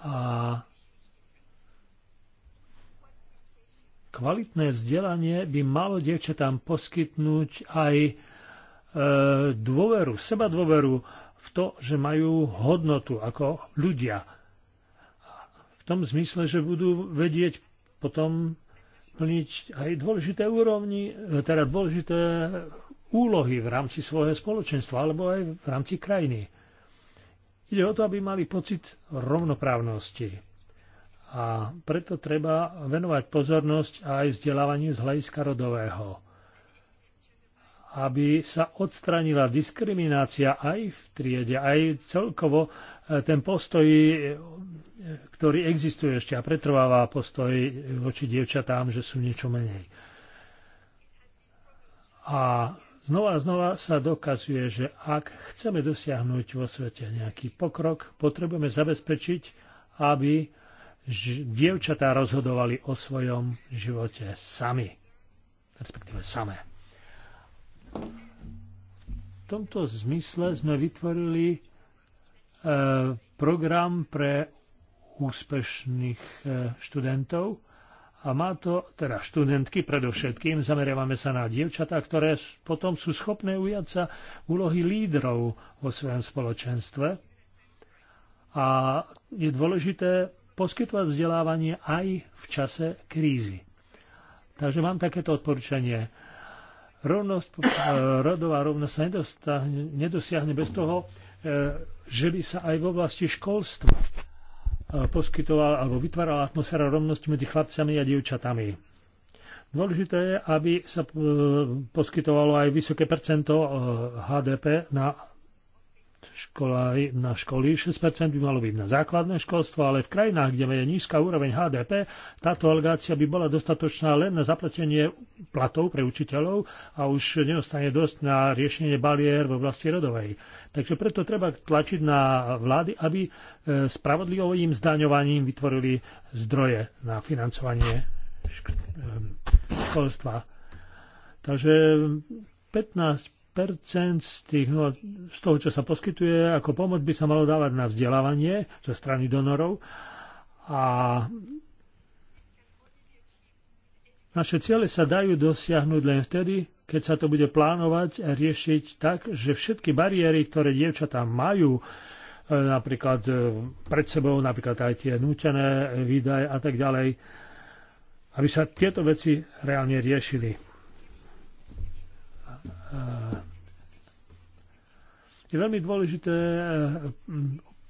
A Kvalitné vzdelanie by malo dievčatám poskytnúť aj e, dôveru, seba dôveru v to, že majú hodnotu ako ľudia. V tom zmysle, že budú vedieť potom plniť aj dôležité úrovni, e, teda dôležité úlohy v rámci svojho spoločenstva alebo aj v rámci krajiny. Ide o to, aby mali pocit rovnoprávnosti. A preto treba venovať pozornosť aj vzdelávaniu z hľadiska rodového, aby sa odstranila diskriminácia aj v triede, aj celkovo e, ten postoj, e, ktorý existuje ešte a pretrváva postoj voči dievčatám, že sú niečo menej. A znova a znova sa dokazuje, že ak chceme dosiahnuť vo svete nejaký pokrok, potrebujeme zabezpečiť, aby dievčatá rozhodovali o svojom živote sami, respektíve samé. V tomto zmysle sme vytvorili e, program pre úspešných e, študentov a má to, teda študentky predovšetkým, zameriavame sa na dievčatá, ktoré potom sú schopné ujať sa úlohy lídrov vo svojom spoločenstve. A je dôležité poskytovať vzdelávanie aj v čase krízy. Takže mám takéto odporúčanie. Rovnosť, e, rodová rovnosť sa nedosiahne bez toho, e, že by sa aj v oblasti školstva e, poskytovala alebo vytvárala atmosféra rovnosti medzi chlapcami a dievčatami. Dôležité je, aby sa poskytovalo aj vysoké percento HDP na škola, na školy, 6% by malo byť na základné školstvo, ale v krajinách, kde je nízka úroveň HDP, táto alogácia by bola dostatočná len na zaplatenie platov pre učiteľov a už neostane dosť na riešenie bariér v oblasti rodovej. Takže preto treba tlačiť na vlády, aby e, spravodlivým zdaňovaním vytvorili zdroje na financovanie e, školstva. Takže 15 z, tých, no, z toho, čo sa poskytuje ako pomoc, by sa malo dávať na vzdelávanie zo strany donorov. A naše ciele sa dajú dosiahnuť len vtedy, keď sa to bude plánovať a riešiť tak, že všetky bariéry, ktoré dievčatá majú, e, napríklad e, pred sebou, napríklad aj tie nútené výdaje a tak ďalej, aby sa tieto veci reálne riešili. Eh, je veľmi dôležité eh,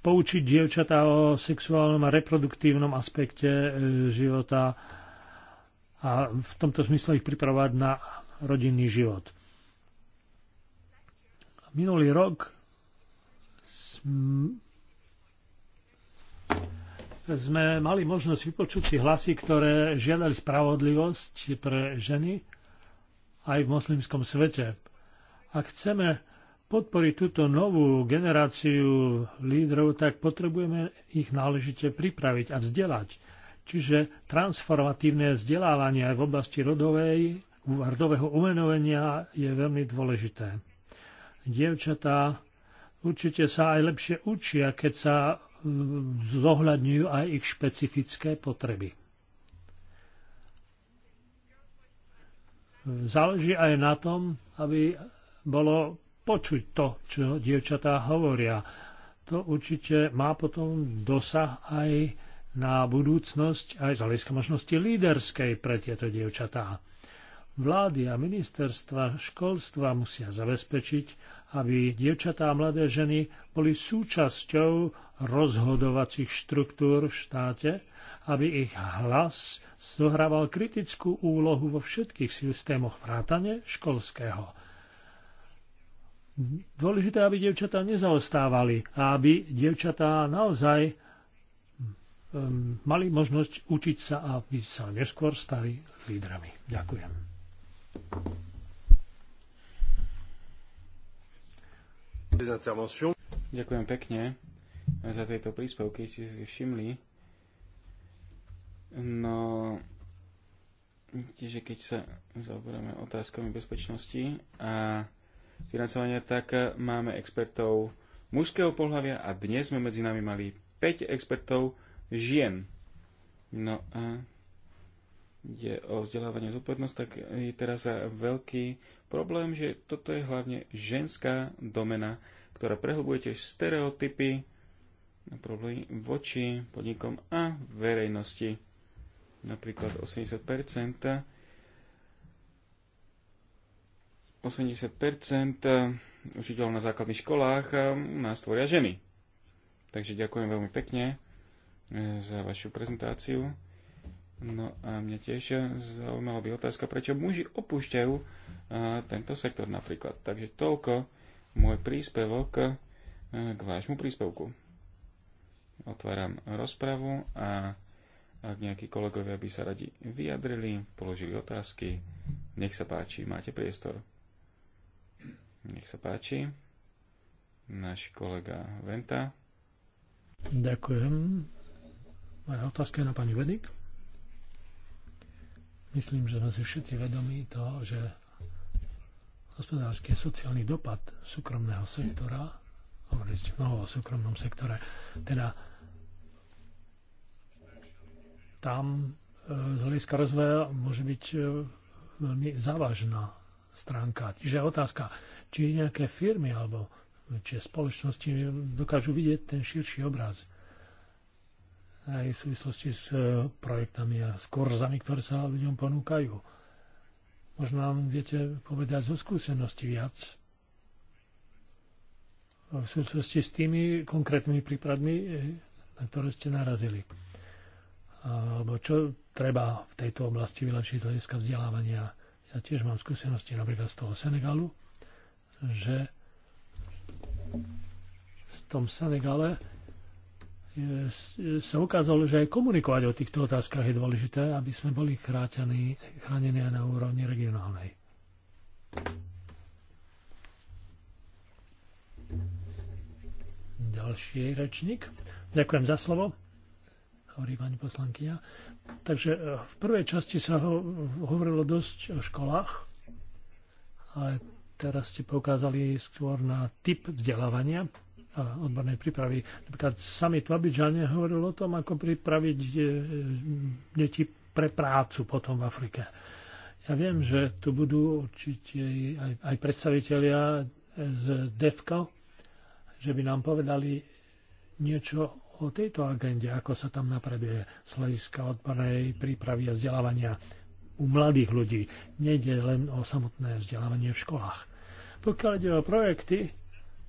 poučiť dievčatá o sexuálnom a reproduktívnom aspekte eh, života a v tomto zmysle ich pripravovať na rodinný život. Minulý rok sme mali možnosť vypočuť si hlasy, ktoré žiadali spravodlivosť pre ženy aj v moslimskom svete. Ak chceme podporiť túto novú generáciu lídrov, tak potrebujeme ich náležite pripraviť a vzdelať. Čiže transformatívne vzdelávanie aj v oblasti rodovej, rodového umenovania je veľmi dôležité. Dievčatá určite sa aj lepšie učia, keď sa zohľadňujú aj ich špecifické potreby. Záleží aj na tom, aby bolo počuť to, čo dievčatá hovoria. To určite má potom dosah aj na budúcnosť, aj z hľadiska možnosti líderskej pre tieto dievčatá. Vlády a ministerstva školstva musia zabezpečiť, aby dievčatá a mladé ženy boli súčasťou rozhodovacích štruktúr v štáte, aby ich hlas zohrával kritickú úlohu vo všetkých systémoch vrátane školského. Dôležité, aby dievčatá nezaostávali a aby dievčatá naozaj um, mali možnosť učiť sa a by sa neskôr stali lídrami. Ďakujem. Ďakujem pekne za tieto príspevky, ste si všimli. No, tiež keď sa zaoberáme otázkami bezpečnosti a financovania, tak e, máme expertov mužského pohľavia a dnes sme medzi nami mali 5 expertov žien. No a je o vzdelávanie zodpovednosť, tak je teraz veľký problém, že toto je hlavne ženská domena, ktorá prehlbuje tiež stereotypy na problémy voči podnikom a verejnosti. Napríklad 80% 80% eh, učiteľov na základných školách eh, nás tvoria ženy. Takže ďakujem veľmi pekne eh, za vašu prezentáciu. No a mňa tiež zaujímala by otázka, prečo muži opúšťajú tento sektor napríklad. Takže toľko môj príspevok k vášmu príspevku. Otváram rozpravu a ak nejakí kolegovia by sa radi vyjadrili, položili otázky, nech sa páči, máte priestor. Nech sa páči. Náš kolega Venta. Ďakujem. Moja otázka je na pani Vedik. Myslím, že sme si všetci vedomí toho, že hospodársky a sociálny dopad súkromného sektora, hovorili ste mnoho o súkromnom sektore, teda tam e, z hľadiska rozvoja môže byť e, veľmi závažná stránka. Čiže otázka, či nejaké firmy alebo či spoločnosti dokážu vidieť ten širší obraz aj v súvislosti s e, projektami a s kurzami, ktoré sa ľuďom ponúkajú. Možno nám viete povedať zo skúsenosti viac v súvislosti s tými konkrétnymi prípadmi, e, na ktoré ste narazili. Alebo čo treba v tejto oblasti vylepšiť z hľadiska vzdelávania ja tiež mám skúsenosti napríklad z toho Senegalu, že v tom Senegale je, sa ukázalo, že aj komunikovať o týchto otázkach je dôležité, aby sme boli chráťaní, chránení aj na úrovni regionálnej. Ďalší rečník. Ďakujem za slovo, hovorí pani poslankyňa. Takže e, v prvej časti sa ho, hovorilo dosť o školách, ale teraz ste poukázali skôr na typ vzdelávania a odbornej prípravy. Napríklad sami Tvabidžane hovorilo hovoril o tom, ako pripraviť e, deti pre prácu potom v Afrike. Ja viem, že tu budú určite aj, aj predstavitelia z DEFCO, že by nám povedali niečo o tejto agende, ako sa tam napreduje z hľadiska odbornej prípravy a vzdelávania u mladých ľudí. Nejde len o samotné vzdelávanie v školách. Pokiaľ ide o projekty,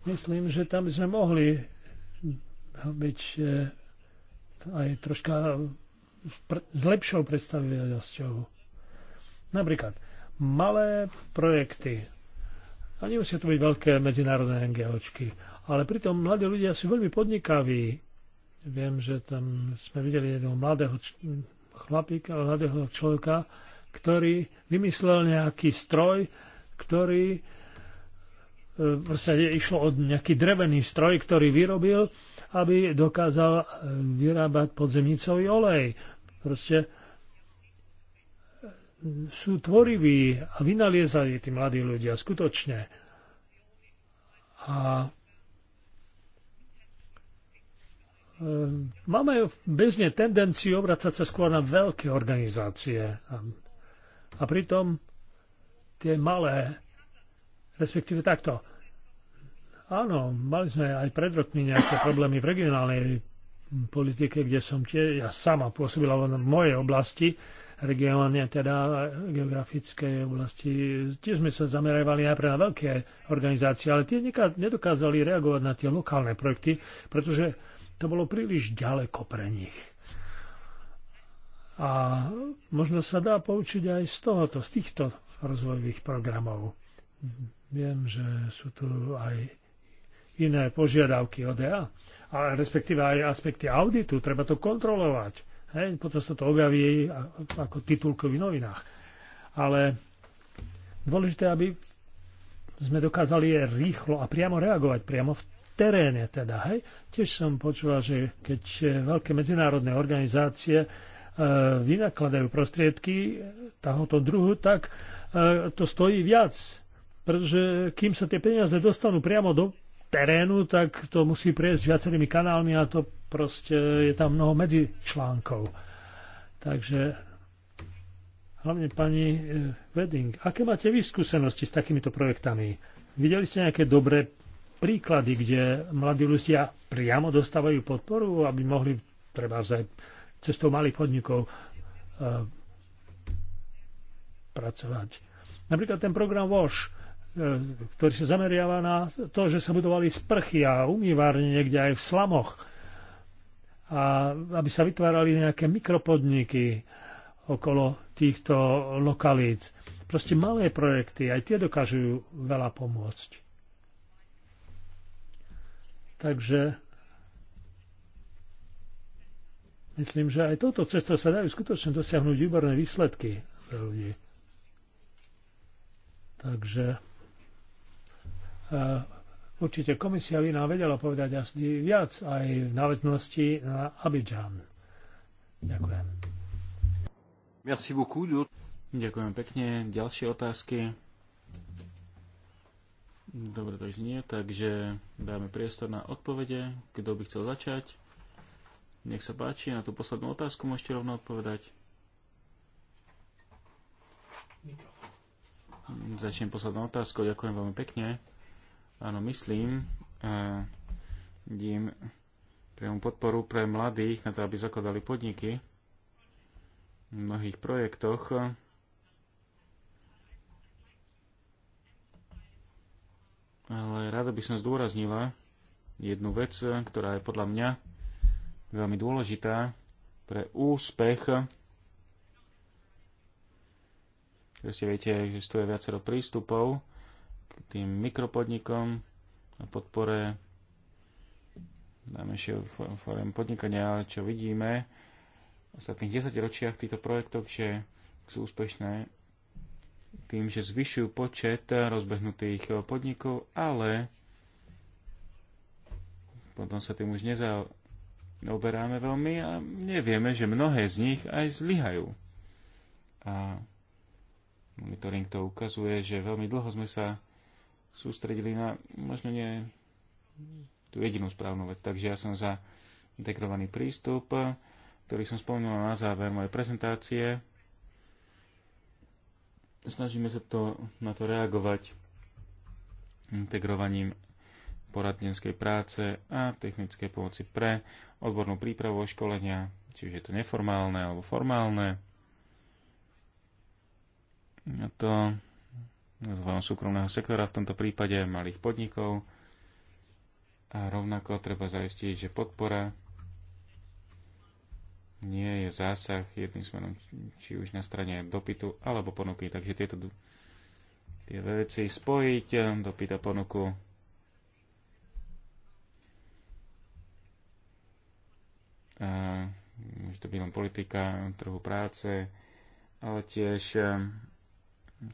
myslím, že tam sme mohli byť e, aj troška s lepšou predstavivosťou. Napríklad malé projekty. A nemusia to byť veľké medzinárodné NGOčky. Ale pritom mladí ľudia sú veľmi podnikaví Viem, že tam sme videli jedného mladého chlapíka, mladého človeka, ktorý vymyslel nejaký stroj, ktorý vlastne išlo od nejaký drevený stroj, ktorý vyrobil, aby dokázal e, vyrábať podzemnicový olej. Proste e, sú tvoriví a vynaliezali tí mladí ľudia, skutočne. A Ehm, máme bežne tendenciu obracať sa skôr na veľké organizácie. A, a pritom tie malé, respektíve takto. Áno, mali sme aj pred rokmi nejaké problémy v regionálnej politike, kde som tie, ja sama pôsobila v mojej oblasti, regionálne, teda geografickej oblasti. Tiež sme sa zamerávali aj pre na veľké organizácie, ale tie nedokázali reagovať na tie lokálne projekty, pretože to bolo príliš ďaleko pre nich. A možno sa dá poučiť aj z tohoto, z týchto rozvojových programov. Viem, že sú tu aj iné požiadavky ODA, a respektíve aj aspekty auditu, treba to kontrolovať. Hej, potom sa to objaví ako titulko v novinách. Ale dôležité, aby sme dokázali rýchlo a priamo reagovať priamo v teréne teda, hej. Tiež som počúval, že keď e, veľké medzinárodné organizácie e, vynakladajú prostriedky tohoto druhu, tak e, to stojí viac. Pretože kým sa tie peniaze dostanú priamo do terénu, tak to musí prejsť viacerými kanálmi a to proste je tam mnoho medzičlánkov. Takže hlavne pani Wedding, aké máte vy skúsenosti s takýmito projektami? Videli ste nejaké dobré príklady, kde mladí ľudia priamo dostávajú podporu, aby mohli treba aj cestou malých podnikov e, pracovať. Napríklad ten program WASH, e, ktorý sa zameriava na to, že sa budovali sprchy a umývárne niekde aj v slamoch, a aby sa vytvárali nejaké mikropodniky okolo týchto lokalít. Proste malé projekty, aj tie dokážu veľa pomôcť. Takže myslím, že aj touto cestou sa dajú skutočne dosiahnuť výborné výsledky pre ľudí. Takže eh, určite komisia by nám vedela povedať asi viac aj v náväznosti na Abidžan. Ďakujem. Merci beaucoup. Ďakujem pekne. Ďalšie otázky. Dobre, takže nie, takže dáme priestor na odpovede. Kto by chcel začať? Nech sa páči, na tú poslednú otázku môžete rovno odpovedať. Mikrofón. Začnem poslednou otázkou, ďakujem veľmi pekne. Áno, myslím, a dím priamu podporu pre mladých na to, aby zakladali podniky v mnohých projektoch ale rada by som zdôraznila jednu vec, ktorá je podľa mňa veľmi dôležitá pre úspech. Ste viete, existuje viacero prístupov k tým mikropodnikom a podpore najmenšieho fórem podnikania, ale čo vidíme v ostatných 10 ročiach týchto projektov, že sú úspešné tým, že zvyšujú počet rozbehnutých podnikov, ale potom sa tým už nezaoberáme veľmi a nevieme, že mnohé z nich aj zlyhajú. A monitoring to ukazuje, že veľmi dlho sme sa sústredili na možno nie tú jedinú správnu vec. Takže ja som za integrovaný prístup, ktorý som spomínal na záver mojej prezentácie snažíme sa to, na to reagovať integrovaním poradenskej práce a technickej pomoci pre odbornú prípravu a školenia, čiže je to neformálne alebo formálne. A to zvojom súkromného sektora, v tomto prípade malých podnikov. A rovnako treba zaistiť, že podpora nie je zásah jedným smerom, či už na strane dopytu alebo ponuky. Takže tieto tie veci spojiť, ehm, dopyt a ponuku. A, môže to byť len politika trhu práce, ale tiež ehm,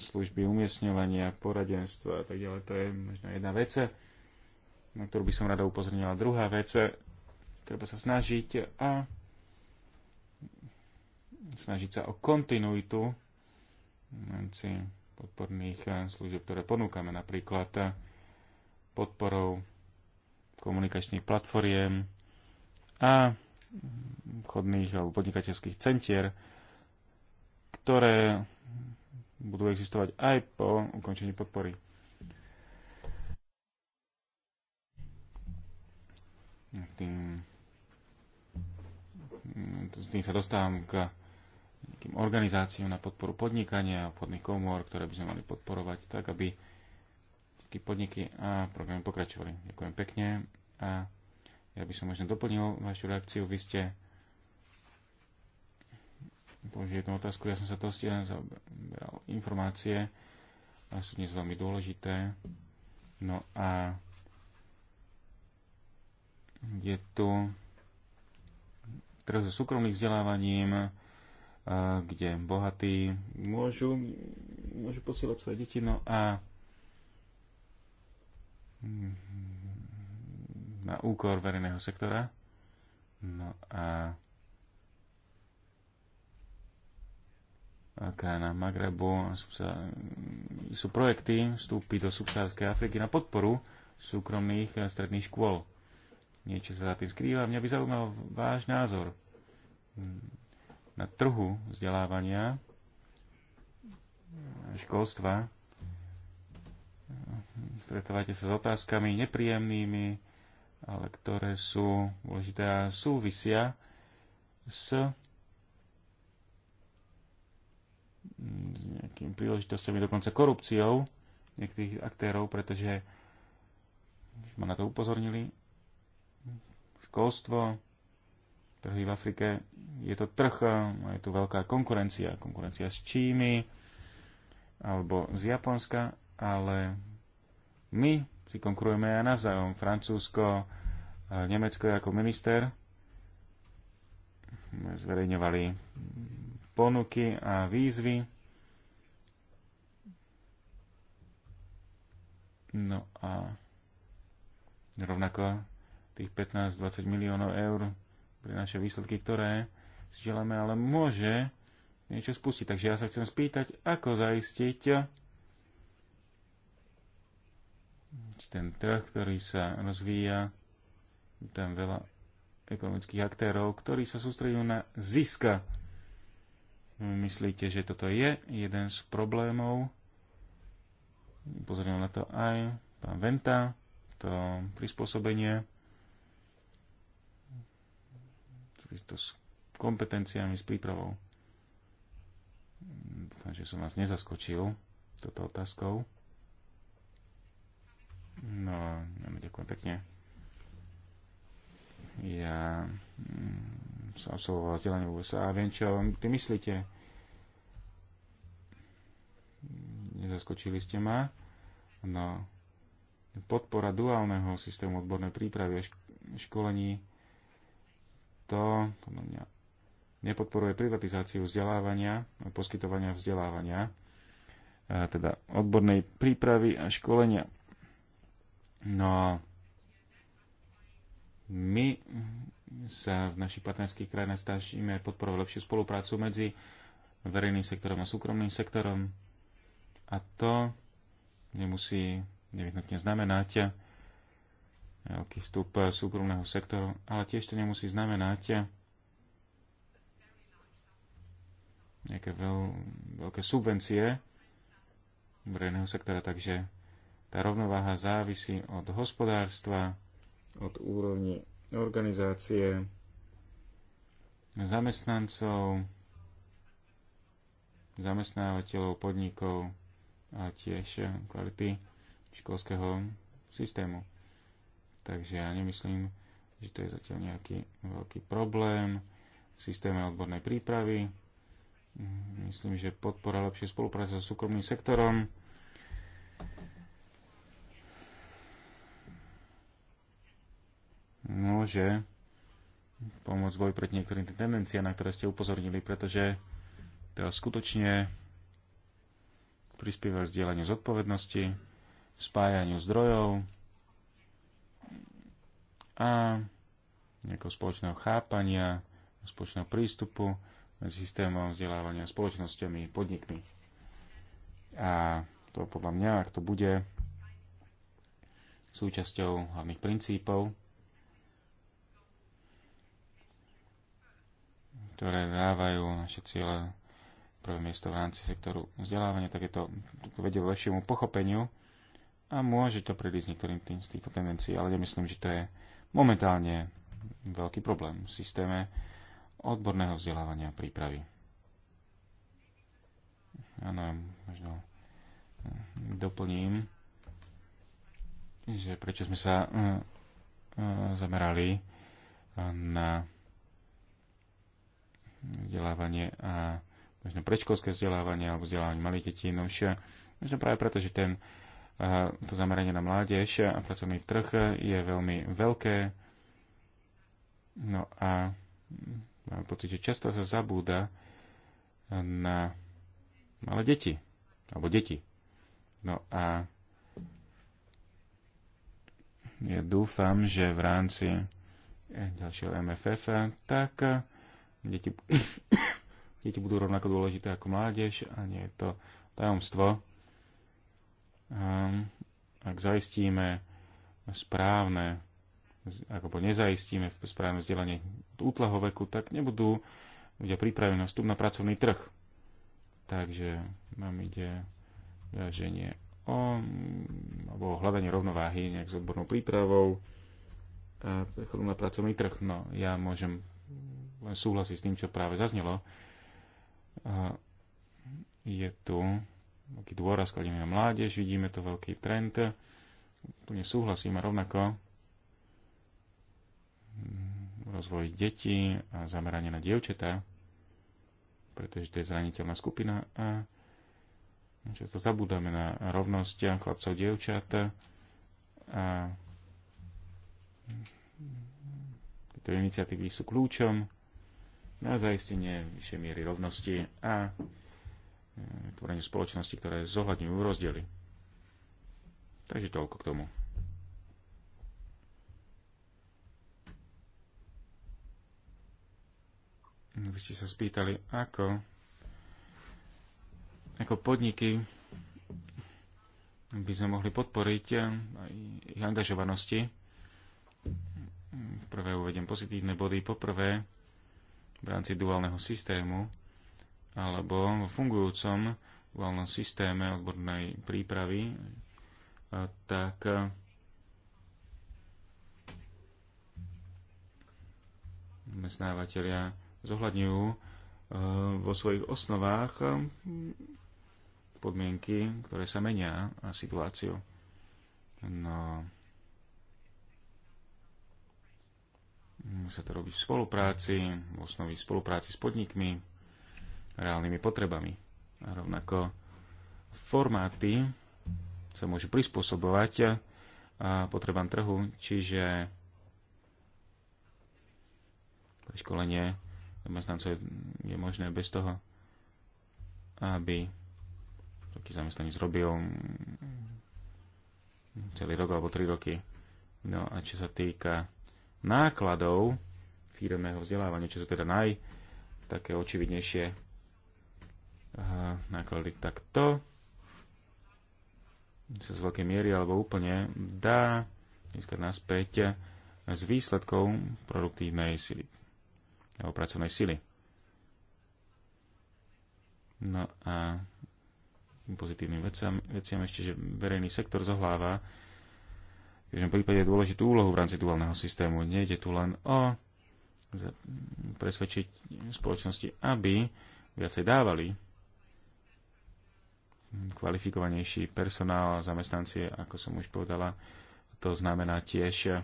služby umiestňovania, poradenstva a tak ďalej. To je možno jedna vec, na ktorú by som rada upozornila. Druhá vec, treba sa snažiť a snažiť sa o kontinuitu v rámci podporných eh, služieb, ktoré ponúkame, napríklad eh, podporou komunikačných platformiem a chodných alebo podnikateľských centier, ktoré budú existovať aj po ukončení podpory. Tým, tým sa dostávam k takým organizáciám na podporu podnikania a obchodných komór, ktoré by sme mali podporovať tak, aby všetky podniky a programy pokračovali. Ďakujem pekne a ja by som možno doplnil vašu reakciu. Vy ste položili jednu otázku. Ja som sa dosť zaoberal informácie a sú dnes veľmi dôležité. No a je tu trh so súkromným vzdelávaním, kde bohatí môžu, môžu posielať svoje deti. No a na úkor verejného sektora. No a krajina Magrebu sú projekty vstúpiť do subsárskej Afriky na podporu súkromných stredných škôl. Niečo sa za tým skrýva. Mňa by zaujímal váš názor na trhu vzdelávania, školstva. Stretávate sa s otázkami nepríjemnými, ale ktoré sú dôležité a súvisia s, s nejakými a dokonca korupciou niektorých aktérov, pretože ma na to upozornili. Školstvo, trhy v Afrike, je to trh, eh, je tu veľká konkurencia, konkurencia s Číny alebo z Japonska, ale my si konkurujeme aj navzájom. Francúzsko, eh, Nemecko ako minister zverejňovali ponuky a výzvy. No a rovnako tých 15-20 miliónov eur pre naše výsledky, ktoré si želáme, ale môže niečo spustiť. Takže ja sa chcem spýtať, ako zaistiť ten trh, ktorý sa rozvíja, tam veľa ekonomických aktérov, ktorí sa sústredujú na ziska. Myslíte, že toto je jeden z problémov? Pozrieme na to aj pán Venta, to prispôsobenie. to s kompetenciami, s prípravou. Dúfam, že som vás nezaskočil toto otázkou. No, ďakujem pekne. Ja mm, som absolvoval vzdelanie v USA a viem, čo ty myslíte. Nezaskočili ste ma. No, podpora duálneho systému odbornej prípravy a školení to podľa mňa nepodporuje privatizáciu vzdelávania, poskytovania vzdelávania, teda odbornej prípravy a školenia. No a my sa v našich partnerských krajinách snažíme podporovať lepšiu spoluprácu medzi verejným sektorom a súkromným sektorom. A to nemusí nevyhnutne znamenať veľký vstup súkromného sektoru, ale tiež to nemusí znamenať nejaké veľ, veľké subvencie verejného sektora, takže tá rovnováha závisí od hospodárstva, od úrovni organizácie, zamestnancov, zamestnávateľov, podnikov a tiež kvality školského systému. Takže ja nemyslím, že to je zatiaľ nejaký veľký problém v systéme odbornej prípravy. Myslím, že podpora lepšie spolupráce so súkromným sektorom. môže pomôcť boj pred niektorým tendenciám, na ktoré ste upozornili, pretože to skutočne prispieva k zdieľaniu zodpovednosti, spájaniu zdrojov, a nejakého spoločného chápania, spoločného prístupu medzi systémom vzdelávania, spoločnosťami, podnikmi. A to podľa mňa, ak to bude súčasťou hlavných princípov, ktoré dávajú naše ciele prvé miesto v rámci sektoru vzdelávania, tak je to, to vedie lepšiemu pochopeniu a môže to predísť niektorým tým z týchto tendencií, ale nemyslím, že to je momentálne veľký problém v systéme odborného vzdelávania a prípravy. Áno, možno hm, doplním, že prečo sme sa hm, hm, zamerali na vzdelávanie a možno predškolské vzdelávanie alebo vzdelávanie malých detí, novšia. možno práve preto, že ten to zameranie na mládež a pracovný trh je veľmi veľké. No a mám pocit, že často sa zabúda na malé deti, alebo deti. No a ja dúfam, že v rámci ďalšieho MFF, tak deti, [coughs] deti budú rovnako dôležité ako mládež a nie je to tajomstvo, ak zaistíme správne, alebo nezaistíme správne vzdelanie útlaho veku, tak nebudú ľudia pripravení na vstup na pracovný trh. Takže nám ide vyváženie o, alebo o hľadanie rovnováhy nejak s odbornou prípravou a prechodom na pracovný trh. No, ja môžem len súhlasiť s tým, čo práve zaznelo. Je tu veľký dôraz kladieme na mládež, vidíme to veľký trend. Úplne súhlasíme rovnako rozvoj detí a zameranie na dievčatá, pretože to je zraniteľná skupina a často zabudáme na rovnosť chlapcov, dievčat a tieto iniciatívy sú kľúčom na zaistenie vyššej miery rovnosti a tvorenie spoločnosti, ktoré zohľadňujú rozdiely. Takže toľko k tomu. Vy ste sa spýtali, ako, ako podniky by sme mohli podporiť eh, ich angažovanosti. Prvé uvediem pozitívne body. Poprvé, v rámci duálneho systému alebo fungujúcom duálnom systéme odbornej prípravy, e, tak e, zamestnávateľia zohľadňujú e, vo svojich osnovách podmienky, ktoré sa menia a situáciu. No, sa to robí v spolupráci, v osnovi spolupráci s podnikmi, reálnymi potrebami. A rovnako formáty sa môžu prispôsobovať potrebám trhu, čiže školenie zamestnancov je možné bez toho, aby taký zamestnanec zrobil celý rok alebo tri roky. No a čo sa týka nákladov firmného vzdelávania, čo sú teda naj také očividnejšie nakladiť takto, sa z veľkej miery alebo úplne dá získať naspäť s výsledkou produktívnej sily alebo pracovnej sily. No a pozitívnym veciam, veciam ešte, že verejný sektor zohláva v každom prípade dôležitú úlohu v rámci duálneho systému. Nejde tu len o presvedčiť spoločnosti, aby viacej dávali, kvalifikovanejší personál a zamestnanci, ako som už povedala. To znamená tiež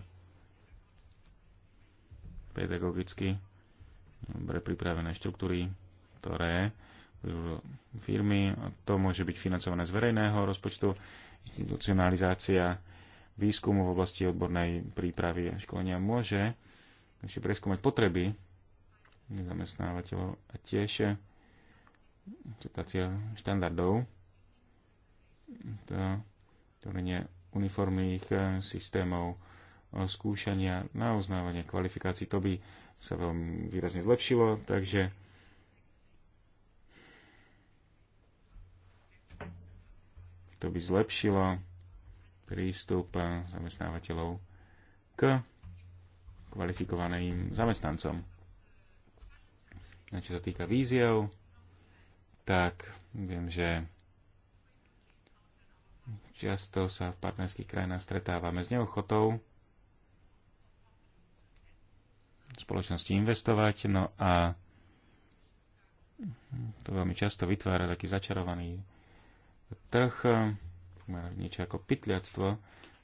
pedagogicky dobre pripravené štruktúry, ktoré firmy, a to môže byť financované z verejného rozpočtu, institucionalizácia výskumu v oblasti odbornej prípravy a školenia môže ešte preskúmať potreby zamestnávateľov a tiež citácia štandardov to tvorenie uniformných eh, systémov eh, skúšania na uznávanie kvalifikácií. To by sa veľmi výrazne zlepšilo, takže to by zlepšilo prístup eh, zamestnávateľov k kvalifikovaným zamestnancom. A čo sa týka víziev, tak viem, že Často sa v partnerských krajinách stretávame s neochotou spoločnosti investovať, no a to veľmi často vytvára taký začarovaný trh, niečo ako pytliactvo,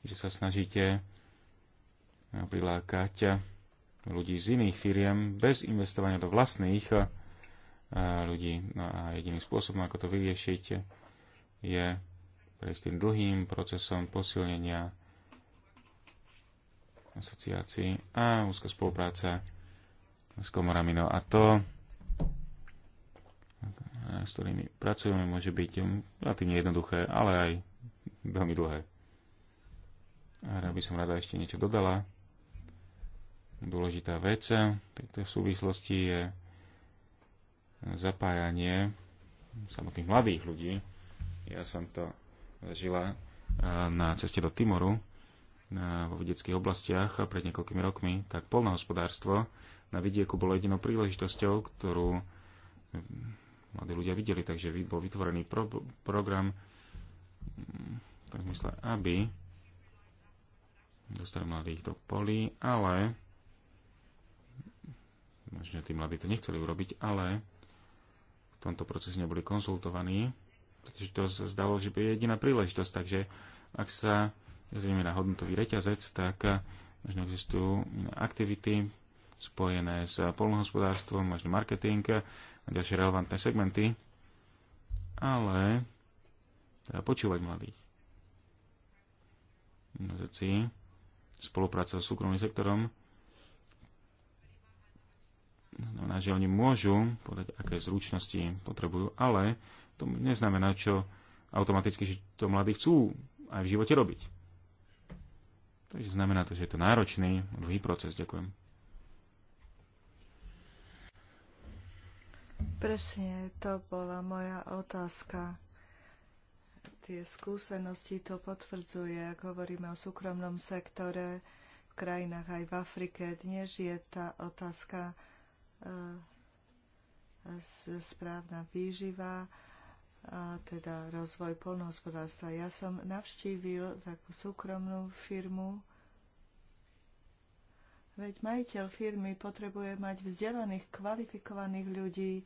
že sa snažíte prilákať ľudí z iných firiem bez investovania do vlastných eh, ľudí. No a jediným spôsobom, ako to vyriešiť, je s tým dlhým procesom posilnenia asociácií a úzka spolupráca s komorami. No a to, s ktorými pracujeme, môže byť relatívne jednoduché, ale aj veľmi dlhé. A by som rada ešte niečo dodala. Dôležitá vec v tejto súvislosti je zapájanie samotných mladých ľudí. Ja som to žila eh, na ceste do Timoru eh, vo vedeckých oblastiach pred niekoľkými rokmi, tak polnohospodárstvo na vidieku bolo jedinou príležitosťou, ktorú eh, mladí ľudia videli, takže bol vytvorený pro, program mm, v tom zmysle, aby dostali mladých do polí, ale možno tí mladí to nechceli urobiť, ale v tomto procese neboli konzultovaní pretože to sa zdalo, že je jediná príležitosť. Takže ak sa zrieme na hodnotový reťazec, tak eh, možno existujú iné aktivity spojené s polnohospodárstvom, možno marketing eh, a ďalšie relevantné segmenty, ale treba počúvať mladých. Veci, spolupráca s súkromným sektorom znamená, že oni môžu podať, aké zručnosti potrebujú, ale to neznamená, čo automaticky, že to mladí chcú aj v živote robiť. Takže znamená to, že je to náročný, dlhý proces. Ďakujem. Presne, to bola moja otázka. Tie skúsenosti to potvrdzuje, ak hovoríme o súkromnom sektore v krajinách aj v Afrike. Dnes je tá otázka e, správna výživa, e, a teda rozvoj polnohospodárstva. Ja som navštívil takú súkromnú firmu, Veď majiteľ firmy potrebuje mať vzdelaných, kvalifikovaných ľudí. E,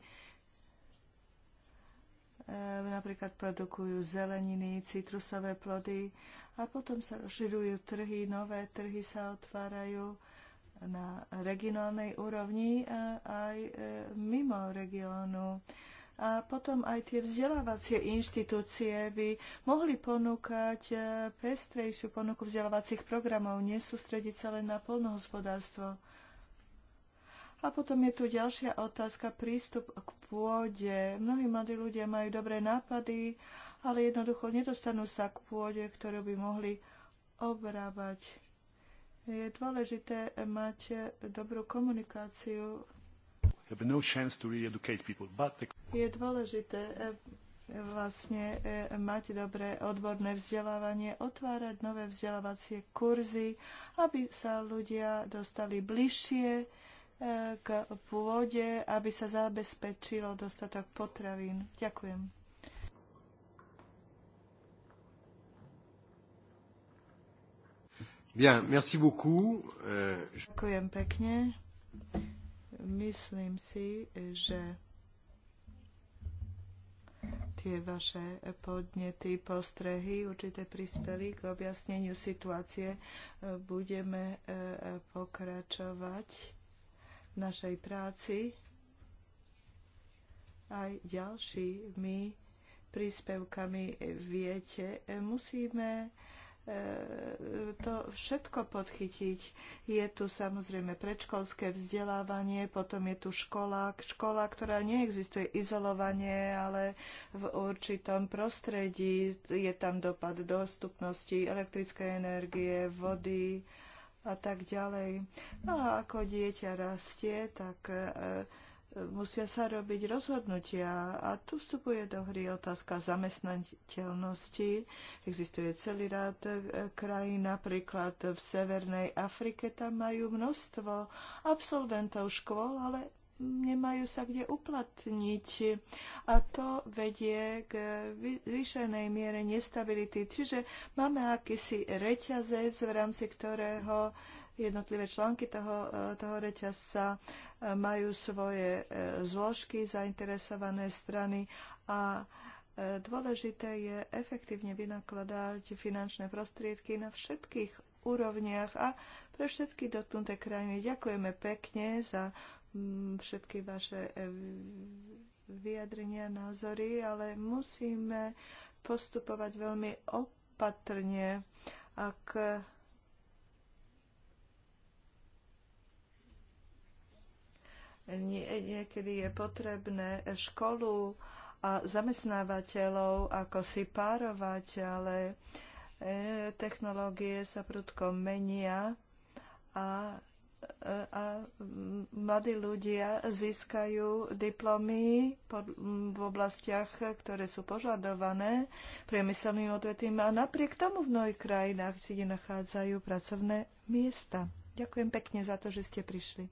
napríklad produkujú zeleniny, citrusové plody a potom sa rozširujú trhy, nové trhy sa otvárajú na regionálnej úrovni a aj e, mimo regiónu a potom aj tie vzdelávacie inštitúcie by mohli ponúkať e, pestrejšiu ponuku vzdelávacích programov, nesústrediť sa len na polnohospodárstvo. A potom je tu ďalšia otázka, prístup k pôde. Mnohí mladí ľudia majú dobré nápady, ale jednoducho nedostanú sa k pôde, ktorú by mohli obrábať. Je dôležité mať dobrú komunikáciu have no chance to re-educate people. But the... Je dôležité e, vlastne e, mať dobré odborné vzdelávanie, otvárať nové vzdelávacie kurzy, aby sa ľudia dostali bližšie e, k pôde, aby sa zabezpečilo dostatok potravín. Ďakujem. Bien, merci beaucoup. Euh, Ďakujem pekne. Myslím si, že tie vaše podnety, postrehy, určite prispeli k objasneniu situácie. Budeme e, pokračovať v našej práci aj ďalšími príspevkami. Viete, e, musíme E, to všetko podchytiť. Je tu samozrejme predškolské vzdelávanie, potom je tu škola, škola, ktorá neexistuje izolovanie, ale v určitom prostredí je tam dopad dostupnosti elektrickej energie, vody a tak ďalej. No a ako dieťa rastie, tak e, musia sa robiť rozhodnutia a tu vstupuje do hry otázka zamestnateľnosti. Existuje celý rád e, krajín, napríklad v Severnej Afrike, tam majú množstvo absolventov škôl, ale nemajú sa kde uplatniť. A to vedie k vyšenej miere nestability. Čiže máme akýsi reťazec, v rámci ktorého jednotlivé články toho, e, toho reťazca majú svoje e, zložky, zainteresované strany a e, dôležité je efektívne vynakladať finančné prostriedky na všetkých úrovniach a pre všetky dotknuté krajiny. Ďakujeme pekne za mm, všetky vaše e, vyjadrenia, názory, ale musíme postupovať veľmi opatrne, ak Nie, niekedy je potrebné školu a zamestnávateľov, ako si párovať, ale e, technológie sa prudko menia a, e, a mladí ľudia získajú diplomy v oblastiach, ktoré sú požadované priemyselným odvetím a napriek tomu v mnohých krajinách si nachádzajú pracovné miesta. Ďakujem pekne za to, že ste prišli.